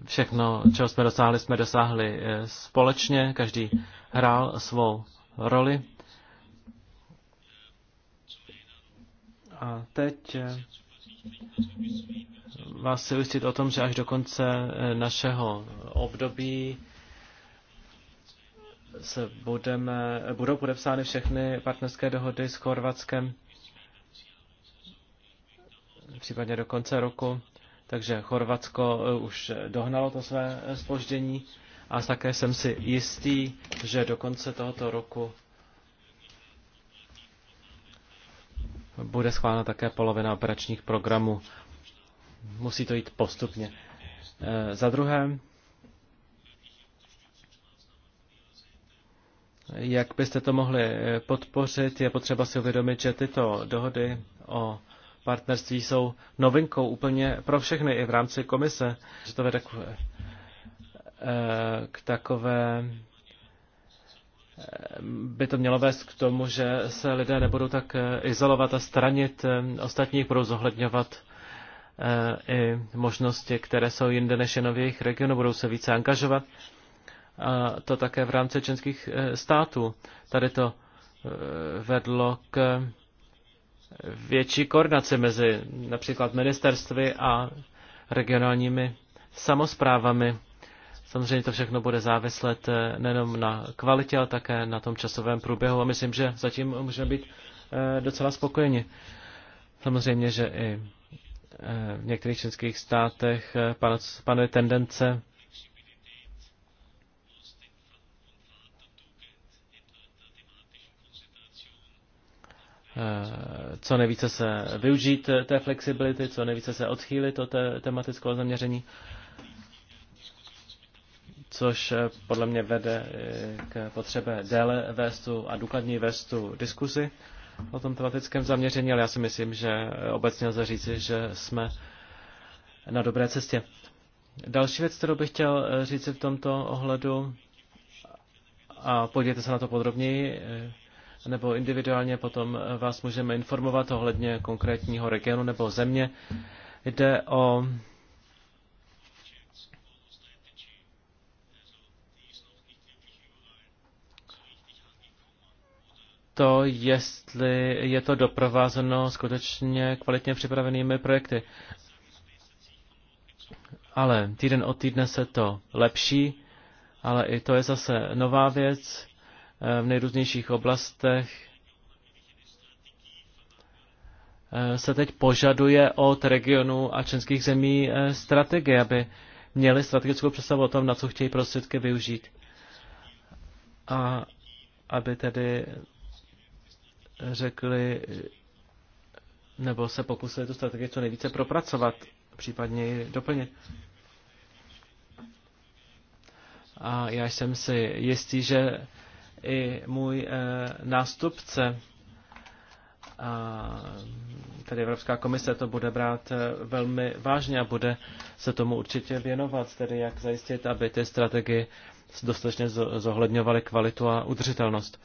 všechno, čeho jsme dosáhli, jsme dosáhli společně. Každý hrál svou roli. A teď vás chci ujistit o tom, že až do konce eh, našeho eh, období se budeme, eh, budou podepsány všechny partnerské dohody s Chorvatskem, případně do konce roku. Takže Chorvatsko už dohnalo to své spoždění a také jsem si jistý, že do konce tohoto roku bude schválena také polovina operačních programů. Musí to jít postupně. E, za druhé, jak byste to mohli e, podpořit, je potřeba si uvědomit, že tyto dohody o partnerství jsou novinkou úplně pro všechny i v rámci komise, že to vede k, e, k takové by to mělo vést k tomu, že se lidé nebudou tak eh, izolovat a stranit eh, ostatních, budou zohledňovat eh, i možnosti, které jsou jinde než jen v jejich regionu, budou se více angažovat. A to také v rámci členských států. Tady to vedlo k větší koordinaci mezi například ministerstvy a regionálními samozprávami Samozřejmě to všechno bude záviset eh, nejenom na kvalitě, ale také na tom časovém průběhu a myslím, že zatím můžeme být eh, docela spokojeni. Samozřejmě, že i eh, v některých českých státech panuje tendence co nejvíce se využít té flexibility, co nejvíce se odchýlit od té tematického zaměření což eh, podle mě vede eh, k potřebě déle vestu a důkladněji vestu diskusy o tom tematickém zaměření, ale já si myslím, že eh, obecně lze říci, že jsme na dobré cestě. Další věc, kterou bych chtěl říci v tomto ohledu, a podívejte se na to podrobněji, nebo individuálně potom vás můžeme informovat ohledně konkrétního regionu nebo země, jde o to, jestli je to doprovázeno skutečně kvalitně připravenými projekty. Ale týden od týdne se to lepší, ale i to je zase nová věc eh, v nejrůznějších oblastech. Eh, se teď požaduje od regionů a členských zemí eh, strategie, aby měli strategickou představu o tom, na co chtějí prostředky využít. A aby tedy řekli, nebo se pokusili tu strategii co nejvíce propracovat, případně ji doplnit. A já jsem si jistý, že i můj eh, nástupce, a, tedy Evropská komise, to bude brát eh, velmi vážně a bude se tomu určitě věnovat, tedy jak zajistit, aby ty strategie dostatečně zohledňovaly kvalitu a udržitelnost.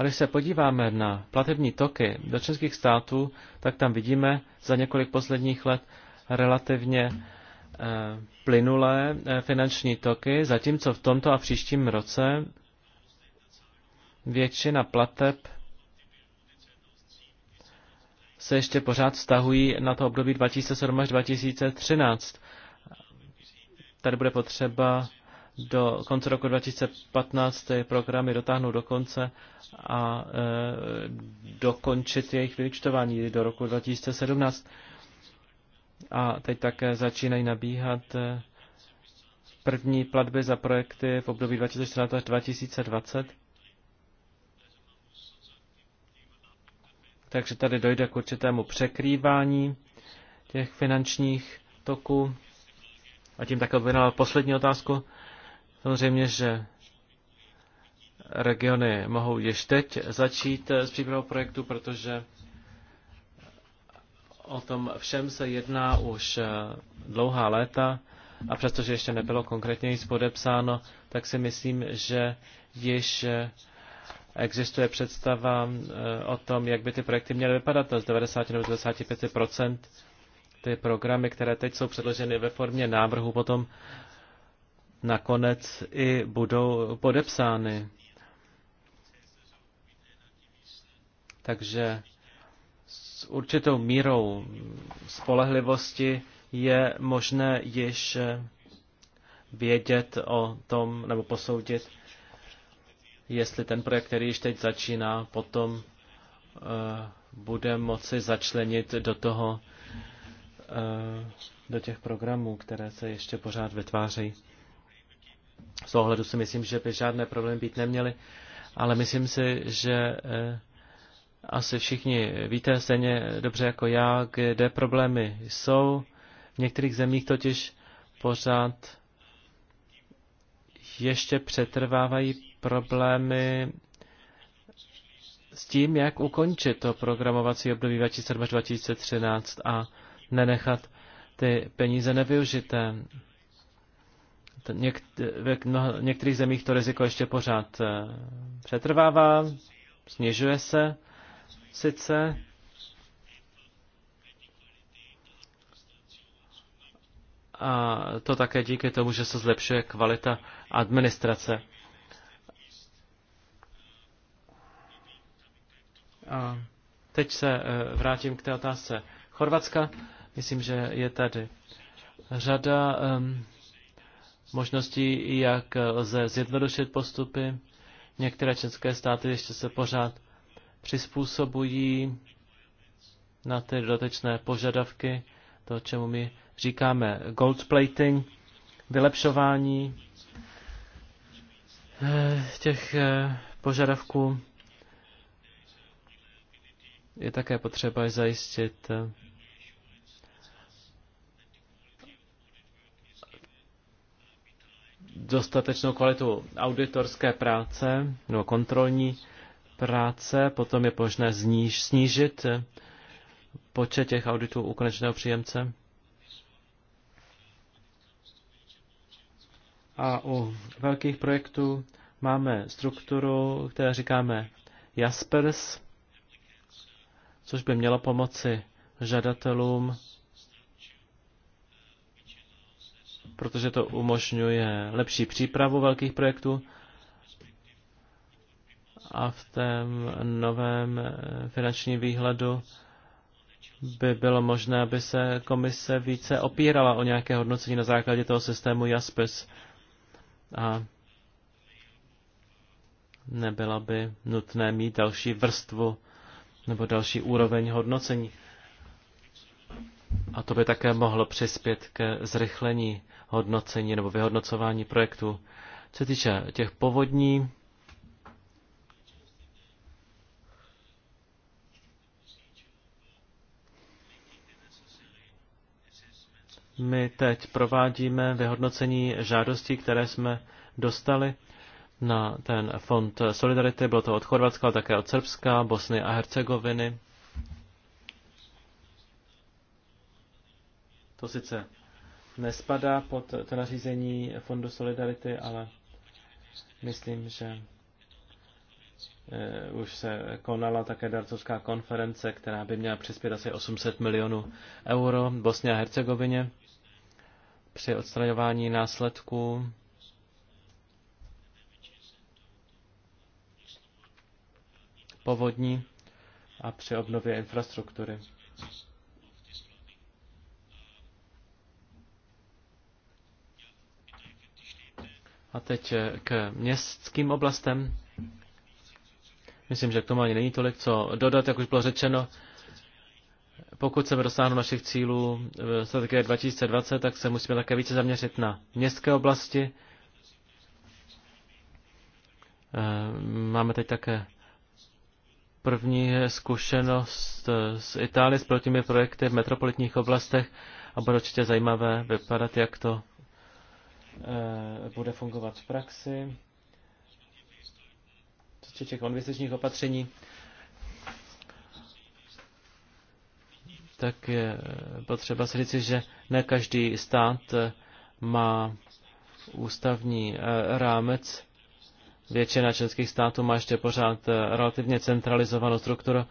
A když se podíváme na platební toky do českých států, tak tam vidíme za několik posledních let relativně eh, plynulé eh, finanční toky, zatímco v tomto a příštím roce většina plateb se ještě pořád stahují na to období 2007 až 2013. Tady bude potřeba do konce roku 2015 ty programy dotáhnout do konce a e, dokončit jejich vyčtování do roku 2017. A teď také začínají nabíhat e, první platby za projekty v období 2014 až 2020. Takže tady dojde k určitému překrývání těch finančních toků. A tím také odvěnal poslední otázku. Samozřejmě, že regiony mohou již teď začít eh, s přípravou projektu, protože o tom všem se jedná už eh, dlouhá léta a přestože ještě nebylo konkrétně nic podepsáno, tak si myslím, že již eh, existuje představa o tom, jak by ty projekty měly vypadat. Z 90 nebo 95 ty programy, které teď jsou předloženy ve formě návrhu, potom nakonec i budou podepsány. Takže s určitou mírou spolehlivosti je možné již vědět o tom nebo posoudit, jestli ten projekt, který již teď začíná, potom uh, bude moci začlenit do toho, uh, do těch programů, které se ještě pořád vytvářejí. Z toho ohledu si myslím, že by žádné problémy být neměly, ale myslím si, že eh, asi všichni víte stejně dobře jako já, kde problémy jsou. V některých zemích totiž pořád ještě přetrvávají problémy s tím, jak ukončit to programovací období 2007 2013 a nenechat ty peníze nevyužité. Něk, v některých zemích to riziko ještě pořád eh, přetrvává, snižuje se sice, a to také díky tomu, že se zlepšuje kvalita administrace. A teď se eh, vrátím k té otázce Chorvatska. Myslím, že je tady řada um, možností, jak lze zjednodušit postupy. Některé české státy ještě se pořád přizpůsobují na ty dodatečné požadavky, to, čemu my říkáme gold plating, vylepšování eh, těch eh, požadavků. Je také potřeba zajistit eh, dostatečnou kvalitu auditorské práce nebo kontrolní práce, potom je možné zníž, snížit počet těch auditů u konečného příjemce. A u velkých projektů máme strukturu, které říkáme Jaspers, což by mělo pomoci žadatelům protože to umožňuje lepší přípravu velkých projektů a v tom novém eh, finančním výhledu by bylo možné, aby se komise více opírala o nějaké hodnocení na základě toho systému JASPES a nebyla by nutné mít další vrstvu nebo další úroveň hodnocení. A to by také mohlo přispět ke zrychlení hodnocení nebo vyhodnocování projektu. Co se týče těch povodní, My teď provádíme vyhodnocení žádostí, které jsme dostali na ten fond Solidarity. Bylo to od Chorvatska, ale také od Srbska, Bosny a Hercegoviny. To sice nespadá pod to nařízení Fondu Solidarity, ale myslím, že eh, už se konala také darcovská konference, která by měla přispět asi 800 milionů euro Bosně a Hercegovině při odstraňování následků povodní a při obnově infrastruktury. A teď eh, k městským oblastem. Myslím, že k tomu ani není tolik co dodat, jak už bylo řečeno. Pokud chceme dosáhnout našich cílů v strategie 2020, tak se musíme také více zaměřit na městské oblasti. Eh, máme teď také první zkušenost eh, z Itálie s pilotními projekty v metropolitních oblastech a bude určitě zajímavé vypadat, jak to Eh, bude fungovat v praxi. Co se těch investičních opatření, tak je eh, potřeba si říci, že ne každý stát eh, má ústavní rámec. Většina členských států má ještě pořád relativně centralizovanou strukturu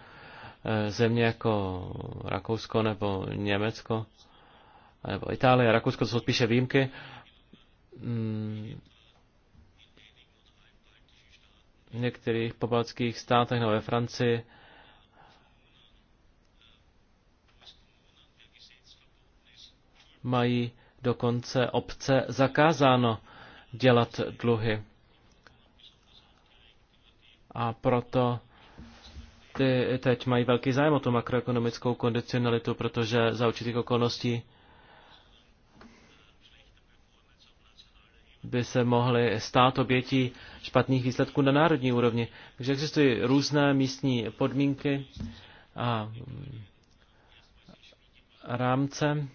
země jako Rakousko nebo Německo nebo Itálie. Rakousko to jsou spíše výjimky Hmm. v některých pobaltských státech nebo ve Francii mají dokonce obce zakázáno dělat dluhy. A proto ty teď mají velký zájem o tu makroekonomickou kondicionalitu, protože za určitých okolností by se mohly stát obětí špatných výsledků na národní úrovni. Takže existují různé místní podmínky a mm, rámce.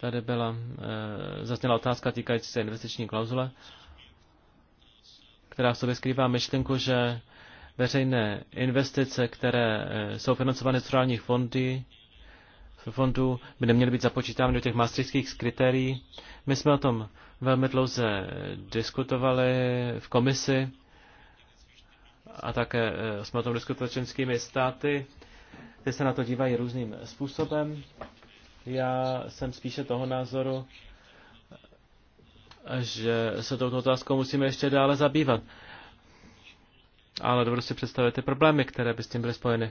Tady byla e, zazněla otázka týkající se investiční klauzule, která v sobě skrývá myšlenku, že veřejné investice, které eh, jsou financovány z fondů, fondů by neměly být započítány do těch maastrichtských kritérií. My jsme o tom velmi dlouze diskutovali v komisi a také eh, jsme o tom diskutovali s členskými státy. Ty se na to dívají různým způsobem. Já jsem spíše toho názoru, že se touto otázkou musíme ještě dále zabývat. Ale dobře si představit ty problémy, které by s tím byly spojeny.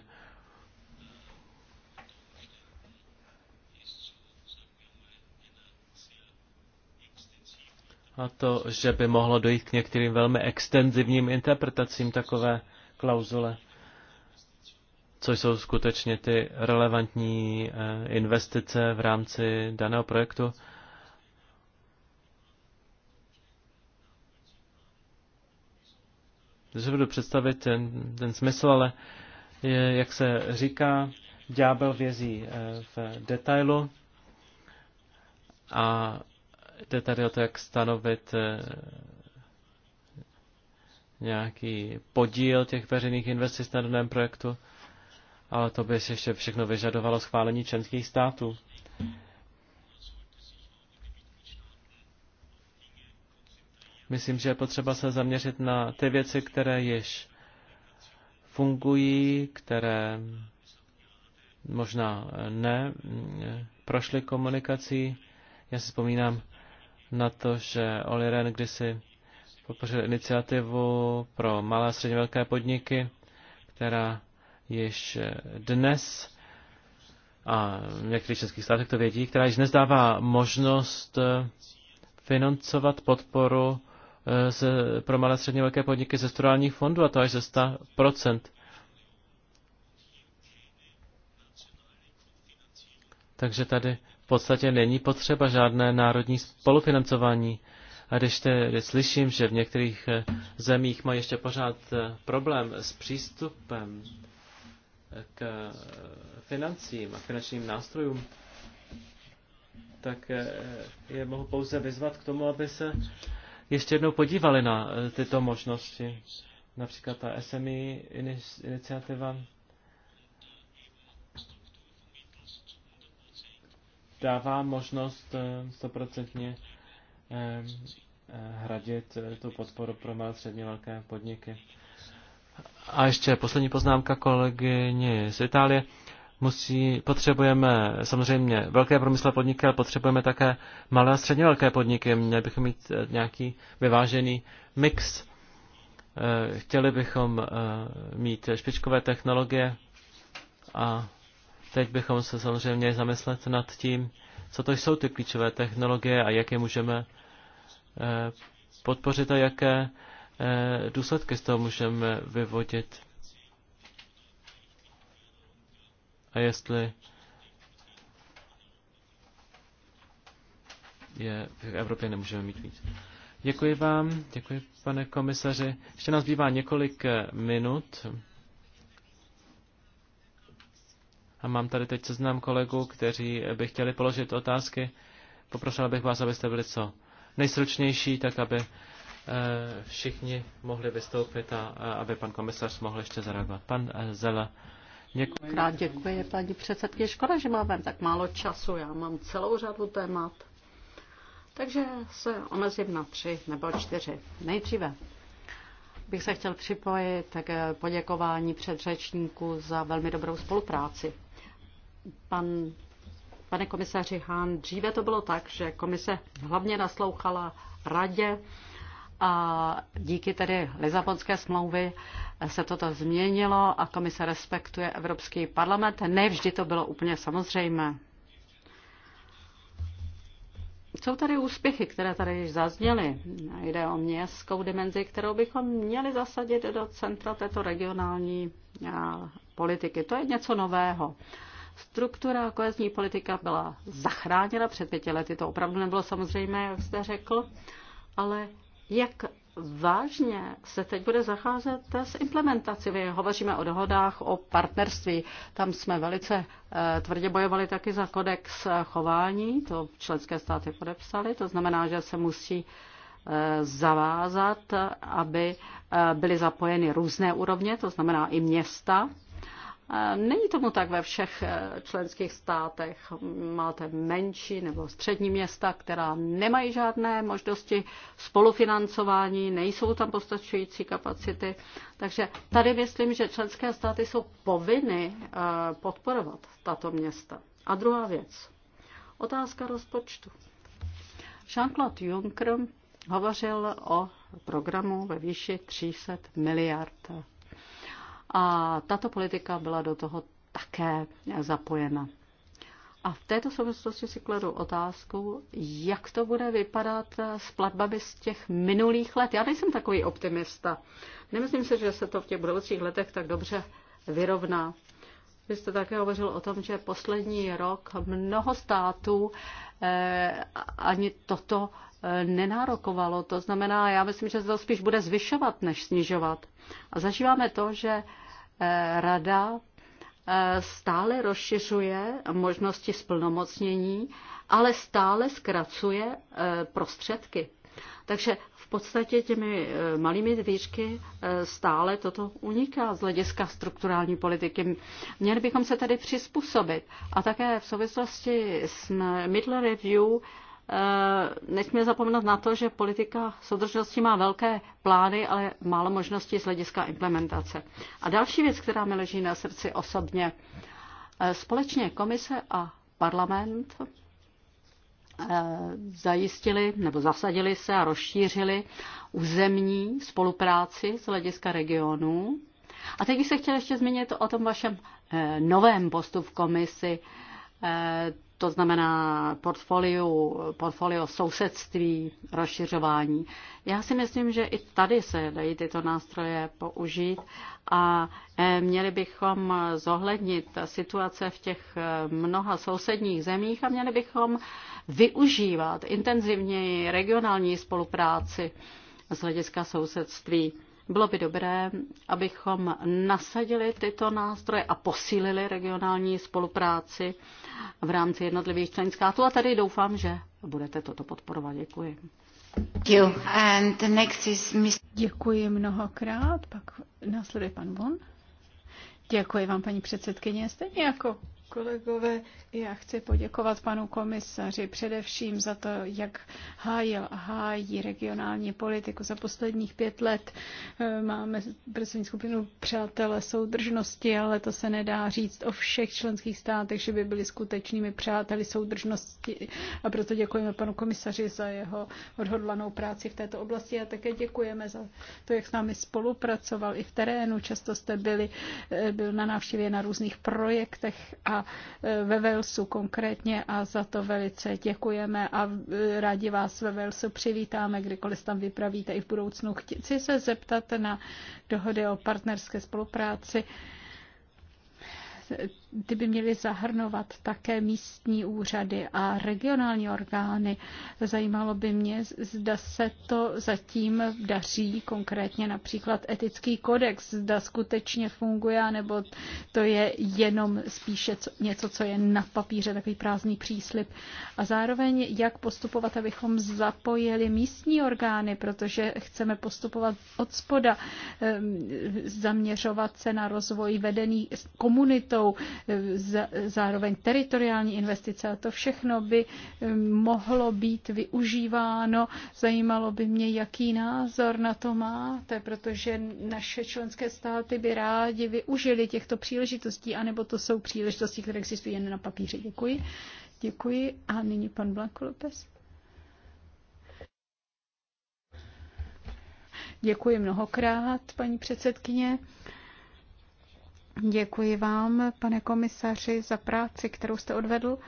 a to, že by mohlo dojít k některým velmi extenzivním interpretacím takové klauzule, což jsou skutečně ty relevantní eh, investice v rámci daného projektu. že budu představit ten, ten smysl, ale je, eh, jak se říká, ďábel vězí eh, v detailu a Jde tady o to, jak stanovit eh, nějaký podíl těch veřejných investic na daném projektu, ale to by se ještě všechno vyžadovalo schválení členských států. Myslím, že je potřeba se zaměřit na ty věci, které již fungují, které možná ne mm, prošly komunikací. Já si vzpomínám na to, že Oli Ren kdysi podpořil iniciativu pro malé a středně velké podniky, která již dnes a v některých českých státech to vědí, která již dnes dává možnost eh, financovat podporu eh, ze, pro malé a středně velké podniky ze strukturálních fondů, a to až ze 100%. Takže tady podstatě není potřeba žádné národní spolufinancování. A když tedy slyším, že v některých eh, zemích mají ještě pořád eh, problém s přístupem eh, k financím a finančním nástrojům, tak je mohu pouze vyzvat k tomu, aby se ještě jednou podívali na tyto možnosti. Například ta SMI iniciativa dává možnost eh, stoprocentně eh, eh, hradit tu podporu pro malé středně velké podniky. A ještě poslední poznámka kolegyně z Itálie. Musí, potřebujeme samozřejmě velké průmyslové podniky, ale potřebujeme také malé a středně velké podniky. Měli bychom mít nějaký vyvážený mix. Chtěli bychom mít špičkové technologie a Teď bychom se samozřejmě měli zamyslet nad tím, co to jsou ty klíčové technologie a jak je můžeme eh, podpořit a jaké eh, důsledky z toho můžeme vyvodit. A jestli je v Evropě nemůžeme mít víc. Děkuji vám, děkuji pane komisaři. Ještě nás bývá několik eh, minut. A mám tady teď seznam kolegů, kteří by chtěli položit otázky. Poprosila bych vás, abyste byli co nejstručnější, tak aby eh, všichni mohli vystoupit a aby pan komisař mohl ještě zareagovat. Pan eh, Zela. Děkuji. Krát děkuji, paní předsedkyně. Škoda, že máme tak málo času. Já mám celou řadu témat. Takže se omezím na tři nebo čtyři. Nejdříve bych se chtěl připojit k poděkování předřečníků za velmi dobrou spolupráci pan, pane komisaři Hán, dříve to bylo tak, že komise hlavně naslouchala radě a díky tedy Lizabonské smlouvy se toto změnilo a komise respektuje Evropský parlament. Nevždy to bylo úplně samozřejmé. Jsou tady úspěchy, které tady již zazněly. Jde o městskou dimenzi, kterou bychom měli zasadit do centra této regionální politiky. To je něco nového. Struktura kohezní politika byla zachráněna před pěti lety, to opravdu nebylo samozřejmé, jak jste řekl, ale jak vážně se teď bude zacházet s implementací. Vy hovoříme o dohodách, o partnerství. Tam jsme velice eh, tvrdě bojovali taky za kodex chování, to členské státy podepsali, to znamená, že se musí eh, zavázat, aby eh, byly zapojeny různé úrovně, to znamená i města Není tomu tak ve všech eh, členských státech. Máte menší nebo střední města, která nemají žádné možnosti spolufinancování, nejsou tam postačující kapacity. Takže tady myslím, že členské státy jsou povinny eh, podporovat tato města. A druhá věc. Otázka rozpočtu. Jean-Claude Juncker hovořil o programu ve výši 300 miliard a tato politika byla do toho také zapojena. A v této souvislosti si kladu otázku, jak to bude vypadat s platbami z těch minulých let. Já nejsem takový optimista. Nemyslím si, že se to v těch budoucích letech tak dobře vyrovná. Vy jste také hovořil o tom, že poslední rok mnoho států eh, ani toto eh, nenárokovalo. To znamená, já myslím, že se to spíš bude zvyšovat, než snižovat. A zažíváme to, že eh, rada eh, stále rozšiřuje možnosti splnomocnění, ale stále zkracuje eh, prostředky. Takže v podstatě těmi eh, malými dvířky stále toto uniká z hlediska strukturální politiky. Měli bychom se tady přizpůsobit. A také v souvislosti s middle review Eh, nesmíme zapomenout na to, že politika soudržnosti má velké plány, ale málo možností z hlediska implementace. A další věc, která mi leží na srdci osobně, eh, společně komise a parlament eh, zajistili nebo zasadili se a rozšířili územní spolupráci z hlediska regionů. A teď bych se chtěl ještě zmínit o tom vašem novém postu v komisi to znamená portfolio, portfolio sousedství, rozšiřování. Já si myslím, že i tady se dají tyto nástroje použít a eh, měli bychom zohlednit situace v těch eh, mnoha sousedních zemích a měli bychom využívat intenzivněji regionální spolupráci z hlediska sousedství. Bylo by dobré, abychom nasadili tyto nástroje a posílili regionální spolupráci v rámci jednotlivých členských států. A tady doufám, že budete toto podporovat. Děkuji. Děkuji mnohokrát. Pak následuje pan Bon. Děkuji vám, paní předsedkyně. Stejně jako Kolegové, já chci poděkovat panu komisaři především za to, jak hájil a hájí regionální politiku. Za posledních pět let máme pracovní skupinu Přátelé soudržnosti, ale to se nedá říct o všech členských státech, že by byli skutečnými přáteli soudržnosti. A proto děkujeme panu komisaři za jeho odhodlanou práci v této oblasti a také děkujeme za to, jak s námi spolupracoval i v terénu. Často jste byli, byl na návštěvě na různých projektech a Eh, ve Velsu konkrétně a za to velice děkujeme a eh, rádi vás ve Velsu přivítáme, kdykoliv tam vypravíte i v budoucnu. Chci se zeptat na dohody o partnerské spolupráci ty by měly zahrnovat také místní úřady a regionální orgány. Zajímalo by mě, zda se to zatím daří, konkrétně například etický kodex, zda skutečně funguje, nebo to je jenom spíše něco, co je na papíře, takový prázdný příslip. A zároveň, jak postupovat, abychom zapojili místní orgány, protože chceme postupovat od spoda, ehm, zaměřovat se na rozvoj vedený komunitou, jsou eh, zároveň teritoriální investice a to všechno by eh, mohlo být využíváno. Zajímalo by mě, jaký názor na to máte, protože naše členské státy by rádi využili těchto příležitostí, anebo to jsou příležitosti, které existují jen na papíře. Děkuji. Děkuji. A nyní pan Blanco Lopez. Děkuji mnohokrát, paní předsedkyně. Děkuji vám, pane komisaři, za práci, kterou jste odvedl.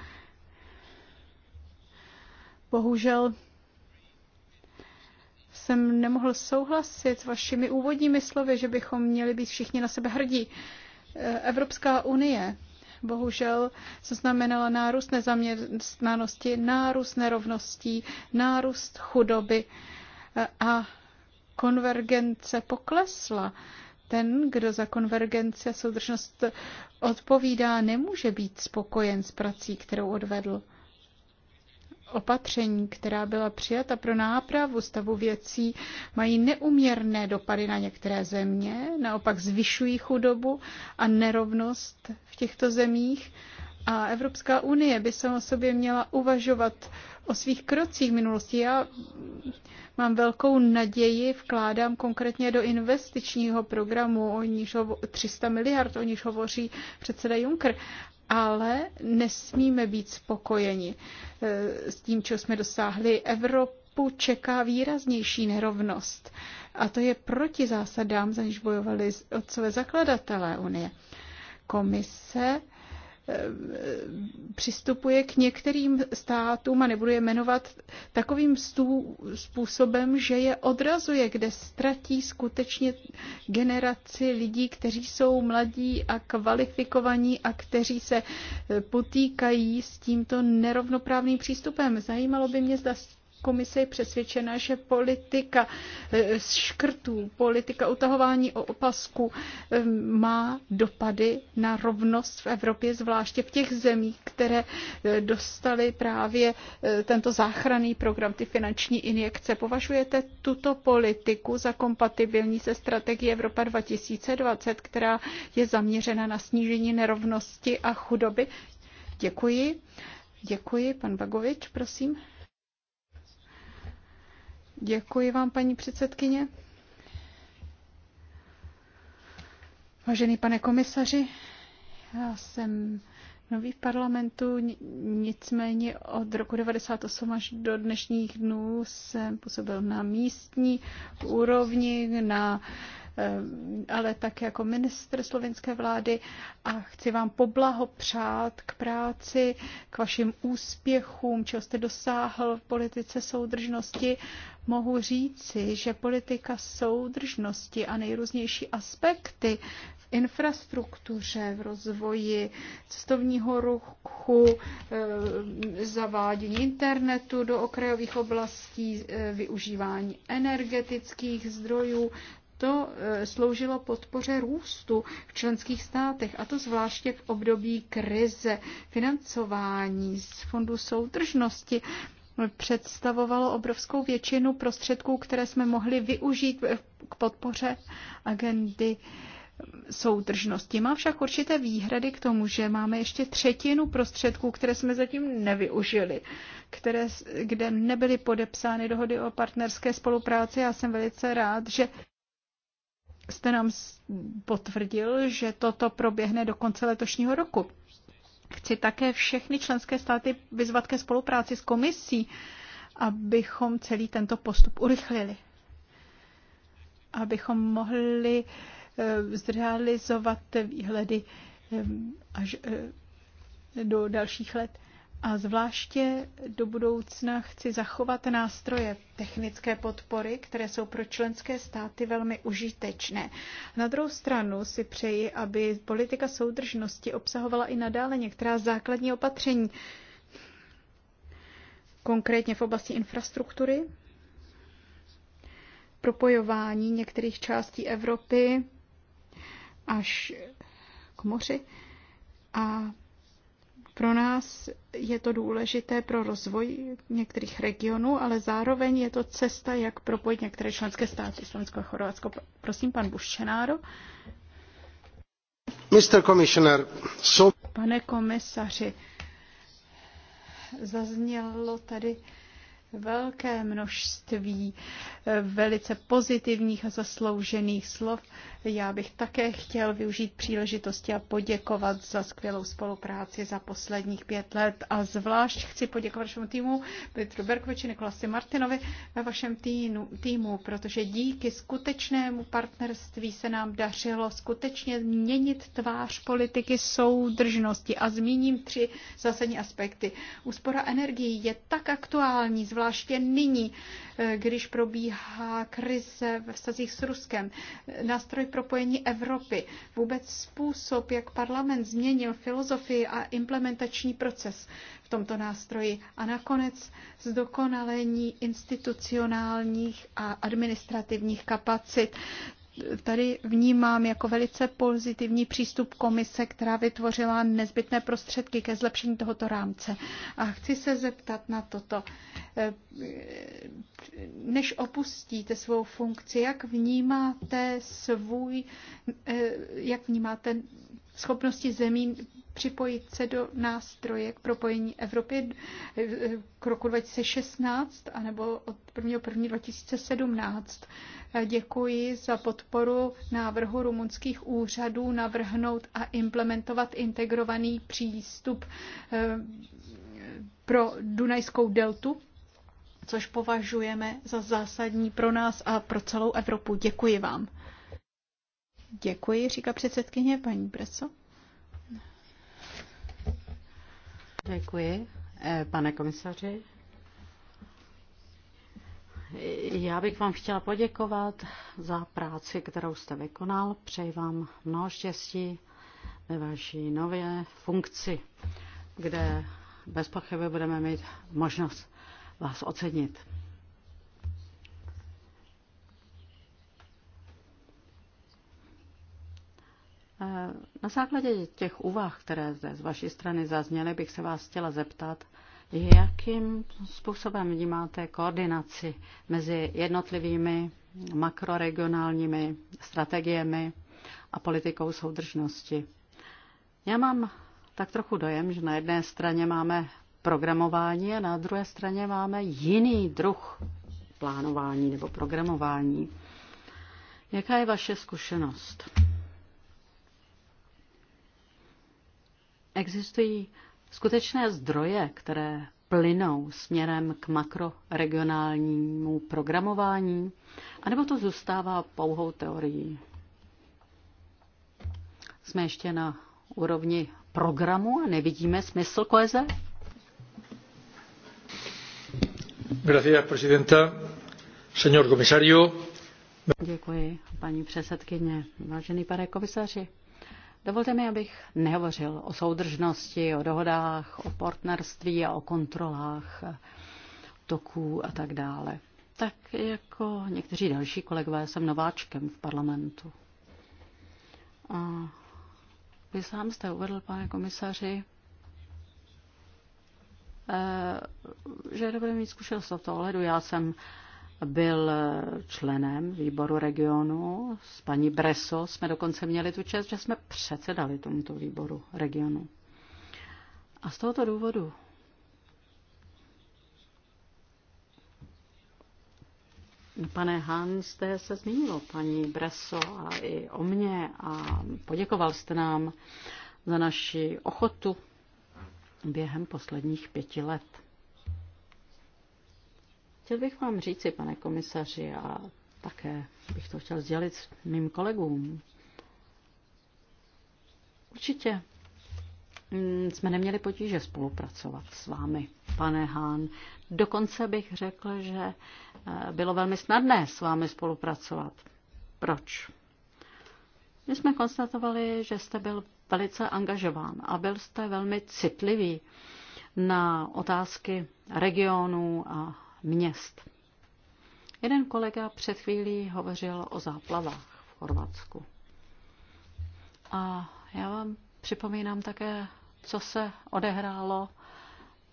Bohužel jsem nemohl souhlasit s vašimi úvodními slovy, že bychom měli být všichni na sebe hrdí. Evropská unie bohužel zaznamenala nárůst nezaměstnanosti, nárůst nerovností, nárůst chudoby a konvergence poklesla ten, kdo za konvergenci a soudržnost odpovídá, nemůže být spokojen s prací, kterou odvedl. Opatření, která byla přijata pro nápravu stavu věcí, mají neuměrné dopady na některé země, naopak zvyšují chudobu a nerovnost v těchto zemích a Evropská unie by sama sobě měla uvažovat o svých krocích minulosti. Já mám velkou naději, vkládám konkrétně do investičního programu, o níž hovo- 300 miliard, o níž hovoří předseda Juncker, ale nesmíme být spokojeni eh, s tím, co jsme dosáhli. Evropu čeká výraznější nerovnost a to je proti zásadám, za níž bojovali otcové zakladatelé Unie. Komise Eh, přistupuje k některým státům, a nebudu je jmenovat, takovým způsobem, že je odrazuje, kde ztratí skutečně generaci lidí, kteří jsou mladí a kvalifikovaní a kteří se eh, potýkají s tímto nerovnoprávným přístupem. Zajímalo by mě, zda Komise je přesvědčena, že politika eh, škrtů, politika utahování o opasku eh, má dopady na rovnost v Evropě, zvláště v těch zemích, které eh, dostaly právě tento záchranný program, ty finanční injekce. Považujete tuto politiku za kompatibilní se strategií Evropa 2020, která je zaměřena na snížení nerovnosti a chudoby? Děkuji. Děkuji. Pan Bagovič, prosím. Děkuji vám, paní předsedkyně. Vážený pane komisaři, já jsem nový v parlamentu, nicméně od roku 98 až do dnešních dnů jsem působil na místní úrovni, na uh, Eh, ale tak jako ministr slovenské vlády a chci vám poblahopřát k práci, k vašim úspěchům, čeho jste dosáhl v politice soudržnosti. Mohu říci, že politika soudržnosti a nejrůznější aspekty v infrastruktuře, v rozvoji cestovního ruchu, eh, zavádění internetu do okrajových oblastí, eh, využívání energetických zdrojů, to e, sloužilo podpoře růstu v členských státech, a to zvláště v období krize. Financování z fondu soudržnosti představovalo obrovskou většinu prostředků, které jsme mohli využít k podpoře agendy soudržnosti. Má však určité výhrady k tomu, že máme ještě třetinu prostředků, které jsme zatím nevyužili, které, kde nebyly podepsány dohody o partnerské spolupráci. Já jsem velice rád, že jste nám potvrdil, že toto proběhne do konce letošního roku. Chci také všechny členské státy vyzvat ke spolupráci s komisí, abychom celý tento postup urychlili. Abychom mohli eh, zrealizovat výhledy eh, až eh, do dalších let. A zvláště do budoucna chci zachovat nástroje technické podpory, které jsou pro členské státy velmi užitečné. Na druhou stranu si přeji, aby politika soudržnosti obsahovala i nadále některá základní opatření, konkrétně v oblasti infrastruktury, propojování některých částí Evropy až k moři a pro nás je to důležité pro rozvoj některých regionů, ale zároveň je to cesta, jak propojit některé členské státy, Slovensko a Chorvatsko. Prosím, pan Buščenáro. Mr. Commissioner, so... Pane komisaři, zaznělo tady velké množství eh, velice pozitivních a zasloužených slov. Já bych také chtěl využít příležitosti a poděkovat za skvělou spolupráci za posledních pět let a zvlášť chci poděkovat vašemu týmu Petru Berkoviči, Nikolasi Martinovi ve vašem týmu, týmu, protože díky skutečnému partnerství se nám dařilo skutečně měnit tvář politiky soudržnosti a zmíním tři zásadní aspekty. Úspora energií je tak aktuální, zvlášť zvláště nyní, eh, když probíhá krize ve vztazích s Ruskem. Nástroj propojení Evropy, vůbec způsob, jak parlament změnil filozofii a implementační proces v tomto nástroji a nakonec zdokonalení institucionálních a administrativních kapacit tady vnímám jako velice pozitivní přístup komise, která vytvořila nezbytné prostředky ke zlepšení tohoto rámce. A chci se zeptat na toto. Eh, než opustíte svou funkci, jak vnímáte svůj, eh, jak vnímáte schopnosti zemí připojit se do nástroje k propojení Evropy k roku 2016 anebo od 1.1.2017. Děkuji za podporu návrhu rumunských úřadů navrhnout a implementovat integrovaný přístup eh, pro Dunajskou deltu, což považujeme za zásadní pro nás a pro celou Evropu. Děkuji vám. Děkuji, říká předsedkyně paní Breso. Děkuji, eh, pane komisaři. Já bych vám chtěla poděkovat za práci, kterou jste vykonal. Přeji vám mnoho štěstí ve vaší nové funkci, kde bez pochyby budeme mít možnost vás ocenit. Eh, na základě těch úvah, které zde z vaší strany zazněly, bych se vás chtěla zeptat, jakým způsobem vnímáte koordinaci mezi jednotlivými makroregionálními strategiemi a politikou soudržnosti. Já mám tak trochu dojem, že na jedné straně máme programování a na druhé straně máme jiný druh plánování nebo programování. Jaká je vaše zkušenost? Existují skutečné zdroje, které plynou směrem k makroregionálnímu programování, anebo to zůstává pouhou teorií? Jsme ještě na úrovni programu a nevidíme smysl koheze? Gracias, presidenta. Señor comisario. Děkuji, paní předsedkyně. Vážený pane komisaři, Dovolte mi, abych nehovořil o soudržnosti, o dohodách, o partnerství a o kontrolách toků a tak dále. Tak jako někteří další kolegové jsem nováčkem v parlamentu. A vy sám jste uvedl, pane komisaři, eh, že je dobré mít zkušenost v tomto Já jsem byl členem výboru regionu. S paní Breso jsme dokonce měli tu čest, že jsme předsedali tomuto výboru regionu. A z tohoto důvodu Pane Hán, jste se zmínilo, paní Breso, a i o mě a poděkoval jste nám za naši ochotu během posledních pěti let. Chtěl bych vám říci, pane komisaři, a také bych to chtěl sdělit mým kolegům. Určitě mm, jsme neměli potíže spolupracovat s vámi, pane Hán. Dokonce bych řekl, že eh, bylo velmi snadné s vámi spolupracovat. Proč? My jsme konstatovali, že jste byl velice angažován a byl jste velmi citlivý na otázky regionů a měst. Jeden kolega před chvílí hovořil o záplavách v Chorvatsku. A já vám připomínám také, co se odehrálo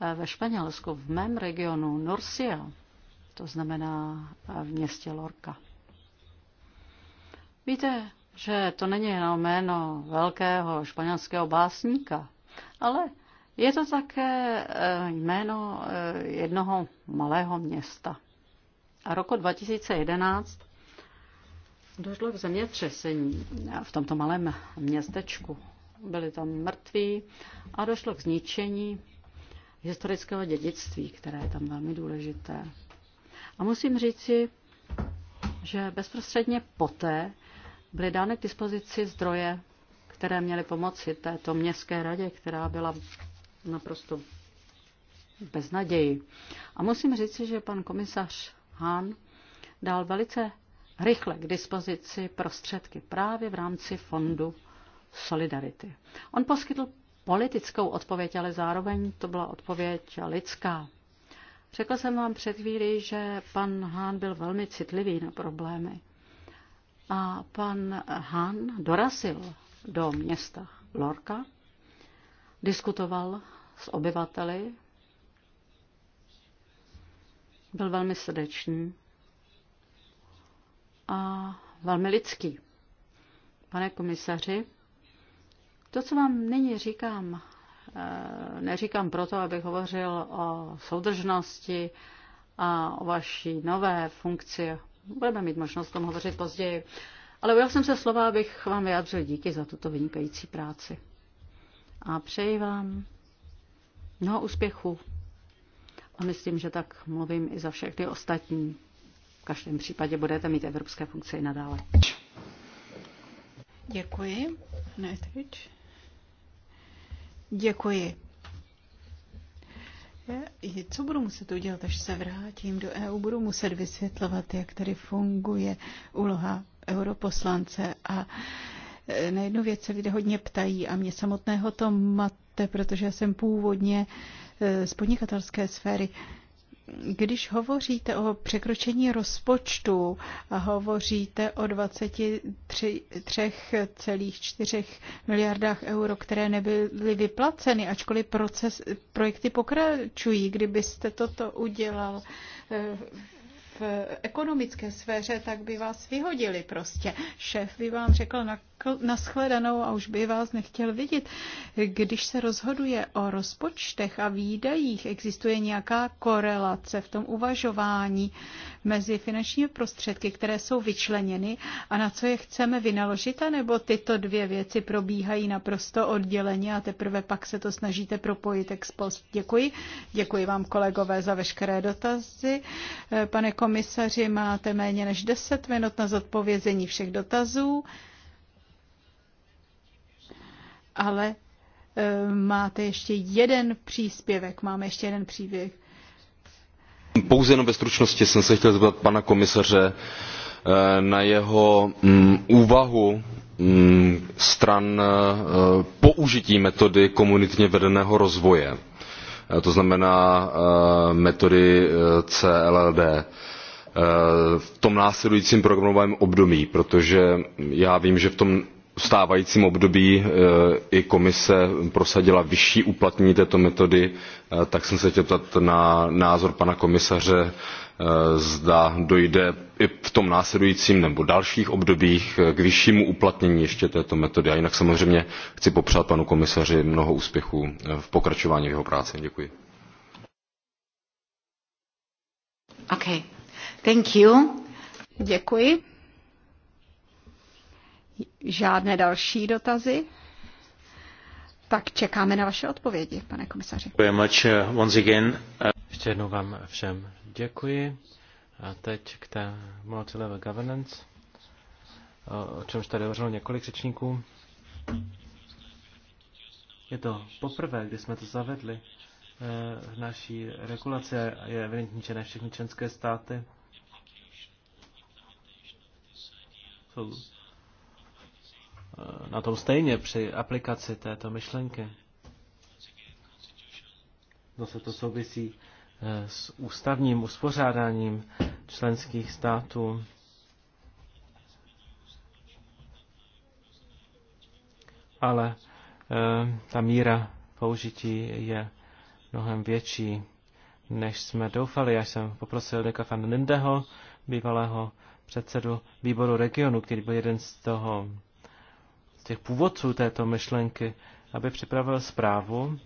eh, ve Španělsku, v mém regionu Norsia. to znamená eh, v městě Lorka. Víte, že to není jenom jméno velkého španělského básníka, ale je to také eh, jméno eh, jednoho malého města. A roku 2011 došlo k zemětřesení v tomto malém městečku. Byli tam mrtví a došlo k zničení historického dědictví, které je tam velmi důležité. A musím říci, že bezprostředně poté byly dány k dispozici zdroje, které měly pomoci této městské radě, která byla naprosto bez naději. A musím říct, že pan komisař Hahn dal velice rychle k dispozici prostředky právě v rámci fondu Solidarity. On poskytl politickou odpověď, ale zároveň to byla odpověď lidská. Řekl jsem vám před chvíli, že pan Hán byl velmi citlivý na problémy. A pan Hán dorazil do města Lorka diskutoval s obyvateli, byl velmi srdečný a velmi lidský. Pane komisaři, to, co vám nyní říkám, eh, neříkám proto, abych hovořil o soudržnosti a o vaší nové funkci. Budeme mít možnost o tom hovořit později. Ale ujel jsem se slova, abych vám vyjádřil díky za tuto vynikající práci a přeji vám mnoho úspěchů. A myslím, že tak mluvím i za všechny ostatní. V každém případě budete mít evropské funkce i nadále. Děkuji. Netvič. Děkuji. Co budu muset udělat, až se vrátím do EU? Budu muset vysvětlovat, jak tady funguje úloha europoslance a Eh, na jednu věc se lidé hodně ptají a mě samotného to mate, protože já jsem původně eh, z podnikatelské sféry. Když hovoříte o překročení rozpočtu a hovoříte o 23,4 miliardách euro, které nebyly vyplaceny, ačkoliv proces, projekty pokračují, kdybyste toto udělal eh, v ekonomické sféře, tak by vás vyhodili prostě. Šéf by vám řekl, na naschledanou a už by vás nechtěl vidět. Když se rozhoduje o rozpočtech a výdajích, existuje nějaká korelace v tom uvažování mezi finančními prostředky, které jsou vyčleněny a na co je chceme vynaložit, anebo tyto dvě věci probíhají naprosto odděleně a teprve pak se to snažíte propojit ex post. Děkuji. Děkuji vám, kolegové, za veškeré dotazy. Pane komisaři, máte méně než 10 minut na zodpovězení všech dotazů ale eh, máte ještě jeden příspěvek, máme ještě jeden příběh. Pouze jenom ve stručnosti jsem se chtěl zeptat pana komisaře eh, na jeho mm, úvahu mm, stran eh, použití metody komunitně vedeného rozvoje, to znamená metody CLLD v tom následujícím programovém období, protože já vím, že v tom stávajícím období eh, i komise prosadila vyšší uplatnění této metody eh, tak jsem se chtěl zeptat na názor pana komisaře eh, zda dojde i v tom následujícím nebo dalších obdobích k vyššímu uplatnění ještě této metody. a jinak samozřejmě chci popřát panu komisaři mnoho úspěchů v pokračování jeho práce. děkuji. Okay. Thank you. Děkuji žádné další dotazy, tak čekáme na vaše odpovědi, pane komisaři. Eh, Ještě jednou vám všem děkuji. A teď k té multilevel governance, o čemž tady hovořilo několik řečníků. Je to poprvé, kdy jsme to zavedli eh, v naší regulaci je evidentní, že ne všechny členské státy jsou na tom stejně při aplikaci této myšlenky. Zase to souvisí eh, s ústavním uspořádáním členských států. Ale eh, ta míra použití je mnohem větší, než jsme doufali. Já jsem poprosil Deka van Lindeho, bývalého předsedu výboru regionu, který byl jeden z toho těch původců této myšlenky, aby připravil zprávu,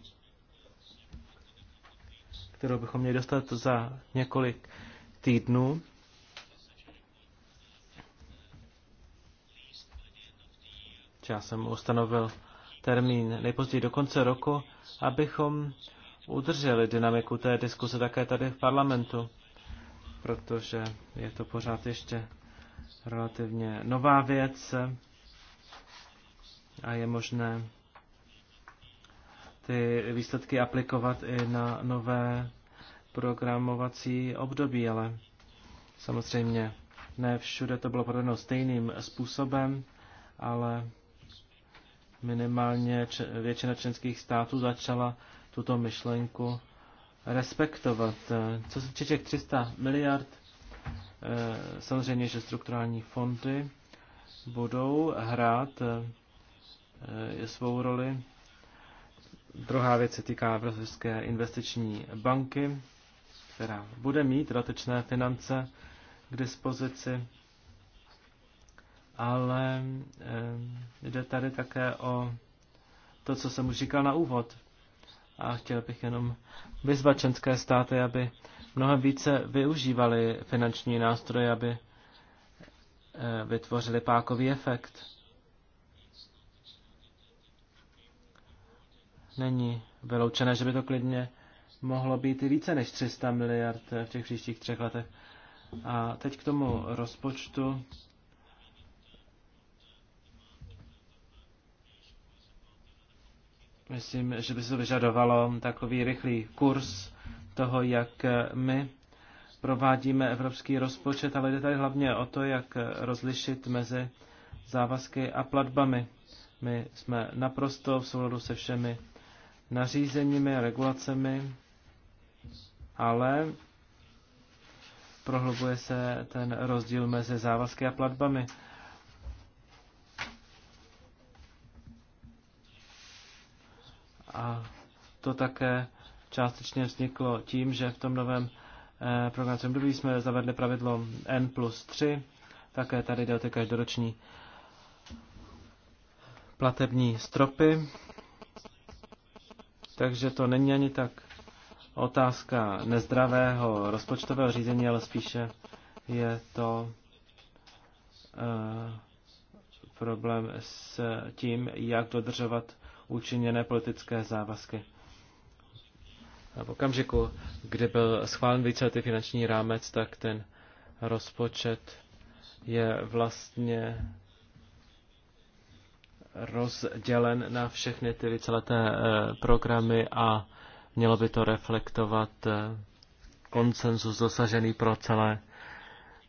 kterou bychom měli dostat za několik týdnů. Já jsem ustanovil termín nejpozději do konce roku, abychom udrželi dynamiku té diskuse také tady v parlamentu, protože je to pořád ještě relativně nová věc a je možné ty výsledky aplikovat i na nové programovací období, ale samozřejmě ne všude to bylo podobno stejným způsobem, ale minimálně většina členských států začala tuto myšlenku respektovat. Co se týče 300 miliard, eh, samozřejmě, že strukturální fondy budou hrát eh, Eh, je svou roli. Druhá věc se týká Evropské investiční banky, která bude mít dodatečné finance k dispozici, ale eh, jde tady také o to, co jsem už říkal na úvod. A chtěl bych jenom vyzvat členské státy, aby mnohem více využívali finanční nástroje, aby eh, vytvořili pákový efekt není vyloučené, že by to klidně mohlo být i více než 300 miliard v těch příštích třech letech. A teď k tomu rozpočtu. Myslím, že by se to vyžadovalo takový rychlý kurz toho, jak my provádíme evropský rozpočet, ale jde tady hlavně o to, jak rozlišit mezi závazky a platbami. My jsme naprosto v souladu se všemi nařízeními a regulacemi, ale prohlubuje se ten rozdíl mezi závazky a platbami. A to také částečně vzniklo tím, že v tom novém eh, programovacím období jsme zavedli pravidlo N plus 3, také tady jde o ty každoroční platební stropy takže to není ani tak otázka nezdravého rozpočtového řízení, ale spíše je to uh, problém s tím, jak dodržovat učiněné politické závazky. A v okamžiku, kdy byl schválen víceletý finanční rámec, tak ten rozpočet je vlastně rozdělen na všechny ty víceleté eh, programy a mělo by to reflektovat eh, konsenzus dosažený pro, celé,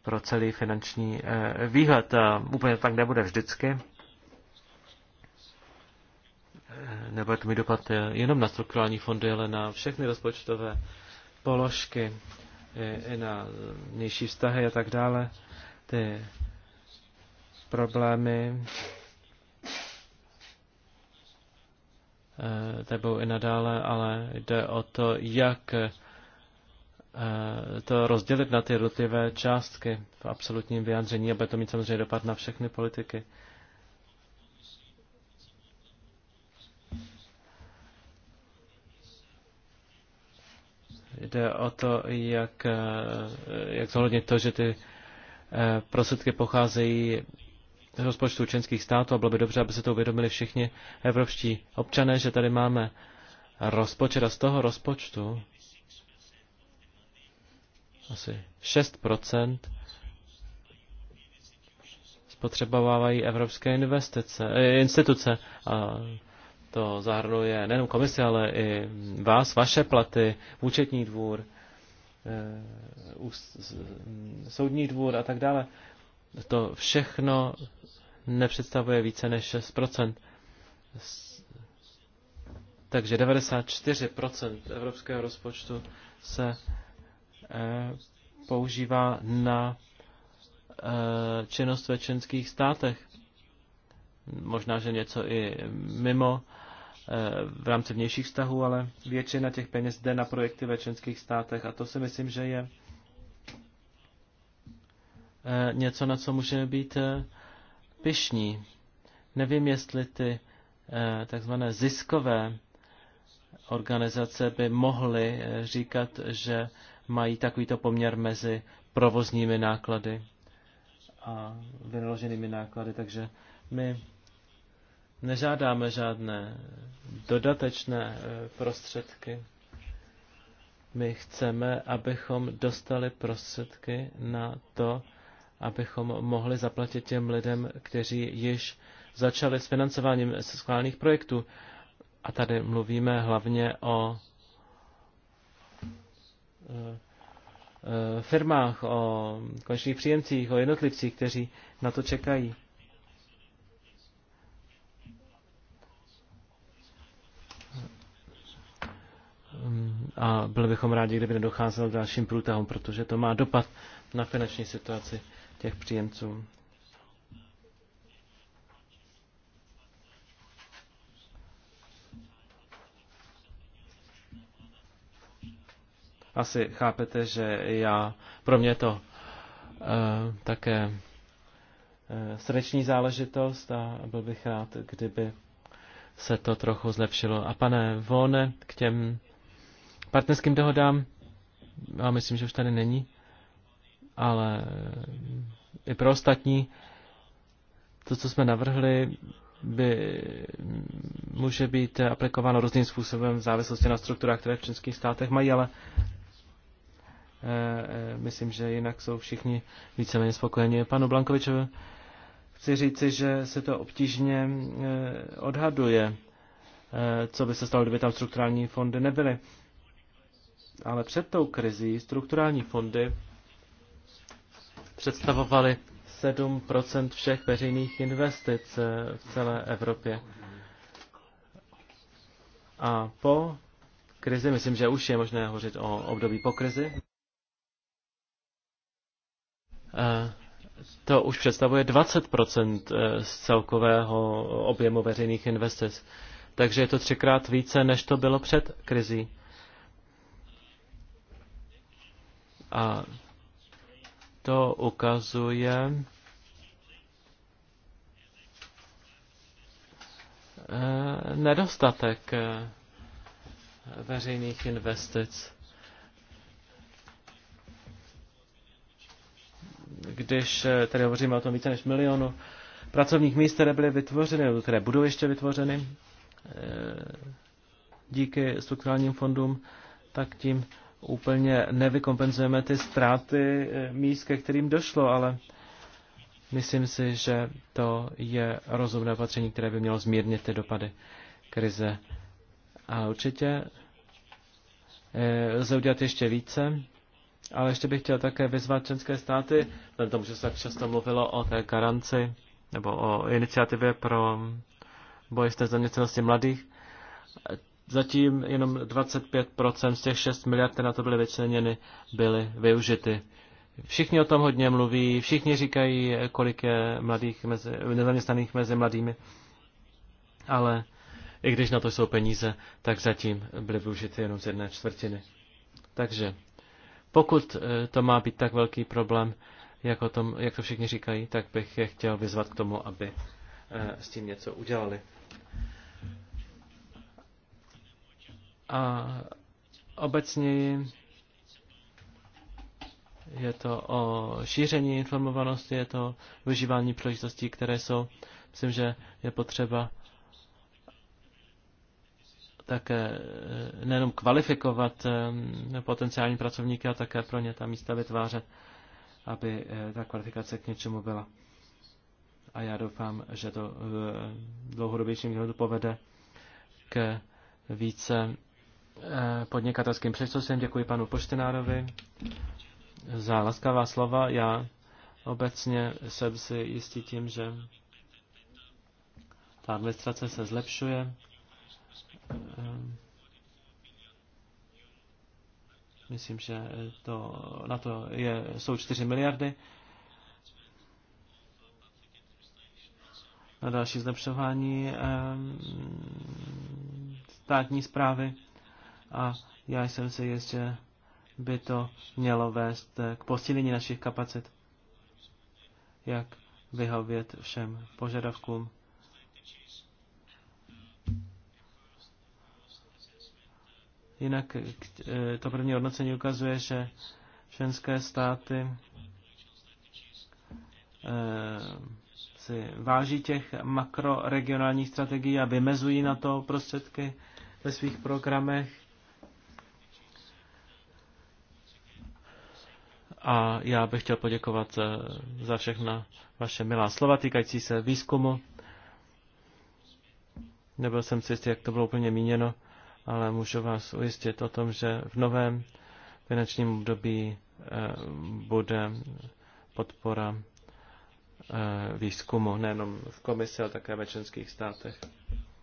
pro celý finanční eh, výhled. Úplně tak nebude vždycky. Nebude to mít dopad jenom na strukturální fondy, ale na všechny rozpočtové položky, i na nižší vztahy a tak dále. Ty problémy Eh, tebou i nadále, ale jde o to, jak eh, to rozdělit na ty jednotlivé částky v absolutním vyjádření, aby to mít samozřejmě dopad na všechny politiky. Jde o to, jak, eh, jak zohlednit to, že ty prostředky pocházejí rozpočtů členských států a bylo by dobře, aby se to uvědomili všichni evropští občané, že tady máme rozpočet a z toho rozpočtu asi 6% spotřebovávají evropské investice, eh, instituce. A to zahrnuje nejen komisi, ale i vás, vaše platy, účetní dvůr, eh, soudní dvůr a tak dále to všechno nepředstavuje více než 6 Takže 94 evropského rozpočtu se eh, používá na eh, činnost ve členských státech. Možná, že něco i mimo eh, v rámci vnějších vztahů, ale většina těch peněz jde na projekty ve členských státech a to si myslím, že je Eh, něco, na co můžeme být eh, pyšní. Nevím, jestli ty eh, takzvané ziskové organizace by mohly říkat, že mají takovýto poměr mezi provozními náklady a vynaloženými náklady, takže my nežádáme žádné dodatečné prostředky. My chceme, abychom dostali prostředky na to, abychom mohli zaplatit těm lidem, kteří již začali s financováním schválených projektů. A tady mluvíme hlavně o eh, eh, firmách, o konečných příjemcích, o jednotlivcích, kteří na to čekají. A byli bychom rádi, kdyby nedocházelo k dalším průtahům, protože to má dopad na finanční situaci těch příjemců. Asi chápete, že já, pro mě to e, také e, srdeční záležitost a byl bych rád, kdyby se to trochu zlepšilo. A pane Vone, k těm partnerským dohodám, já myslím, že už tady není ale i pro ostatní to, co jsme navrhli, by může být aplikováno různým způsobem v závislosti na strukturách, které v českých státech mají, ale eh, eh, myslím, že jinak jsou všichni víceméně spokojeni. Panu Blankovičovi chci říci, že se to obtížně eh, odhaduje, co by se stalo, kdyby tam strukturální fondy nebyly. Ale před tou krizí strukturální fondy představovaly 7 všech veřejných investic eh, v celé Evropě. A po krizi, myslím, že už je možné hovořit o období po krizi, eh, to už představuje 20 eh, z celkového objemu veřejných investic. Takže je to třikrát více, než to bylo před krizí. A to ukazuje, eh, nedostatek eh, veřejných investic. Když eh, tady hovoříme o tom více než milionu pracovních míst, které byly vytvořeny, nebo které budou ještě vytvořeny díky strukturálním fondům, tak tím úplně nevykompenzujeme ty ztráty eh, míst, ke kterým došlo, ale myslím si, že to je rozumné opatření, které by mělo zmírnit ty dopady krize. A určitě eh, lze udělat ještě více, ale ještě bych chtěl také vyzvat členské státy, vzhledem tomu, že se tak často mluvilo o té garanci nebo o iniciativě pro boj s nezaměstnaností mladých, Zatím jenom 25% z těch 6 miliard, které na to byly vyčleněny, byly využity. Všichni o tom hodně mluví, všichni říkají, kolik je mladých mezi, nezaměstnaných mezi mladými, ale i když na to jsou peníze, tak zatím byly využity jenom z jedné čtvrtiny. Takže pokud eh, to má být tak velký problém, jak, o tom, jak to všichni říkají, tak bych je chtěl vyzvat k tomu, aby eh, s tím něco udělali. A obecně je to o šíření informovanosti, je to využívání příležitostí, které jsou. Myslím, že je potřeba také eh, nejenom kvalifikovat eh, potenciální pracovníky, a také pro ně ta místa vytvářet, aby eh, ta kvalifikace k něčemu byla. A já doufám, že to v dlouhodobějším výhledu povede k více Eh, podnikatelským předsosem. Děkuji panu Poštenárovi za laskavá slova. Já obecně jsem si jistý tím, že ta administrace se zlepšuje. Eh, myslím, že to, na to je, jsou 4 miliardy. Na další zlepšování eh, státní zprávy a já jsem si jist, že by to mělo vést k posílení našich kapacit, jak vyhovět všem požadavkům. Jinak eh, to první hodnocení ukazuje, že členské státy eh, si váží těch makroregionálních strategií a vymezují na to prostředky ve svých programech. a já bych chtěl poděkovat eh, za všechna vaše milá slova týkající se výzkumu. Nebyl jsem si jistý, jak to bylo úplně míněno, ale můžu vás ujistit o tom, že v novém finančním období eh, bude podpora eh, výzkumu, nejenom v komisi, ale také ve členských státech.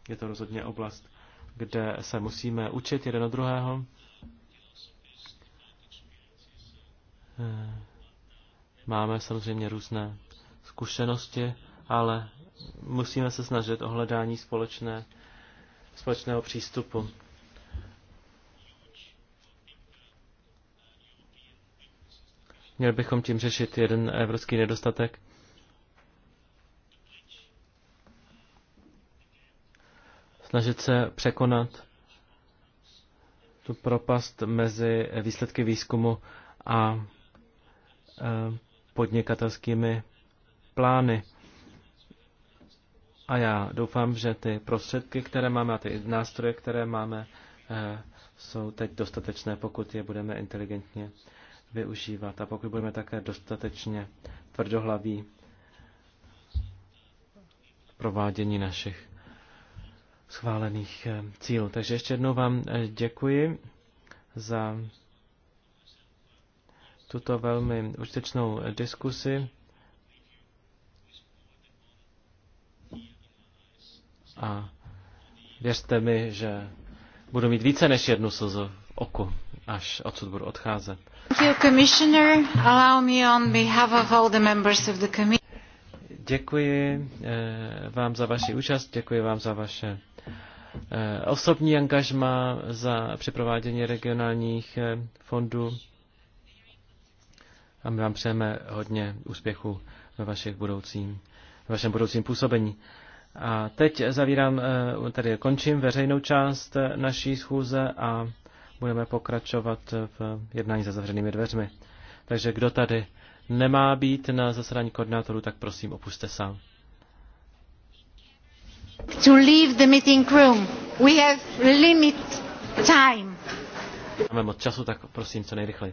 Je to rozhodně oblast, kde se musíme učit jeden od druhého Eh, máme samozřejmě různé zkušenosti, ale musíme se snažit o hledání společné, společného přístupu. Měli bychom tím řešit jeden evropský nedostatek. Snažit se překonat tu propast mezi výsledky výzkumu a Eh, podnikatelskými plány. A já doufám, že ty prostředky, které máme a ty nástroje, které máme, eh, jsou teď dostatečné, pokud je budeme inteligentně využívat a pokud budeme také dostatečně tvrdohlaví provádění našich schválených eh, cílů. Takže ještě jednou vám děkuji za tuto velmi užitečnou diskusi. A věřte mi, že budu mít více než jednu slzu v oku, až odsud budu odcházet. Děkuji eh, vám za vaši účast, děkuji vám za vaše eh, osobní angažma za přeprovádění regionálních eh, fondů a my vám přejeme hodně úspěchu ve, vašich budoucím, ve vašem budoucím působení. A teď zavírám, eh, tady končím veřejnou část eh, naší schůze a budeme pokračovat v jednání za zavřenými dveřmi. Takže kdo tady nemá být na zasedání koordinátorů, tak prosím opuste sám. To leave the meeting room. We have limit time. Máme moc času, tak prosím co nejrychleji.